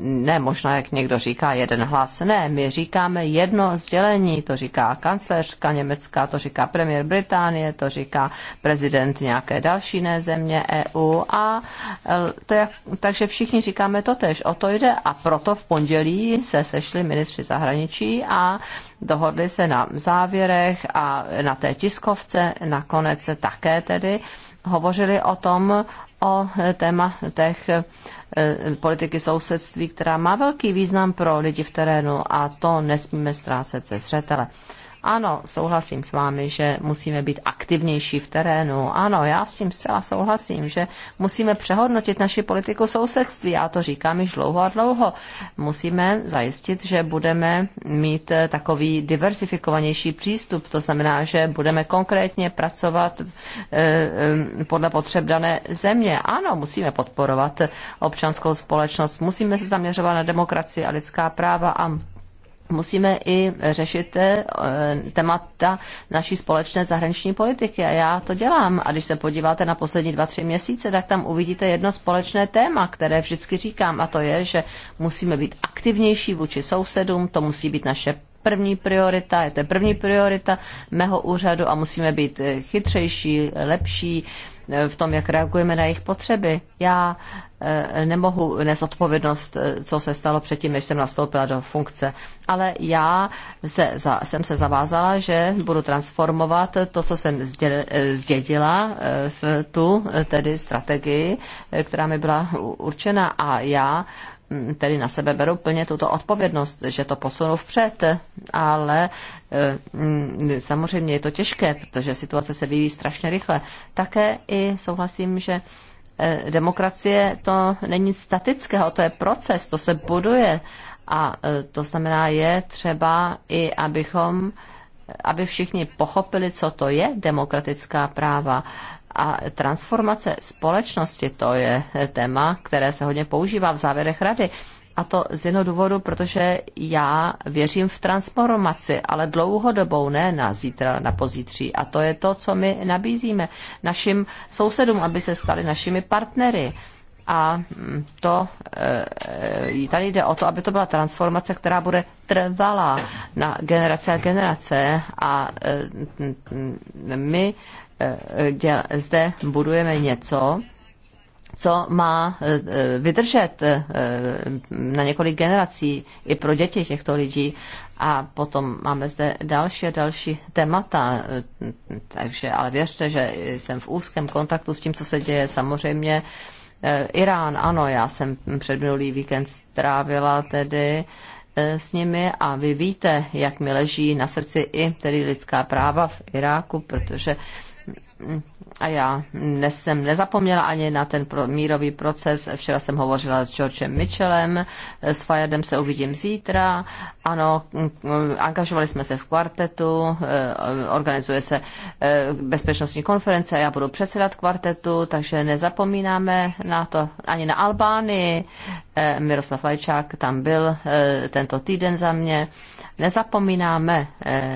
ne možná, jak někdo říká, jeden hlas. Ne, my říkáme jedno sdělení. To říká kancléřka Německa, to říká premiér Británie, to říká prezident nějaké další ne země EU EU a e, to je, takže všichni říkáme to tež. O to jde a proto v pondělí se sešli ministři zahraničí a dohodli se na závěrech a na té tiskovce nakonec také tedy hovořili o tom, o tématech e, politiky sousedství, která má velký význam pro lidi v terénu a to nesmíme ztrácet ze zřetele. Ano, souhlasím s vámi, že musíme být aktivnější v terénu. Ano, já s tím zcela souhlasím, že musíme přehodnotit naši politiku sousedství. Já to říkám již dlouho a dlouho. Musíme zajistit, že budeme mít eh, takový diversifikovanější přístup. To znamená, že budeme konkrétně pracovat eh, eh, podle potřeb dané země. Ano, musíme podporovat občanskou společnost, musíme se zaměřovat na demokracii a lidská práva a musíme i řešit eh, témata naší společné zahraniční politiky. A já to dělám. A když se podíváte na poslední dva, tři měsíce, tak tam uvidíte jedno společné téma, které vždycky říkám, a to je, že musíme být aktivnější vůči sousedům, to musí být naše první priorita, je to je první priorita mého úřadu a musíme být eh, chytřejší, lepší eh, v tom, jak reagujeme na jejich potřeby. Já Eh, nemohu odpovědnost, eh, co se stalo předtím, než jsem nastoupila do funkce. Ale já se, za, jsem se zavázala, že budu transformovat to, co jsem eh, zdědila v tu tedy strategii, která mi byla určena a já hm, tedy na sebe beru plně tuto odpovědnost, že to posunu vpřed, ale hm, samozřejmě je to těžké, protože situace se vyvíjí strašně rychle. Také i souhlasím, že Eh, demokracie to není nic statického, to je proces, to se buduje. A eh, to znamená, je třeba i, abychom, eh, aby všichni pochopili, co to je demokratická práva. A transformace společnosti, to je téma, které se hodně používá v závěrech rady. A to z jednoho důvodu, protože já věřím v transformaci, ale dlouhodobou, ne na zítra, na pozítří. A to je to, co my nabízíme našim sousedům, aby se stali našimi partnery. A mm, to, eh, eh, tady jde o to, aby to byla transformace, která bude trvalá na generace a generace. A eh, mm, mm, my zde budujeme něco, co má e, e, vydržet e, na několik generací i pro děti těchto lidí. A potom máme zde další a další témata, takže ale věřte, že jsem v úzkém kontaktu s tím, co se děje samozřejmě. Irán, ano, já jsem před minulý víkend strávila tedy s nimi a vy víte, jak mi leží na srdci i tedy lidská práva v Iráku, protože a já jsem nezapomněla ani na ten mírový proces. Včera jsem hovořila s Georgem Mitchellem, s Fajadem se uvidím zítra. Ano, angažovali jsme se v kvartetu, eh, organizuje se eh, bezpečnostní konference a já budu předsedat kvartetu, takže nezapomínáme na to ani na Albánii. Eh, Miroslav Lajčák tam byl tento týden za mě. Nezapomínáme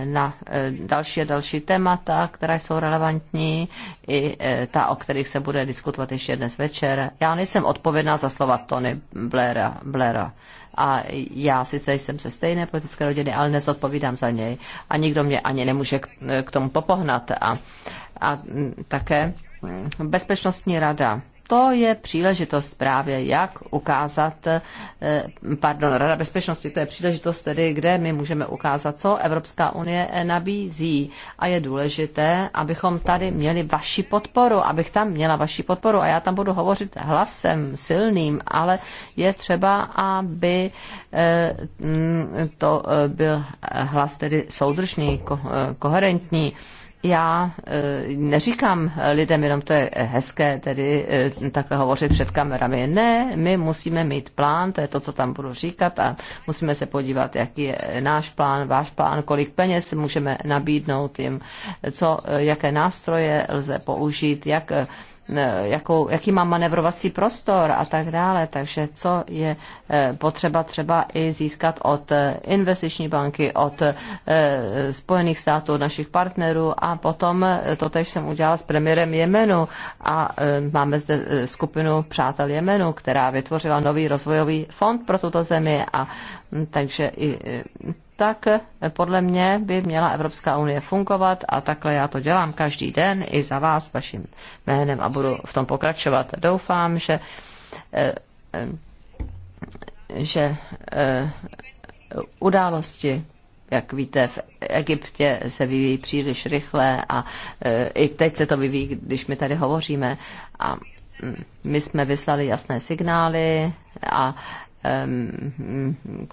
na další a další témata, která jsou relevantní jednání, i e, ta, o kterých se bude diskutovat ještě dnes večer. Já nejsem odpovědná za slova Tony Blaira, Blaira. A já sice jsem se stejné politické rodiny, ale nezodpovídám za něj. A nikdo mě ani nemůže k e, tomu popohnat. A, a také Bezpečnostní rada to je příležitost právě, jak ukázat, eh, pardon, Rada bezpečnosti, to je příležitost tedy, kde my můžeme ukázat, co Evropská unie nabízí. A je důležité, abychom tady měli vaši podporu, abych tam měla vaši podporu. A já tam budu hovořit hlasem silným, ale je třeba, aby eh, mm, to eh, byl hlas tedy soudržný, koherentní já e, neříkám lidem jenom, to je hezké tedy e, takhle hovořit před kamerami. Ne, my musíme mít plán, to je to, co tam budu říkat a musíme se podívat, jaký je náš plán, váš plán, kolik peněz můžeme nabídnout jim, co, jaké nástroje lze použít, jak jakou, jaký má manevrovací prostor a tak dále. Takže co je eh, potřeba třeba i získat od eh, investiční banky, od eh, Spojených států, od našich partnerů a potom to tež jsem udělala s premiérem Jemenu a máme zde skupinu Přátel Jemenu, která vytvořila nový rozvojový fond pro tuto zemi a takže i tak podle mě by měla Evropská unie fungovat a takhle já to dělám každý den i za vás vaším jménem a budu v tom pokračovat. Doufám, že eh, eh, že eh, události jak víte, v Egyptě se vyvíjí příliš rychle a i teď se to vyvíjí, když my tady hovoříme. A mm, my jsme vyslali jasné signály a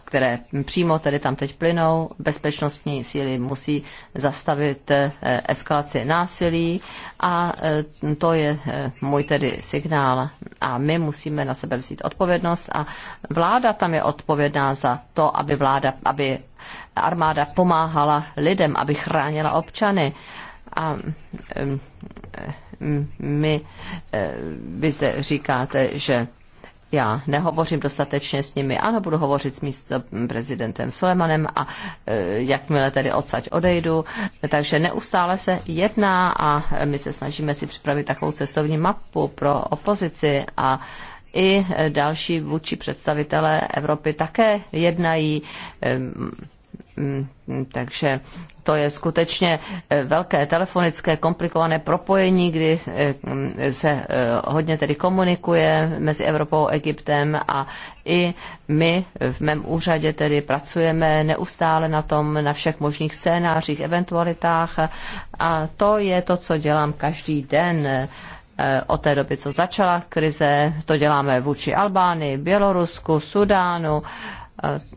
které přímo tedy tam teď plynou. Bezpečnostní síly musí zastavit eh, eskalaci násilí a eh, to je eh, můj tedy signál. A my musíme na sebe vzít odpovědnost a vláda tam je odpovědná za to, aby vláda, aby armáda pomáhala lidem, aby chránila občany. A my, vy zde říkáte, že já nehovořím dostatečně s nimi, ale budu hovořit s místo prezidentem Sulemanem a e, jakmile tedy odsaď odejdu. Takže neustále se jedná a my se snažíme si připravit takovou cestovní mapu pro opozici a i další vůči představitelé Evropy také jednají e, Mm, mm, takže to je skutečně eh, velké telefonické komplikované propojení, kdy eh, mm, se eh, hodně tedy komunikuje mezi Evropou a Egyptem a i my v mém úřadě tedy pracujeme neustále na tom, na všech možných scénářích, eventualitách a to je to, co dělám každý den od té doby, co začala krize. To děláme vůči Albánii, Bělorusku, Sudánu,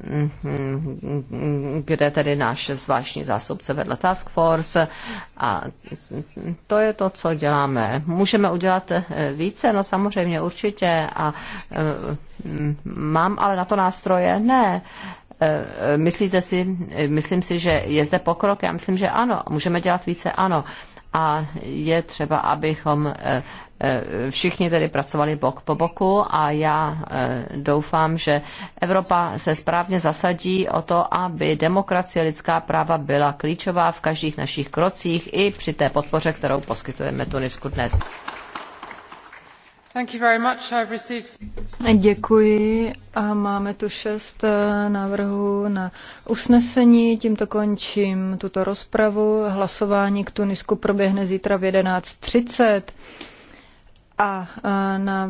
Mm, kde tedy náš zvláštní zástupce vedle Task Force a to je to, co děláme. Můžeme udělat eh, více? No samozřejmě určitě a eh, mám ale na to nástroje? Ne. Eh, myslíte si, myslím si, že je zde pokrok? Já myslím, že ano. Můžeme dělat více? Ano a je třeba, abychom Eh, všichni tedy pracovali bok po boku a já eh, doufám, že Evropa se správně zasadí o to, aby demokracie lidská práva byla klíčová v každých našich krocích i při té podpoře, kterou poskytujeme Tunisku dnes. Děkuji a máme tu šest eh, návrhů na usnesení. Tímto končím tuto rozpravu. Hlasování k Tunisku proběhne zítra v 11.30 a eh, návrh